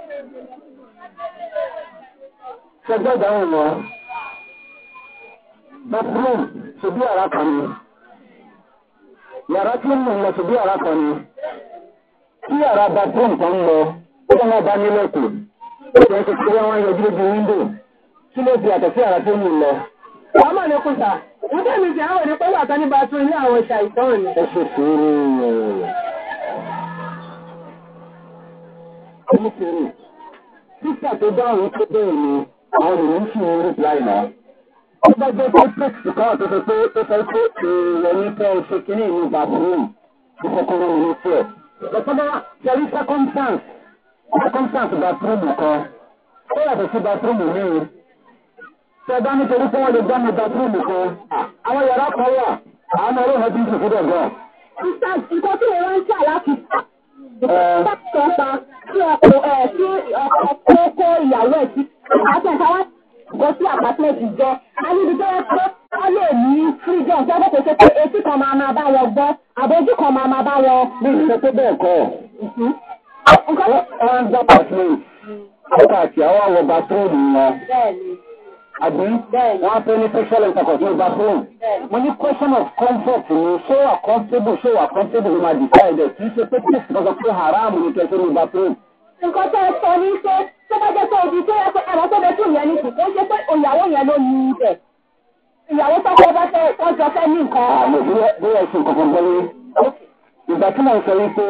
ṣẹgbẹ́ ìdáhùn wọn bathroom ṣubí ara kan ni yàrá tí ń lọ ṣubí ara kan ni tí yàrá bathroom kan lọ ó bá wọn bá nílẹ̀kùn ó jẹ́ kí wọ́n wọ́n yọjú lójú wíńdò kí ló fi àtẹ̀sí yàrá tí ń lọ. Wàhálà ni kùtà. Ìjẹ́ mi ti àwọn ìdípẹ́ wà tán ní bathroom ilé àwọn ìṣà ìtàn ni. Ẹ ṣe sùúrù. Ẹ ṣe sùúrù. Sísà tó dáhùn tó bẹ̀rẹ̀ ni àwọn ènìyàn sì ń rí láì náà. ó bá jẹ́ complex kan tó sọ pé ó sọ pé èèyàn ní fẹ́ ṣe kínní ìlú bathroom ní kọ́kọ́rọ́ mi ní tiẹ̀. lọ́sọ́dọ́ tẹ̀lé circumstance circumstance bathroom kan ó yàtọ̀ sí bathroom mi. tẹ̀gbá nítorí pé wọ́n lè gbá mi bathroom kan àwọn yàrá kan wà àwọn ọmọ ọlọ́run ti ń sùn fún dọ̀gọ́. ìkọ́ tí wọ́n ń ṣe àlàáfíà ìkọ́ tí wọ́n ń ṣe àlàáfíà tí ọkọ̀ ìyàwó ẹ̀ ti àtẹ̀káwá kò sí àpàtẹ́ẹ̀tì jẹ alíbi tó yẹ pé wọ́n lè ní freedom tó kò ṣe pé bathroom wọn àbí wọ́n á fẹ́ comfort ni ṣé wà comfortable ṣé wà comfortable ló máa decide kì í ṣe pé kí ìṣèkọ́sọ pé haram ni kẹsàn-án ní bathroom nǹkan tó sọ ní pé tó bá jẹ́ pé ibi tó yẹ pé àwọn tó bẹ tún yẹn ní kù ó ṣe pé ìyàwó yẹn ló ní ibẹ̀ ìyàwó tó fẹ́ bá fẹ́ wọ́n jọ fẹ́ ní nǹkan. àmì bóyá ìṣe nǹkan kan gbọ́ ìgbà tí mo sọ wípé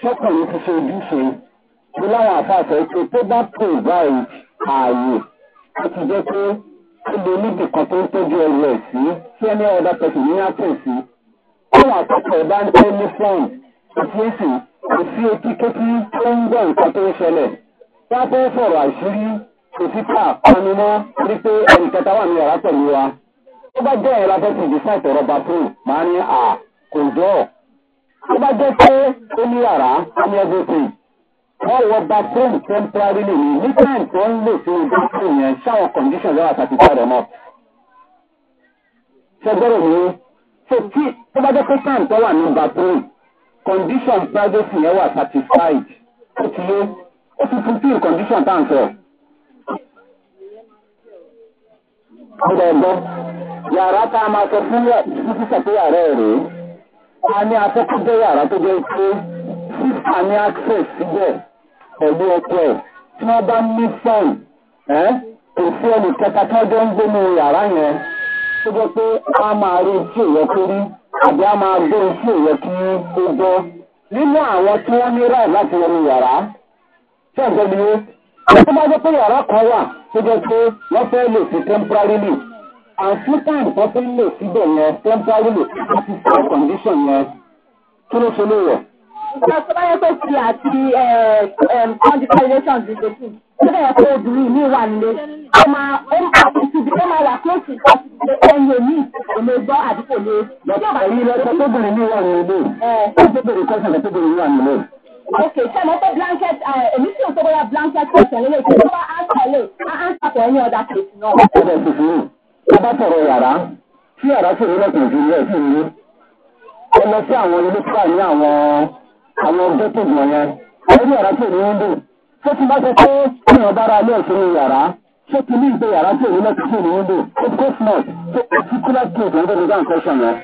ṣọ́kùnrin ti ṣe ojúṣe mo láwọn àfáàfẹ́ pé tó bá provide ààyè ó jẹ́ pé ó lè níbi kan tó ń tọ́jú ẹrù ẹ̀ sí tí ẹni ọ̀dà pẹ̀sì ní àpò sí. àwọn àkọ́kọ̀ bá ń tẹ́ ní kò sí etí kétí tó ń gbọ́ nǹkan tó ń ṣẹlẹ̀ wọ́n fẹ́ sọ̀rọ̀ àṣírí kò sí ká panu mọ́ rí pé ẹnìkẹta wà ní yàrá pẹ̀lú wa tó bá jẹ́ ẹ̀rọ afẹ́fẹ́ ìdísá ìtọ̀rọ̀ bathroom máa ní à kò jọ tó bá jẹ́ pé ó ní yàrá ó ní everything wọ́n wọ bathroom temporarily ni ní time tó ń lò sí bathroom yẹn ṣáwọn condition lọ́wọ́ àtàtìkọ́ rẹ̀ mọ́ ṣẹgbẹ́rẹ̀ mi ṣe tí tó bá jẹ́ pé time tó wà ní bathroom condition privacy yẹn wà satisfied ó ti yé ó ti fulfil condition tá à ń sọ. Ọ̀dọ̀ ẹ̀gbọ́n yàrá tá a máa sọ a ní afẹ́kọ́ yàrá tó jẹ́ pé sísà ní access síbẹ̀ pẹ̀lú ọkọ̀ tí wọ́n bá ní fọ́ọ̀n ẹ́ kò sí tí wọ́n ń yàrá yẹn àbí a máa gbé ojú ìyẹn kí ó gbọ́ nínú àwọn tí wọ́n ní ráì láti wọnú yàrá tí ọ̀gbẹ́ ni ó tó bá jẹ́ pé yàrá kan wà tó jẹ́ pé wọ́n fẹ́ lè fi temporarily àti time tó fi lè síbẹ̀ yẹn temporarily láti fi condition yẹn kí ló ṣe lè wọ̀ nǹkan tó bá yẹ pé ti àti conjugalation disease tó bá yẹ pé obìnrin mi wà nílé ó máa ó máa ìtúbi ó máa wà close to ẹyin omi kò lè gbọ́ àbí kò lè. èyí lọ́sọ tó bèrè mi wà nílé ó tó bèrè kọ́sàn tó bèrè mi wà nílé. Ok, ṣé mo fẹ́ blanket èmi tí o tó bóyá blanket question lélẹ̀ tí o bá answer lè á answer for any other case náà. Ọ̀dọ̀ ìṣòfin, a bá sọ̀rọ̀ yàrá, tí yàrá sì rí lọ́sàn-án sí ilé ẹ̀sìn ní. Ẹ àwọn ẹgbẹ́ tó gbọ̀n yẹn lórí yàrá tí èmi ń dùn ṣé ti bá ṣe pé ní ọ̀dà ara ilé ìṣòro yàrá ṣé ti ní ìgbé yàrá tí èmi lọ́kì tí èmi ń dùn of course not so particular case ló ń gbẹdọ̀ down question yẹn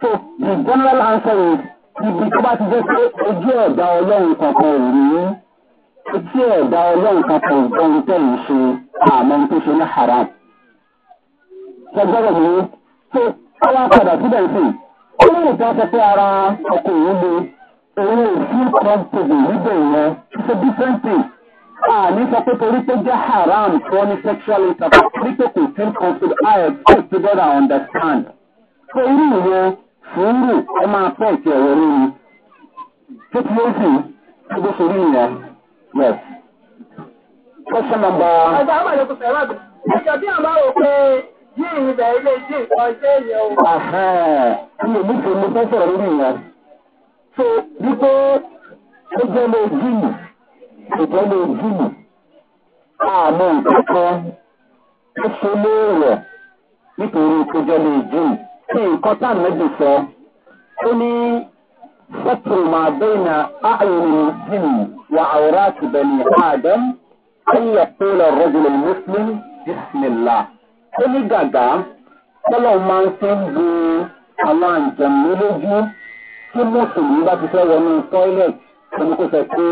so the general answer is ibi tó bá ti jẹ́ pé ojú ẹ̀dá ọlọ́run kankan ò rí ojú ẹ̀dá ọlọ́run kankan ò gbọ́n tẹ̀ ń ṣe àmọ́ tó ṣe ní haram ṣẹgbẹ́rẹ̀ mi so ọlá padà síbẹ̀ sí i ó lè tọ́ sọ pé ara ọkọ̀ òun le òun ò fún kọ́ńtìbì níbẹ̀ yẹn ṣe dífẹ́ǹtì àní sọ pé torí pé jẹ́ haram tó ní sexual intercourse torí pé kò fún kọ́ńtìbì i consider together understand ṣé irú ìwọ fúnrù ẹ máa pẹ́ ìtì ẹ̀rọ ríru tó ti yóò sì tó bó ṣe rí yẹn yes. question number. ọ̀gá àwọn àlejò sẹ́wà bí ẹjọ́ bí àwọn ò pé yíyìn ibẹ̀ ilé yìí kan ṣé èèyàn o. àhẹ́n mi ò ní fi mo fẹ́ sọ̀rọ̀ lórí yẹn so wípé ó jẹ́ lè jìnnì kò jẹ́ lè jìnnì àmì ìkẹ́kọ̀ọ́ ó ṣe léèrè nítorí kò jẹ́ lè jìnnì kí nǹkan tá ànábì sọ ó ní sẹ́tù máa bẹ́ẹ̀nà ààrùn jìnnì wà àwòrán àti bẹ̀lì àdán ayé pẹ́lú rọ́jùlẹ̀ mùsùlùmí bísímìlá ó ní gàgà tọ́lọ́ máa ń fi bu àwọn àǹjẹ̀mú lójú tí mùsùlùmí bá ti fẹ́ wọnú toilet ẹni kò sọ pé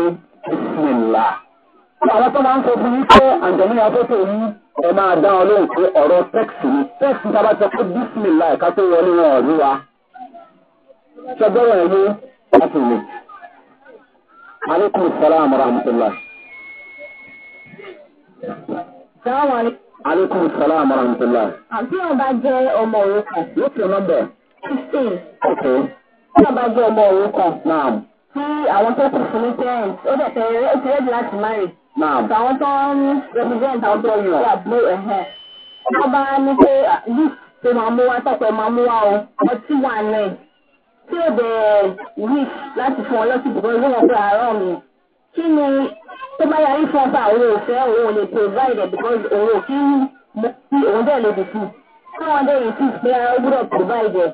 bisimilà. àwọn tó máa ń sọ fún yín pé àǹjẹ̀mí afẹ́fẹ́ yìí ẹ máa dá wọn lóhùn pé ọ̀rọ̀ tẹ́kìsì ni tẹ́kìsì tá a bá sọ pé bisimilà ẹ̀ka tó wọlé wọn ọ̀rí wa. sọgbọ́n ẹ̀yìn láti lè. aleykum salaam wa rahmatulah. aleykum salaam wa rahmatulah. àbí ọba jẹ́ ọmọ òrukàn. what's your number? fifteen. okay tí ọba jẹ́ ọmọ òun kan tí àwọn tó kù fún ní parents ó dẹ̀ tẹ̀lé ó ti rẹ́dí láti marry. àwọn tó ń represent àwọn tó yàn wà blue ẹ̀hẹ́. wọ́n bá ní pé this tó máa mú wá tọ́pẹ́ máa mú wá o ọtí wà náà tí ó bẹ̀rẹ̀ wish láti fún ọ lọ́sí ìdìbò ìwé wọn pé àárọ̀ ah, mi. kí ni tó bá yarí fún ọba ah, òun ò òun lè provide it because òun ò kí mú kí òun dẹ̀ lè dìbò. káwọn dẹ̀ yìí sì ah, provide it.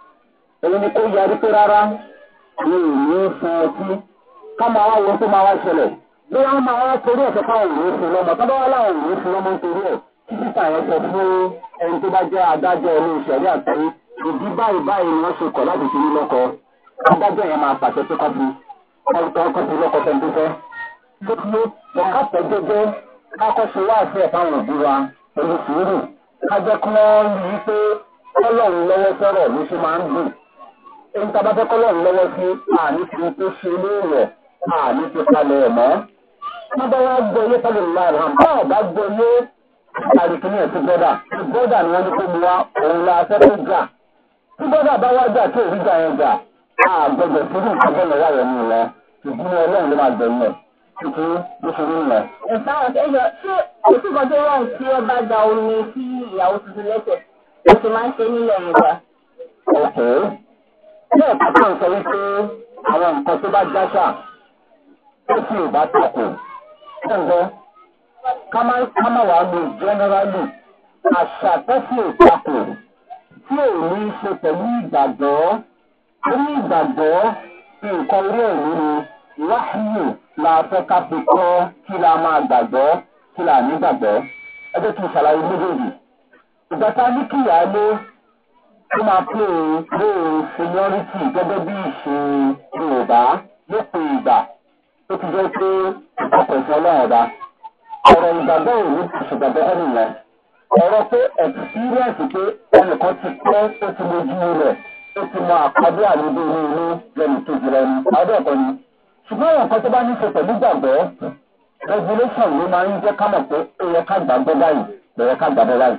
òun ni kó yarí pé rárá mi ò ní fún ọtí ká máa wá wo tó máa wá ṣẹlẹ̀ bí wọ́n máa wá torí ẹ̀sẹ̀ káwọn ò ní fún lọ́mọ tó bá wá láwọn ò ní fún lọ́mọ torí ẹ̀ títí táwọn sọ fún ẹni tó bá jẹ́ adájọ́ ilé ìṣẹ̀rí àgbáyé ìdí báyìí báyìí ni wọ́n ṣe kọ̀ láti ṣe ní lọ́kọ adájọ́ yẹn máa pàṣẹ tó kọ́bi kọ́bi lọ́kọ tẹ̀ǹtẹ̀fẹ́ tó kí wọ́n kápẹ́ jẹ́jẹ́ kákọ́ṣe wá àṣẹ fáwọn òbí wa pẹ̀lú sùúrù ká jẹ́ kí wọ́n rí i ohun tá a bá fẹ́ kọ́lọ́ lọ́wọ́ sí àní ti tó ṣe léèwọ̀ àní ti palẹ̀ ẹ̀ mọ́. wọ́n bá wá gbọ́ yé sálẹ̀ ńlá rẹ̀ bá ọ̀ bá gbọ́ yé àrìkìní ẹ̀ sí bọ́dà sí bọ́dà ni wọ́n ní kó mu wá òun la fẹ́ kó gbà. tí bọ́dà bá wá gbà tí òbí gbà yẹn gbà àgbẹ̀gbẹ̀ sí ní ìkàgbọ́n ọ̀wá rẹ̀ mú lọ ìdúró ọlọ́run ló máa gbẹ̀yìn ẹ̀ tuntun ló ṣe ń lọ. ẹ̀fọn ẹ̀yọ ṣé òtúbọ̀ tó wà tí ẹ bá gba omi sí ìyàwó tuntun lẹ́sẹ̀ ó máa ń ṣe nílẹ̀ yorùbá. ọ̀hún bẹ́ẹ̀ kọ́kọ́ ń sọ wípé àwọn nǹkan tó bá jáṣà tó sì ò bá tako ṣẹ̀ǹgọ́ ká má wàá lo generally àṣà tó sì ò tako tí ò ní í ṣe pẹ̀lú ìgbàgbọ́ orí ìgbàgbọ́ nǹkan orí ẹ̀rí ni wáhíù la fẹ́ ká fi kọ́ kí la máa gbàgbọ́ kí la ní gbàgbọ́ ẹ jẹ́ kí n ṣàlàyé méjèèjì ìgbà tá a ní kíyàá lé ó máa pè é pé seniority gẹ́gẹ́ bí ìṣe yorùbá lópin ìgbà tó ti jẹ́ pé ọkọ̀ ìfẹ́ náà dá. ọ̀rọ̀ ìgbàgbọ́ ìlú ti ṣègbàgbọ́ ẹnìyàn. ọ̀rọ̀ pé experience pé ẹnìkan ti pẹ́ ó ti mojú rẹ̀ ó ti mọ àkọ́bí àlejò inú inú lẹ́nu tó jìrọ ẹni adé ẹ̀kọ́ ni. ṣùgbọ́n àwọn nǹkan tó bá ní ṣe pẹ̀lú gbàgbọ́ regulation ló máa ń jẹ́ ká mọ̀ pé ó yẹ ká gbàgbọ́ báyìí ó yẹ ká gbàgbọ́ báyìí.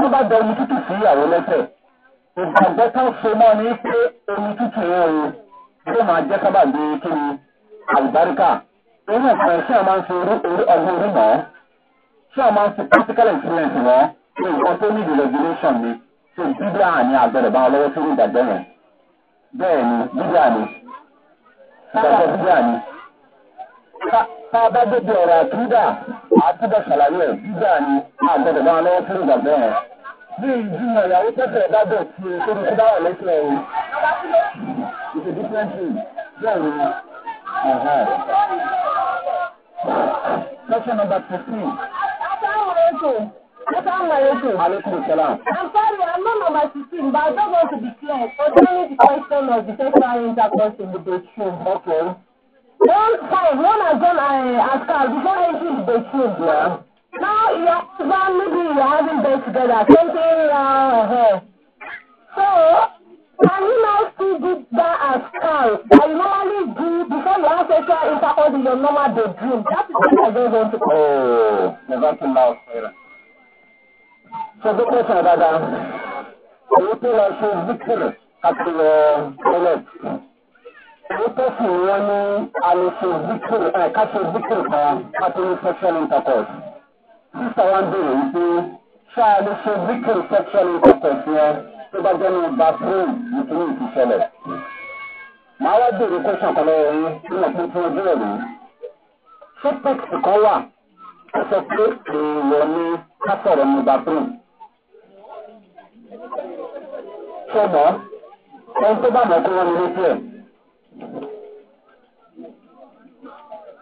tó bá dẹ omi tútù sí ìyàwó lẹ́sẹ̀ ìgbàgbọ́ tó so mọ́ ni pé omi tútù yẹn o yóò máa jẹ́ sábà bí kí ni àlùbáríkà irú nǹkan ṣé àwọn máa ń fi ọgbọ́n orí mọ́ ṣé àwọn máa ń fi practical experience mọ́ ní nǹkan tó ní regulation ni ṣe bíbí àní àgbẹ̀rẹ̀ bá lọ́wọ́ sórí ìgbàgbọ́ yẹn bẹ́ẹ̀ ni bíbí àní ìgbàgbọ́ bíbí àní. Tá a bá débi ọ̀rọ̀ àtúndà, àtúndà ṣàlàyé ẹ̀ bíbí àní àgbẹ̀rẹ̀ bá lọ́wọ́ sórí ìgbàgbọ́ yẹn bí ìdílé ìyàwó tẹ̀sẹ̀ dábọ̀ tí o tó ti dáwà lẹ́sẹ̀ o. It's a different thing. Bẹ́ẹ̀ Question number fifteen. Asalaamualeykum. Asalaamualeykum. Aleykum salaam. I'm sorry, I'm not number sixteen, but I don't want to be clear concerning the question of the sexual intercourse in the bedroom. Okay. One time, one has done uh, as far before entering the bedroom. Yeah. Now you are family, you are having bed together, something uh, around her. So, can you now still that as cow? I normally do before you have sexual intercourse your normal bedroom. That is what I Oh, never too loud, Sarah. So, the question is that, you feel like she's victim at the toilet. Èyí tó sì wọ́n ní a lè ṣe zikiri ẹ̀ ká ṣe zikiri intercourse sísá wa ń bèrè wípé ṣáà lè ṣe zikiri sexual intercourse yẹn tó bá jẹ́ ní bathroom nítorí ìtì ṣẹlẹ̀. màá wá bèrè kóṣàn kan lọ́wọ́ yín tí wọ́n fún fún ọjọ́ rẹ̀ ṣé text kan wà ó sọ pé èèwọ̀ ni ká sọ̀rọ̀ ní bathroom. ṣọmọ ohun tó bá mọ̀ kó wọ́n ní létí ẹ̀.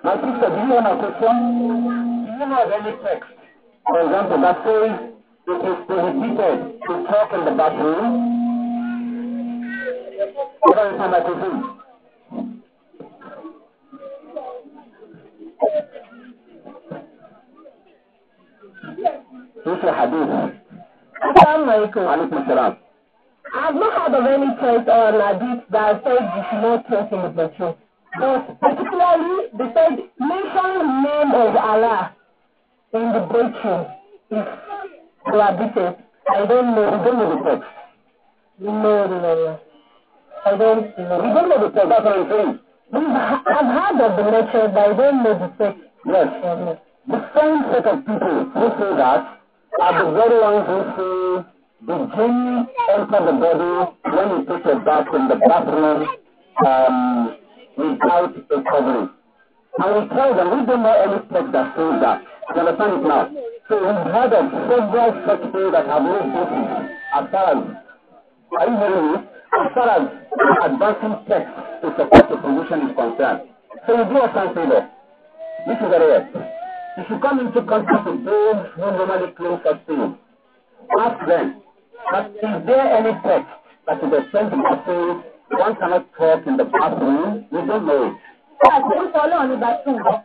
My sister, do you want a question? Do you have text? For example, that says it is prohibited to talk in the bathroom. What are you to do? This is a hadith. Assalamu alaikum. Alaikum assalam. I've not heard of any case or hadith that says you should not talk in the bathroom. But particularly, they said, mention the name of Allah in the breakthrough if you are beaten. I don't know, We don't know the text. No, no, no. I don't know. You don't know the text, that's what I'm saying. I've heard of the lecture, but I don't know the text. Yes. Um, the same set of people who say that are the very ones who say the genie enters the body when you take a bath in the bathroom um, without a covering. And we tell them we don't know any text that says that. You understand it now? So we've heard of several such things that have no basis as far as, are you hearing me? As far as advancing tech to support the provision is concerned. So you do us some favor. This is very well. If you come into contact with those who normally claim such things, ask them, but is there any text that is essential to say one cannot talk in the bathroom? We don't know it. Yeah, I think for long, but soon.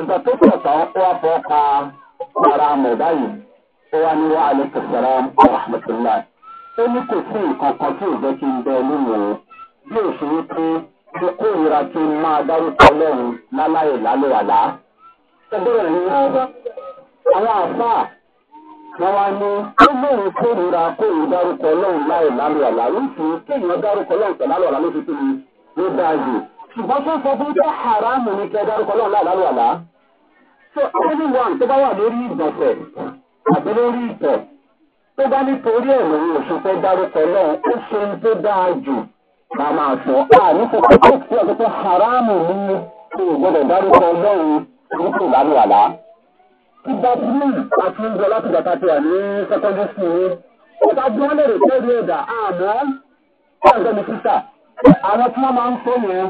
ìgbà ọsọ pẹ̀tà afọ abọ́ ka ara mọ̀ báyìí ó wá ní wá alẹ́kùn sara ọ̀hàmẹ́tìlá ó ní kò sí nǹkan n bẹ nínú o bí ò ṣe ní pé mo n máa dárúkọ lọ́run láláyè lálẹ́ ala ala, ṣùgbọ́n tó ń sọ fún pé haramu ni kẹ́ dárúkọ so anyone tó bá wà lórí ìgbọ̀nsẹ̀ àbí lórí ìtọ̀ tó bá nítorí ẹ̀ lòun fẹ́ dárúkọ lọ́run ó ṣe ń tó dáa jù ká máa sọ àní sọ pé ó ti ọ̀dọ́ pé haramu ni kò gbọ́dọ̀ dárúkọ lọ́run nípò lálù àlá. ìgbà àti láti tí school bí wọ́n lè rè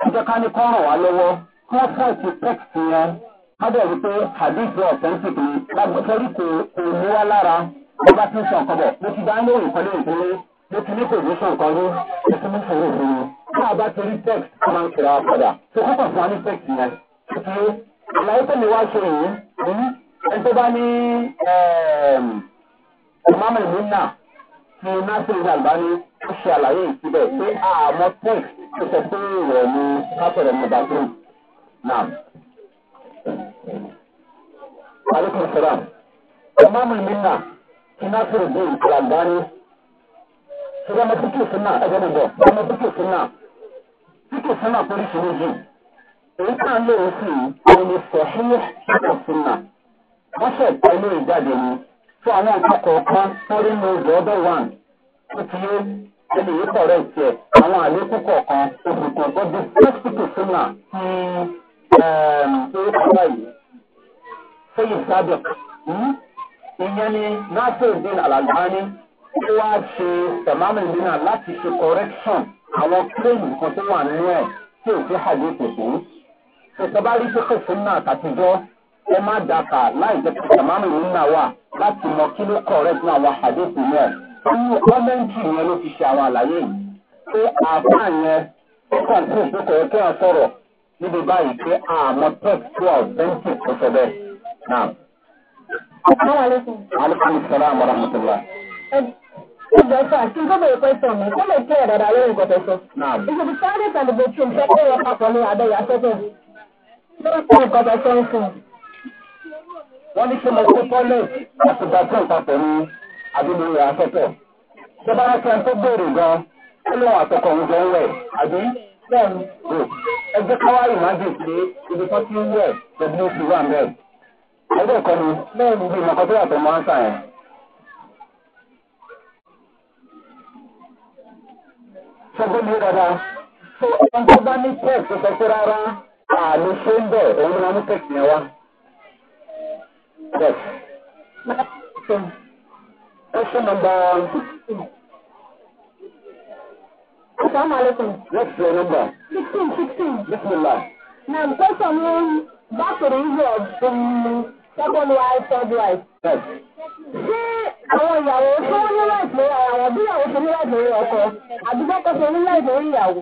ẹjẹ́ ká ní kọ́ ràn wá lọ́wọ́ kí wọ́n fún ẹ̀sìn text yẹn ká dẹ̀ rí pé hadith authentic ni lágbàtọ́rí kò kò mú wá lára bó bá ti ń sọ ọ̀kan bọ̀ mo ti dá lóhùn kan lóhùn kan mo ti ní kò ní mo ti ní sọ̀rọ̀ fún mi tí a bá ti rí text a máa ń kiri wa padà tó kọ́kọ́ fún wa ní text yẹn ti àlàyé tó lè wá ṣe yìí ẹni tó bá ní ìmáàmù ìmúnà ti násìrì àlùbáni ó ṣe àlàyé ìpínlẹ̀ pé àmọ́ tún tó sọ pé ìrọ̀ ni kápẹ̀rẹ̀ mọ̀dà tó nàm. Aleykum salaam. Ìmáàmù Ìmínà kí náà fèrè bí ìkàlágbáni. Ṣé ọmọ píkì fún náà ẹgbẹ́ mi bọ̀? Ọmọ píkì fún náà. Píkì fún náà pẹ̀lú ìṣòro jù. Èyí kan lè rí sí òun sọ̀hún ṣẹ́kọ̀ fún náà. Wọ́n ṣẹ̀ pẹ̀lú ìjáde ni fún àwọn ìkọ̀kọ̀ọ̀kan tó rí ní ọdọ̀ one. Ó ti yé ẹni yìí kọ̀rẹ́ ìtì ẹ̀ àwọn àlékún kọ̀ọ̀kan òfìkò tó di pẹ́sìtì sínú tí yìí sábẹ̀k. ìyẹn ni nasiruddin alalbani ó wá ṣe tẹ̀mámì lina láti ṣe correction àwọn kílẹ̀mù kan tó wà nínú ẹ̀ tí ò fi hàdé kòtò. ìṣèjọba rí pẹ́kẹ́ sínú àtàtijọ́ ẹ má dàkà láì jẹ́ pé mọ àwọn irú gọ́ọ̀mẹ́ntì yẹn ló fi ṣe àwọn àlàyé yìí pé àbá yẹn ó kàn sí ìdókòó yẹn kí wọ́n sọ̀rọ̀ níbi báyìí pé àmọ́ tẹ́ẹ̀tì tó authentic tó sọ bẹ́ẹ̀ náà. Asalaamualeykum. Aleykum salaam wa rahmatulah. Ẹjọ́ sọ àti gbọ́dọ̀ ìpẹ́ sọ̀rọ̀ mi, kó lè kí ẹ̀ dàda lórí nǹkan tẹ̀sán. Ìṣe ti sáré tàbí bó tún fẹ́ kó wọ́n papọ̀ ní àbẹ̀yà sọ́tọ̀. Lọ́wọ́ kí nǹkan tẹ̀sán fún un. Wọ́n ní kí mo kó tọ́lẹ̀ àti bàtí nǹkan pẹ̀lú àbí mo yà á sọ́tọ̀. Bọ́lá kan tó béèrè gan, ó lọ́wọ́ àtọkọ̀ ń jọ ń wẹ̀, àbí bẹ́ẹ̀ ni kò. Ẹ jẹ́ ká wá ìmájì pé ibi kan ti ń wẹ̀ lọ́dún oṣù wà mẹ́ẹ̀. Ẹgbẹ́ kan ni bẹ́ẹ̀ ni bí ìmọ̀kan tó yàtọ̀ máa ń sàn yẹn. Ṣọ́gbọ́n mi dáadáa. Ṣé ọ̀n tó bá ní tẹ̀sí tó sọ pé rárá àmì ṣé ń bẹ̀ òun ni wọ́n mú tẹ̀sí yẹn wá? Bẹ́ẹ̀. Question number 16. Assalamu alaikum. 16, 16. Bismillah. Now, question one, back to the issue of second wife, third wife. Yes. Ṣé àwọn ìyàwó tó ní láìpẹ́ lórí ara bí ìyàwó ní ọkọ àbí bọ́kọ ṣe ní láìpẹ́ lórí ìyàwó?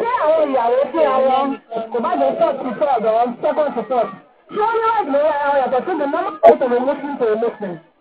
Ṣé àwọn ìyàwó fún àwọn kò bá jẹ́ third to third or second to third? wọ́n ní láìpẹ́ lórí ara wọn yàtọ̀ sí the normal person to listen to a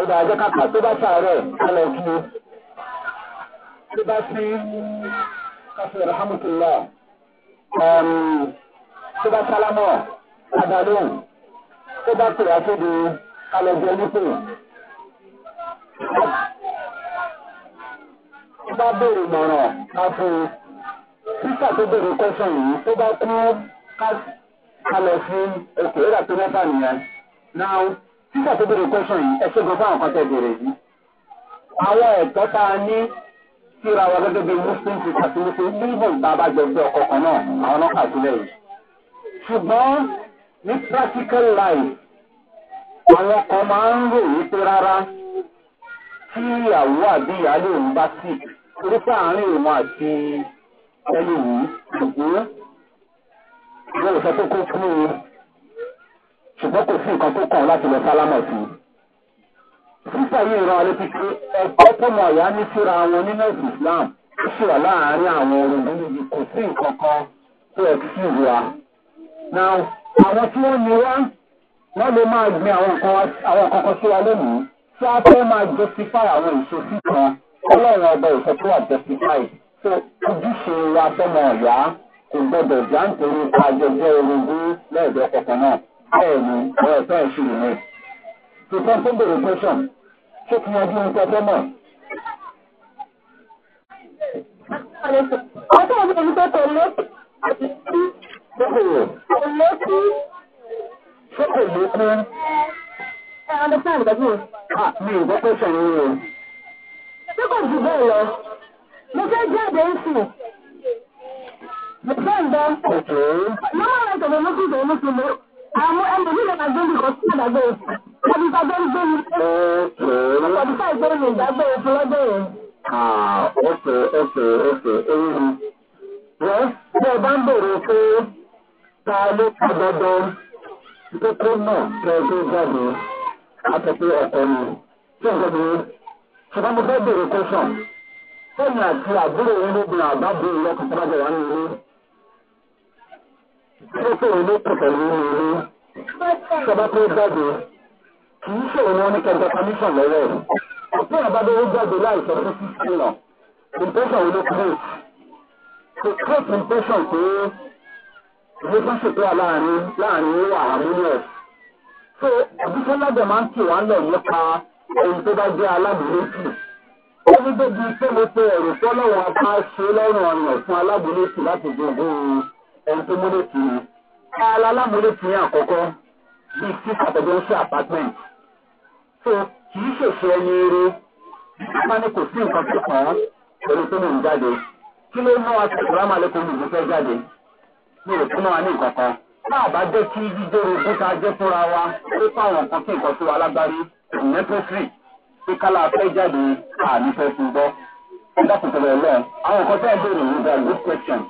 ó dà jẹ́ kápá tó bá sàárẹ̀ kálọ̀ kí o tó bá sí káfíń rahamutulá tó bá sálámọ̀ adalóhùn tó bá pè àkéde kálọ̀ jẹ́ nípò tó bá béèrè mọ̀ràn ká fún tó béèrè kọ́sàn yìí tó bá kú kálọ̀ fún òkè ó nìyẹn náà títà tó béèrè kọ́sàn yìí ẹ̀ṣẹ́ gan fáwọn kan tẹ̀ béèrè yìí. àwọn ẹ̀tọ́ tá a ní síra wa gẹ́gẹ́ bí muslim ti àti muslim níbọn bàbá jọ gbé ọkọ̀ kan náà àwọn náà kàtúlẹ̀ yìí. ṣùgbọ́n ní practical life àwọn kan máa ń rò wípé rárá tí ìyàwó àbí ìyáálé òun bá sì orúkọ àárín òun àti ẹni yìí ṣùgbọ́n ìwé ìfẹ́ tó kún fún un ṣùgbọ́n kò sí nǹkan tó kàn láti lọ sálámọ̀ sí. sísà yìí ran alẹ́ pípé ẹ̀kọ́ tó mọ ọ̀yá ní síra wọn nínú ẹ̀sìn islam ó ṣì wà láàárín àwọn orogún níbi kò sí nǹkan kan tó ẹ̀kíṣìrì wa. now àwọn tí wọ́n ní wá wọ́n lè máa gbin àwọn nǹkan kan sí wa lónìí tí a fẹ́ máa justify àwọn ìṣesí kan ọlọ́run ọba ìfẹ́ tó wà justify so ojúṣe wa fẹ́ mọ ọ̀yá kò gbọdọ̀ jáǹtorí ajọjọ́ orogún lẹ́ẹ̀dọ́ kọ̀ọ̀kan náà bẹ́ẹ̀ ni ọ̀rọ̀ ẹ̀ka ìṣirò rẹ̀. Tìfọ́n tó bèrè pẹ́sàn, ṣé kí wọ́n bí nǹkan fẹ́ mọ̀? Ọjọ́ ìwé ìlú tó kò lókè. Kò lókè. Ṣé kò lókè? Ẹ understand the rule. Mi ò gbọ́ pẹ́sàn yìí o. Ṣé kò jù bẹ́ẹ̀ lọ? Mo fẹ́ jáde ń sùn. Mo fẹ́ ń bọ́. Lọ́wọ́ rẹ̀ tọ̀dọ̀ lókùn tọ̀dọ̀ lókùn lókùn àwọn ẹlòmíì lè máa gbé mi kò sí àdágbé òfin ẹbí bá gbé gbé mi ọkọ̀ bí sáì gbé mi ìdágbé òfin lọ́jọ́ yẹn. ọ̀sẹ̀ ọ̀sẹ̀ ọ̀sẹ̀ ẹ̀yìn mi. wọ́n bẹ́ẹ̀ bá ń bèrè pé ta ló kọ́ dandan kókó náà kẹ́ ẹ tó jáde àtẹ̀pé ọ̀kọ́ ni tí ọ̀sẹ̀ mi ṣùgbọ́n mo fẹ́ bèrè kọ́sàn. fẹ́mi àti àbúrò yẹn ló gbin àbá bí ìlọ́kùnrin ó sọ̀rọ̀ ló pọ̀ pẹ̀lú eré sọba tó jáde kì í sọ̀rọ̀ wọn ní kẹta commission lọ́wọ́ ọ̀pẹ́ àbábẹ́wò jáde láìsọ fún sísè náà impression wo ló create to create impression pé relationship wà láàrin láàrin ó wà harmonious so àbíkẹ́ lábẹ́ máa ń kì wá lọ nípa ohun tó bá jẹ́ alábùlétì ó ní débi pé mo pe ẹ̀rù tọ́lọ́wọ́n bá ṣe lọ́rùn ọ̀nà fún alábùlétì láti gbogbo ohun tó múlẹ̀ sí i alálámúlẹ̀ sí àkọ́kọ́ bíi sísà tó apartment so kìí ṣèṣe ẹni eré ni kò sí nǹkan tó kàn án pẹ̀lú tó mò ń jáde kí ló mú wa sí mi jáde mi ò wa ní nǹkan wa ó nǹkan kí nǹkan tó wa lágbárí kálá fẹ́ jáde àmì fẹ́ fún ẹ lọ àwọn nǹkan tẹ́ ẹ bèrè ní good question.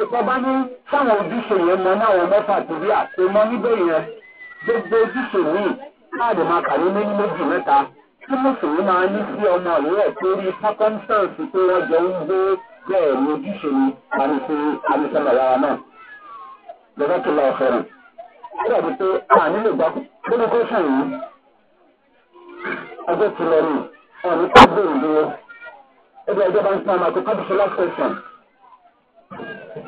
tó o bá ní táwọn ojúṣe yẹn mọ ní àwọn mẹ́fà torí àkómọ níbẹ̀ yẹn gbogbo ojúṣe míì káàdì máa kàwé méjì méjì mẹ́ta tí mùsùlùmí máa ní sí ọmọ ìwé torí circumstance tí wọ́n jọ ń gbé bẹ́ẹ̀ ni ojúṣe ni náà lọ́dọ̀ tó lọ fẹ́ràn. ó dàbí pé kó yìí ọjọ́ ti lọ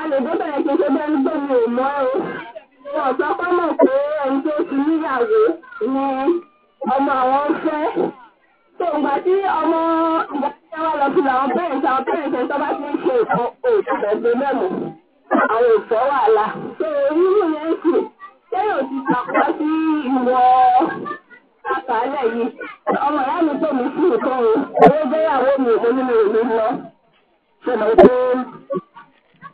alùpùpù yẹn kì í ṣe bẹ́ẹ̀ gbé mi ò mọ́ o wọn sọ pé mọ̀ pé ẹni tó ti níyàwó ni ọmọ àwọn fẹ́ tó ìgbà tí ọmọ ìgbà tí wọn lọ sí làwọn pẹ́ẹ́ntì àwọn pẹ́ẹ́ntì tó bá ti ń ṣe ìkọ́ òṣìṣẹ́ gbé mẹ́mọ́ àwọn òfẹ́ wàhálà tó irú yẹn sì kéèyàn ti tàpá sí ìwọ àkàálẹ̀ yìí ọmọ ìyá mi tó mi sí ìkọ́ o owó gbéyàwó mi ò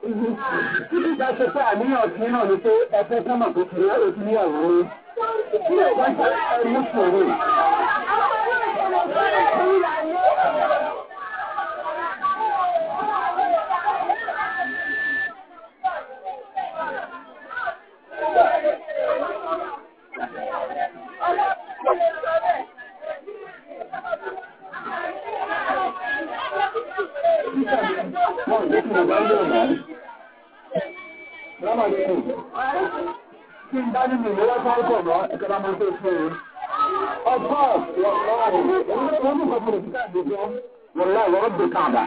Títí ìgbà ṣe pé àníyàn ti náà ni pé ẹgbẹ́ sọ́mọ̀ tó ti rẹ́ òtún ní ọ̀rọ̀ rẹ̀. Tí ìgbà ṣe ẹni sọ̀rọ̀. Ọlọ́run ló lè sọ bẹ́ẹ̀. Tí ń dá nínú ìwọ́n fọ́ọ̀kọ̀ mọ́ ẹ̀kọ́lá máa tó fún un. Ọgbọ́ wọ́n ní ìkọ̀kọ̀ òṣìṣẹ́ ìgbẹ́jọ́ wọ́n láì wọ́n gbé káàdà.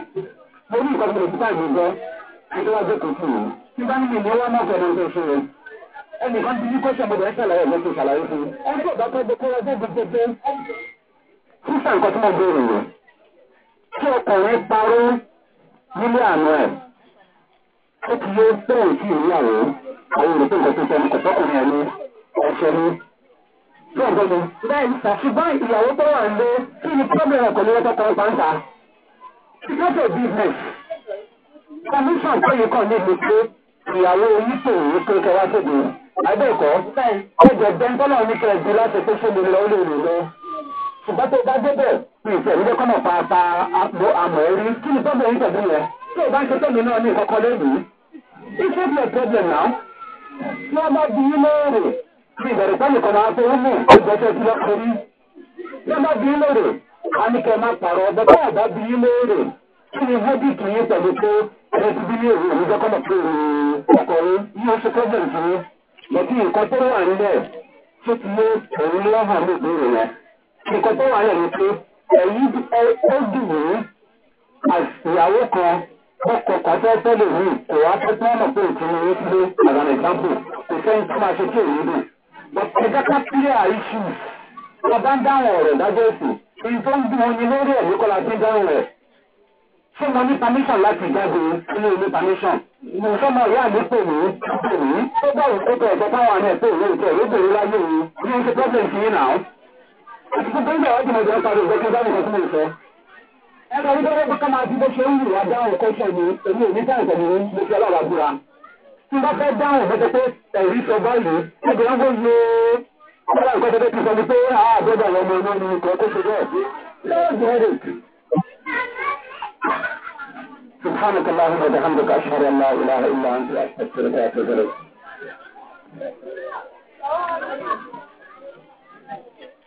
Mo ní ìkọ̀kọ̀ òṣìṣẹ́ ìgbẹ́jọ́ ìdíwájú kò fún un. Tí bá nínú ìwọ́n náà fẹ́ràn tó fún un ẹnìkan ti ní kọ́ṣẹ́ mọ̀dọ̀ ṣàlàyé ẹ̀gbọ́n tó ṣàlàyé fún mi. ẹgbẹ́ tí ọkùnrin parọ́ nílé àná ẹ̀ ó ti yé bẹ́ẹ̀ sí ìyàwó àwọn olùkọ́ ìgbà tó sẹ́nu kò tọkùnrin ẹ̀ ní ẹ̀ṣẹ̀ ní. bẹ́ẹ̀ bẹ́ẹ̀ bẹ́ẹ̀ ní ṣàṣùgbọ́n ìyàwó tó wà lé kí ni pọ́bìnrin ọ̀kọ́ ní wọ́n tọ́kọ̀ pàǹtà. ìgbésẹ̀ business commission tó yẹ kàn níbi pé ìyàwó onítòwò pé kẹwàá tóbi. àbẹ́ẹ̀kọ́ ẹ̀jẹ̀ bẹ́ńtọ́lá oníkẹ̀ẹ́jì láti pé fún mi lọ́ọ́ lè rè lọ́ọ́. ṣùgbọ́n tó bá débẹ̀ mi ì fẹ̀rí lẹ́kọ́ mọ̀ pàápà àpò àmọ̀ orí kí ni bọ́ọ̀bù yìí pẹ̀lú yẹn tó o bá ń ṣe tẹ̀mí náà ní ìkọ́kọ́ lẹ́yìn now tí wọ́n bá bí yín lóòrè mi ìbẹ̀rẹ̀ pẹ́lú kan máa fẹ́ wúlò ìgbẹ́sẹ̀ sí lọ́kùnrin tí wọ́n bá bí yín lóòrè a máa pààrọ̀ ọgbẹ́ tó ọ̀bá bí yín lóòrè kí ni nǹkan tó wà lẹ́nu pé ẹ̀yìn ó dùn mí àìsíyàwó kan ọkọ̀ kan fẹ́ fẹ́ lè rí kò wá fẹ́ tí wọ́n mọ̀ pé ìtumọ̀ yẹn ti lé àgbàdo ìgbàgbọ́ kò sẹ́yìn tó máa ṣe kí èyí dùn. ẹ̀jẹ̀ ká pílẹ̀ àìsù wọn bá ń dáhùn ọ̀rọ̀ dájọ́ èsì èyí tó ń dùn wọn ni lórí ẹ̀mí kọ́lá tí ń dáhùn rẹ̀. ṣé mo ní permission láti jáde nínú ilé permission? mo fẹ́ mọ ìyá mi pè mí pè mí tó bá òkúta ẹ̀kọ́ táwọn ẹ̀ àti tó ń bẹ̀rẹ̀ ọ̀tún ọ̀dọ̀ ọ̀pá rẹ̀ ìgbẹ́kẹ̀ dáhùn ọ̀tún ìfẹ́. ẹ kàn nígbà wọ́n kọ́ máa fi bó ṣe ń wù wá dáhùn kọ́ṣẹ́ mi èmi ò ní dáhùn tẹ̀lé mi mo fi ọlọ́wà búra. tí wọ́n fẹ́ dáhùn bẹ́tẹ̀ pé ẹ̀rí sọ báyìí ẹgbẹ́ wọn fẹ́ yé ọlọ́wà nǹkan tẹ́tẹ́ ti sọ ni pé àádọ́dọ̀ àwọn ọmọ náà ni nǹkan tó ṣe bẹ́ẹ̀. سبحانك اللهم وبحمدك اشهد ان لا اله الا انت استغفرك واتوب اليك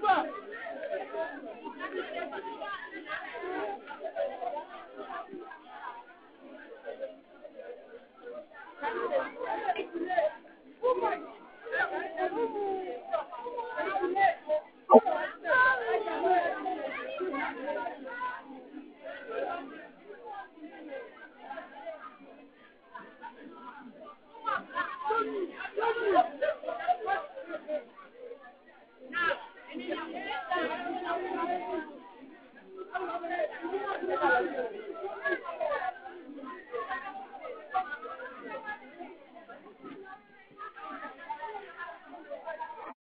gbà. Oh my God.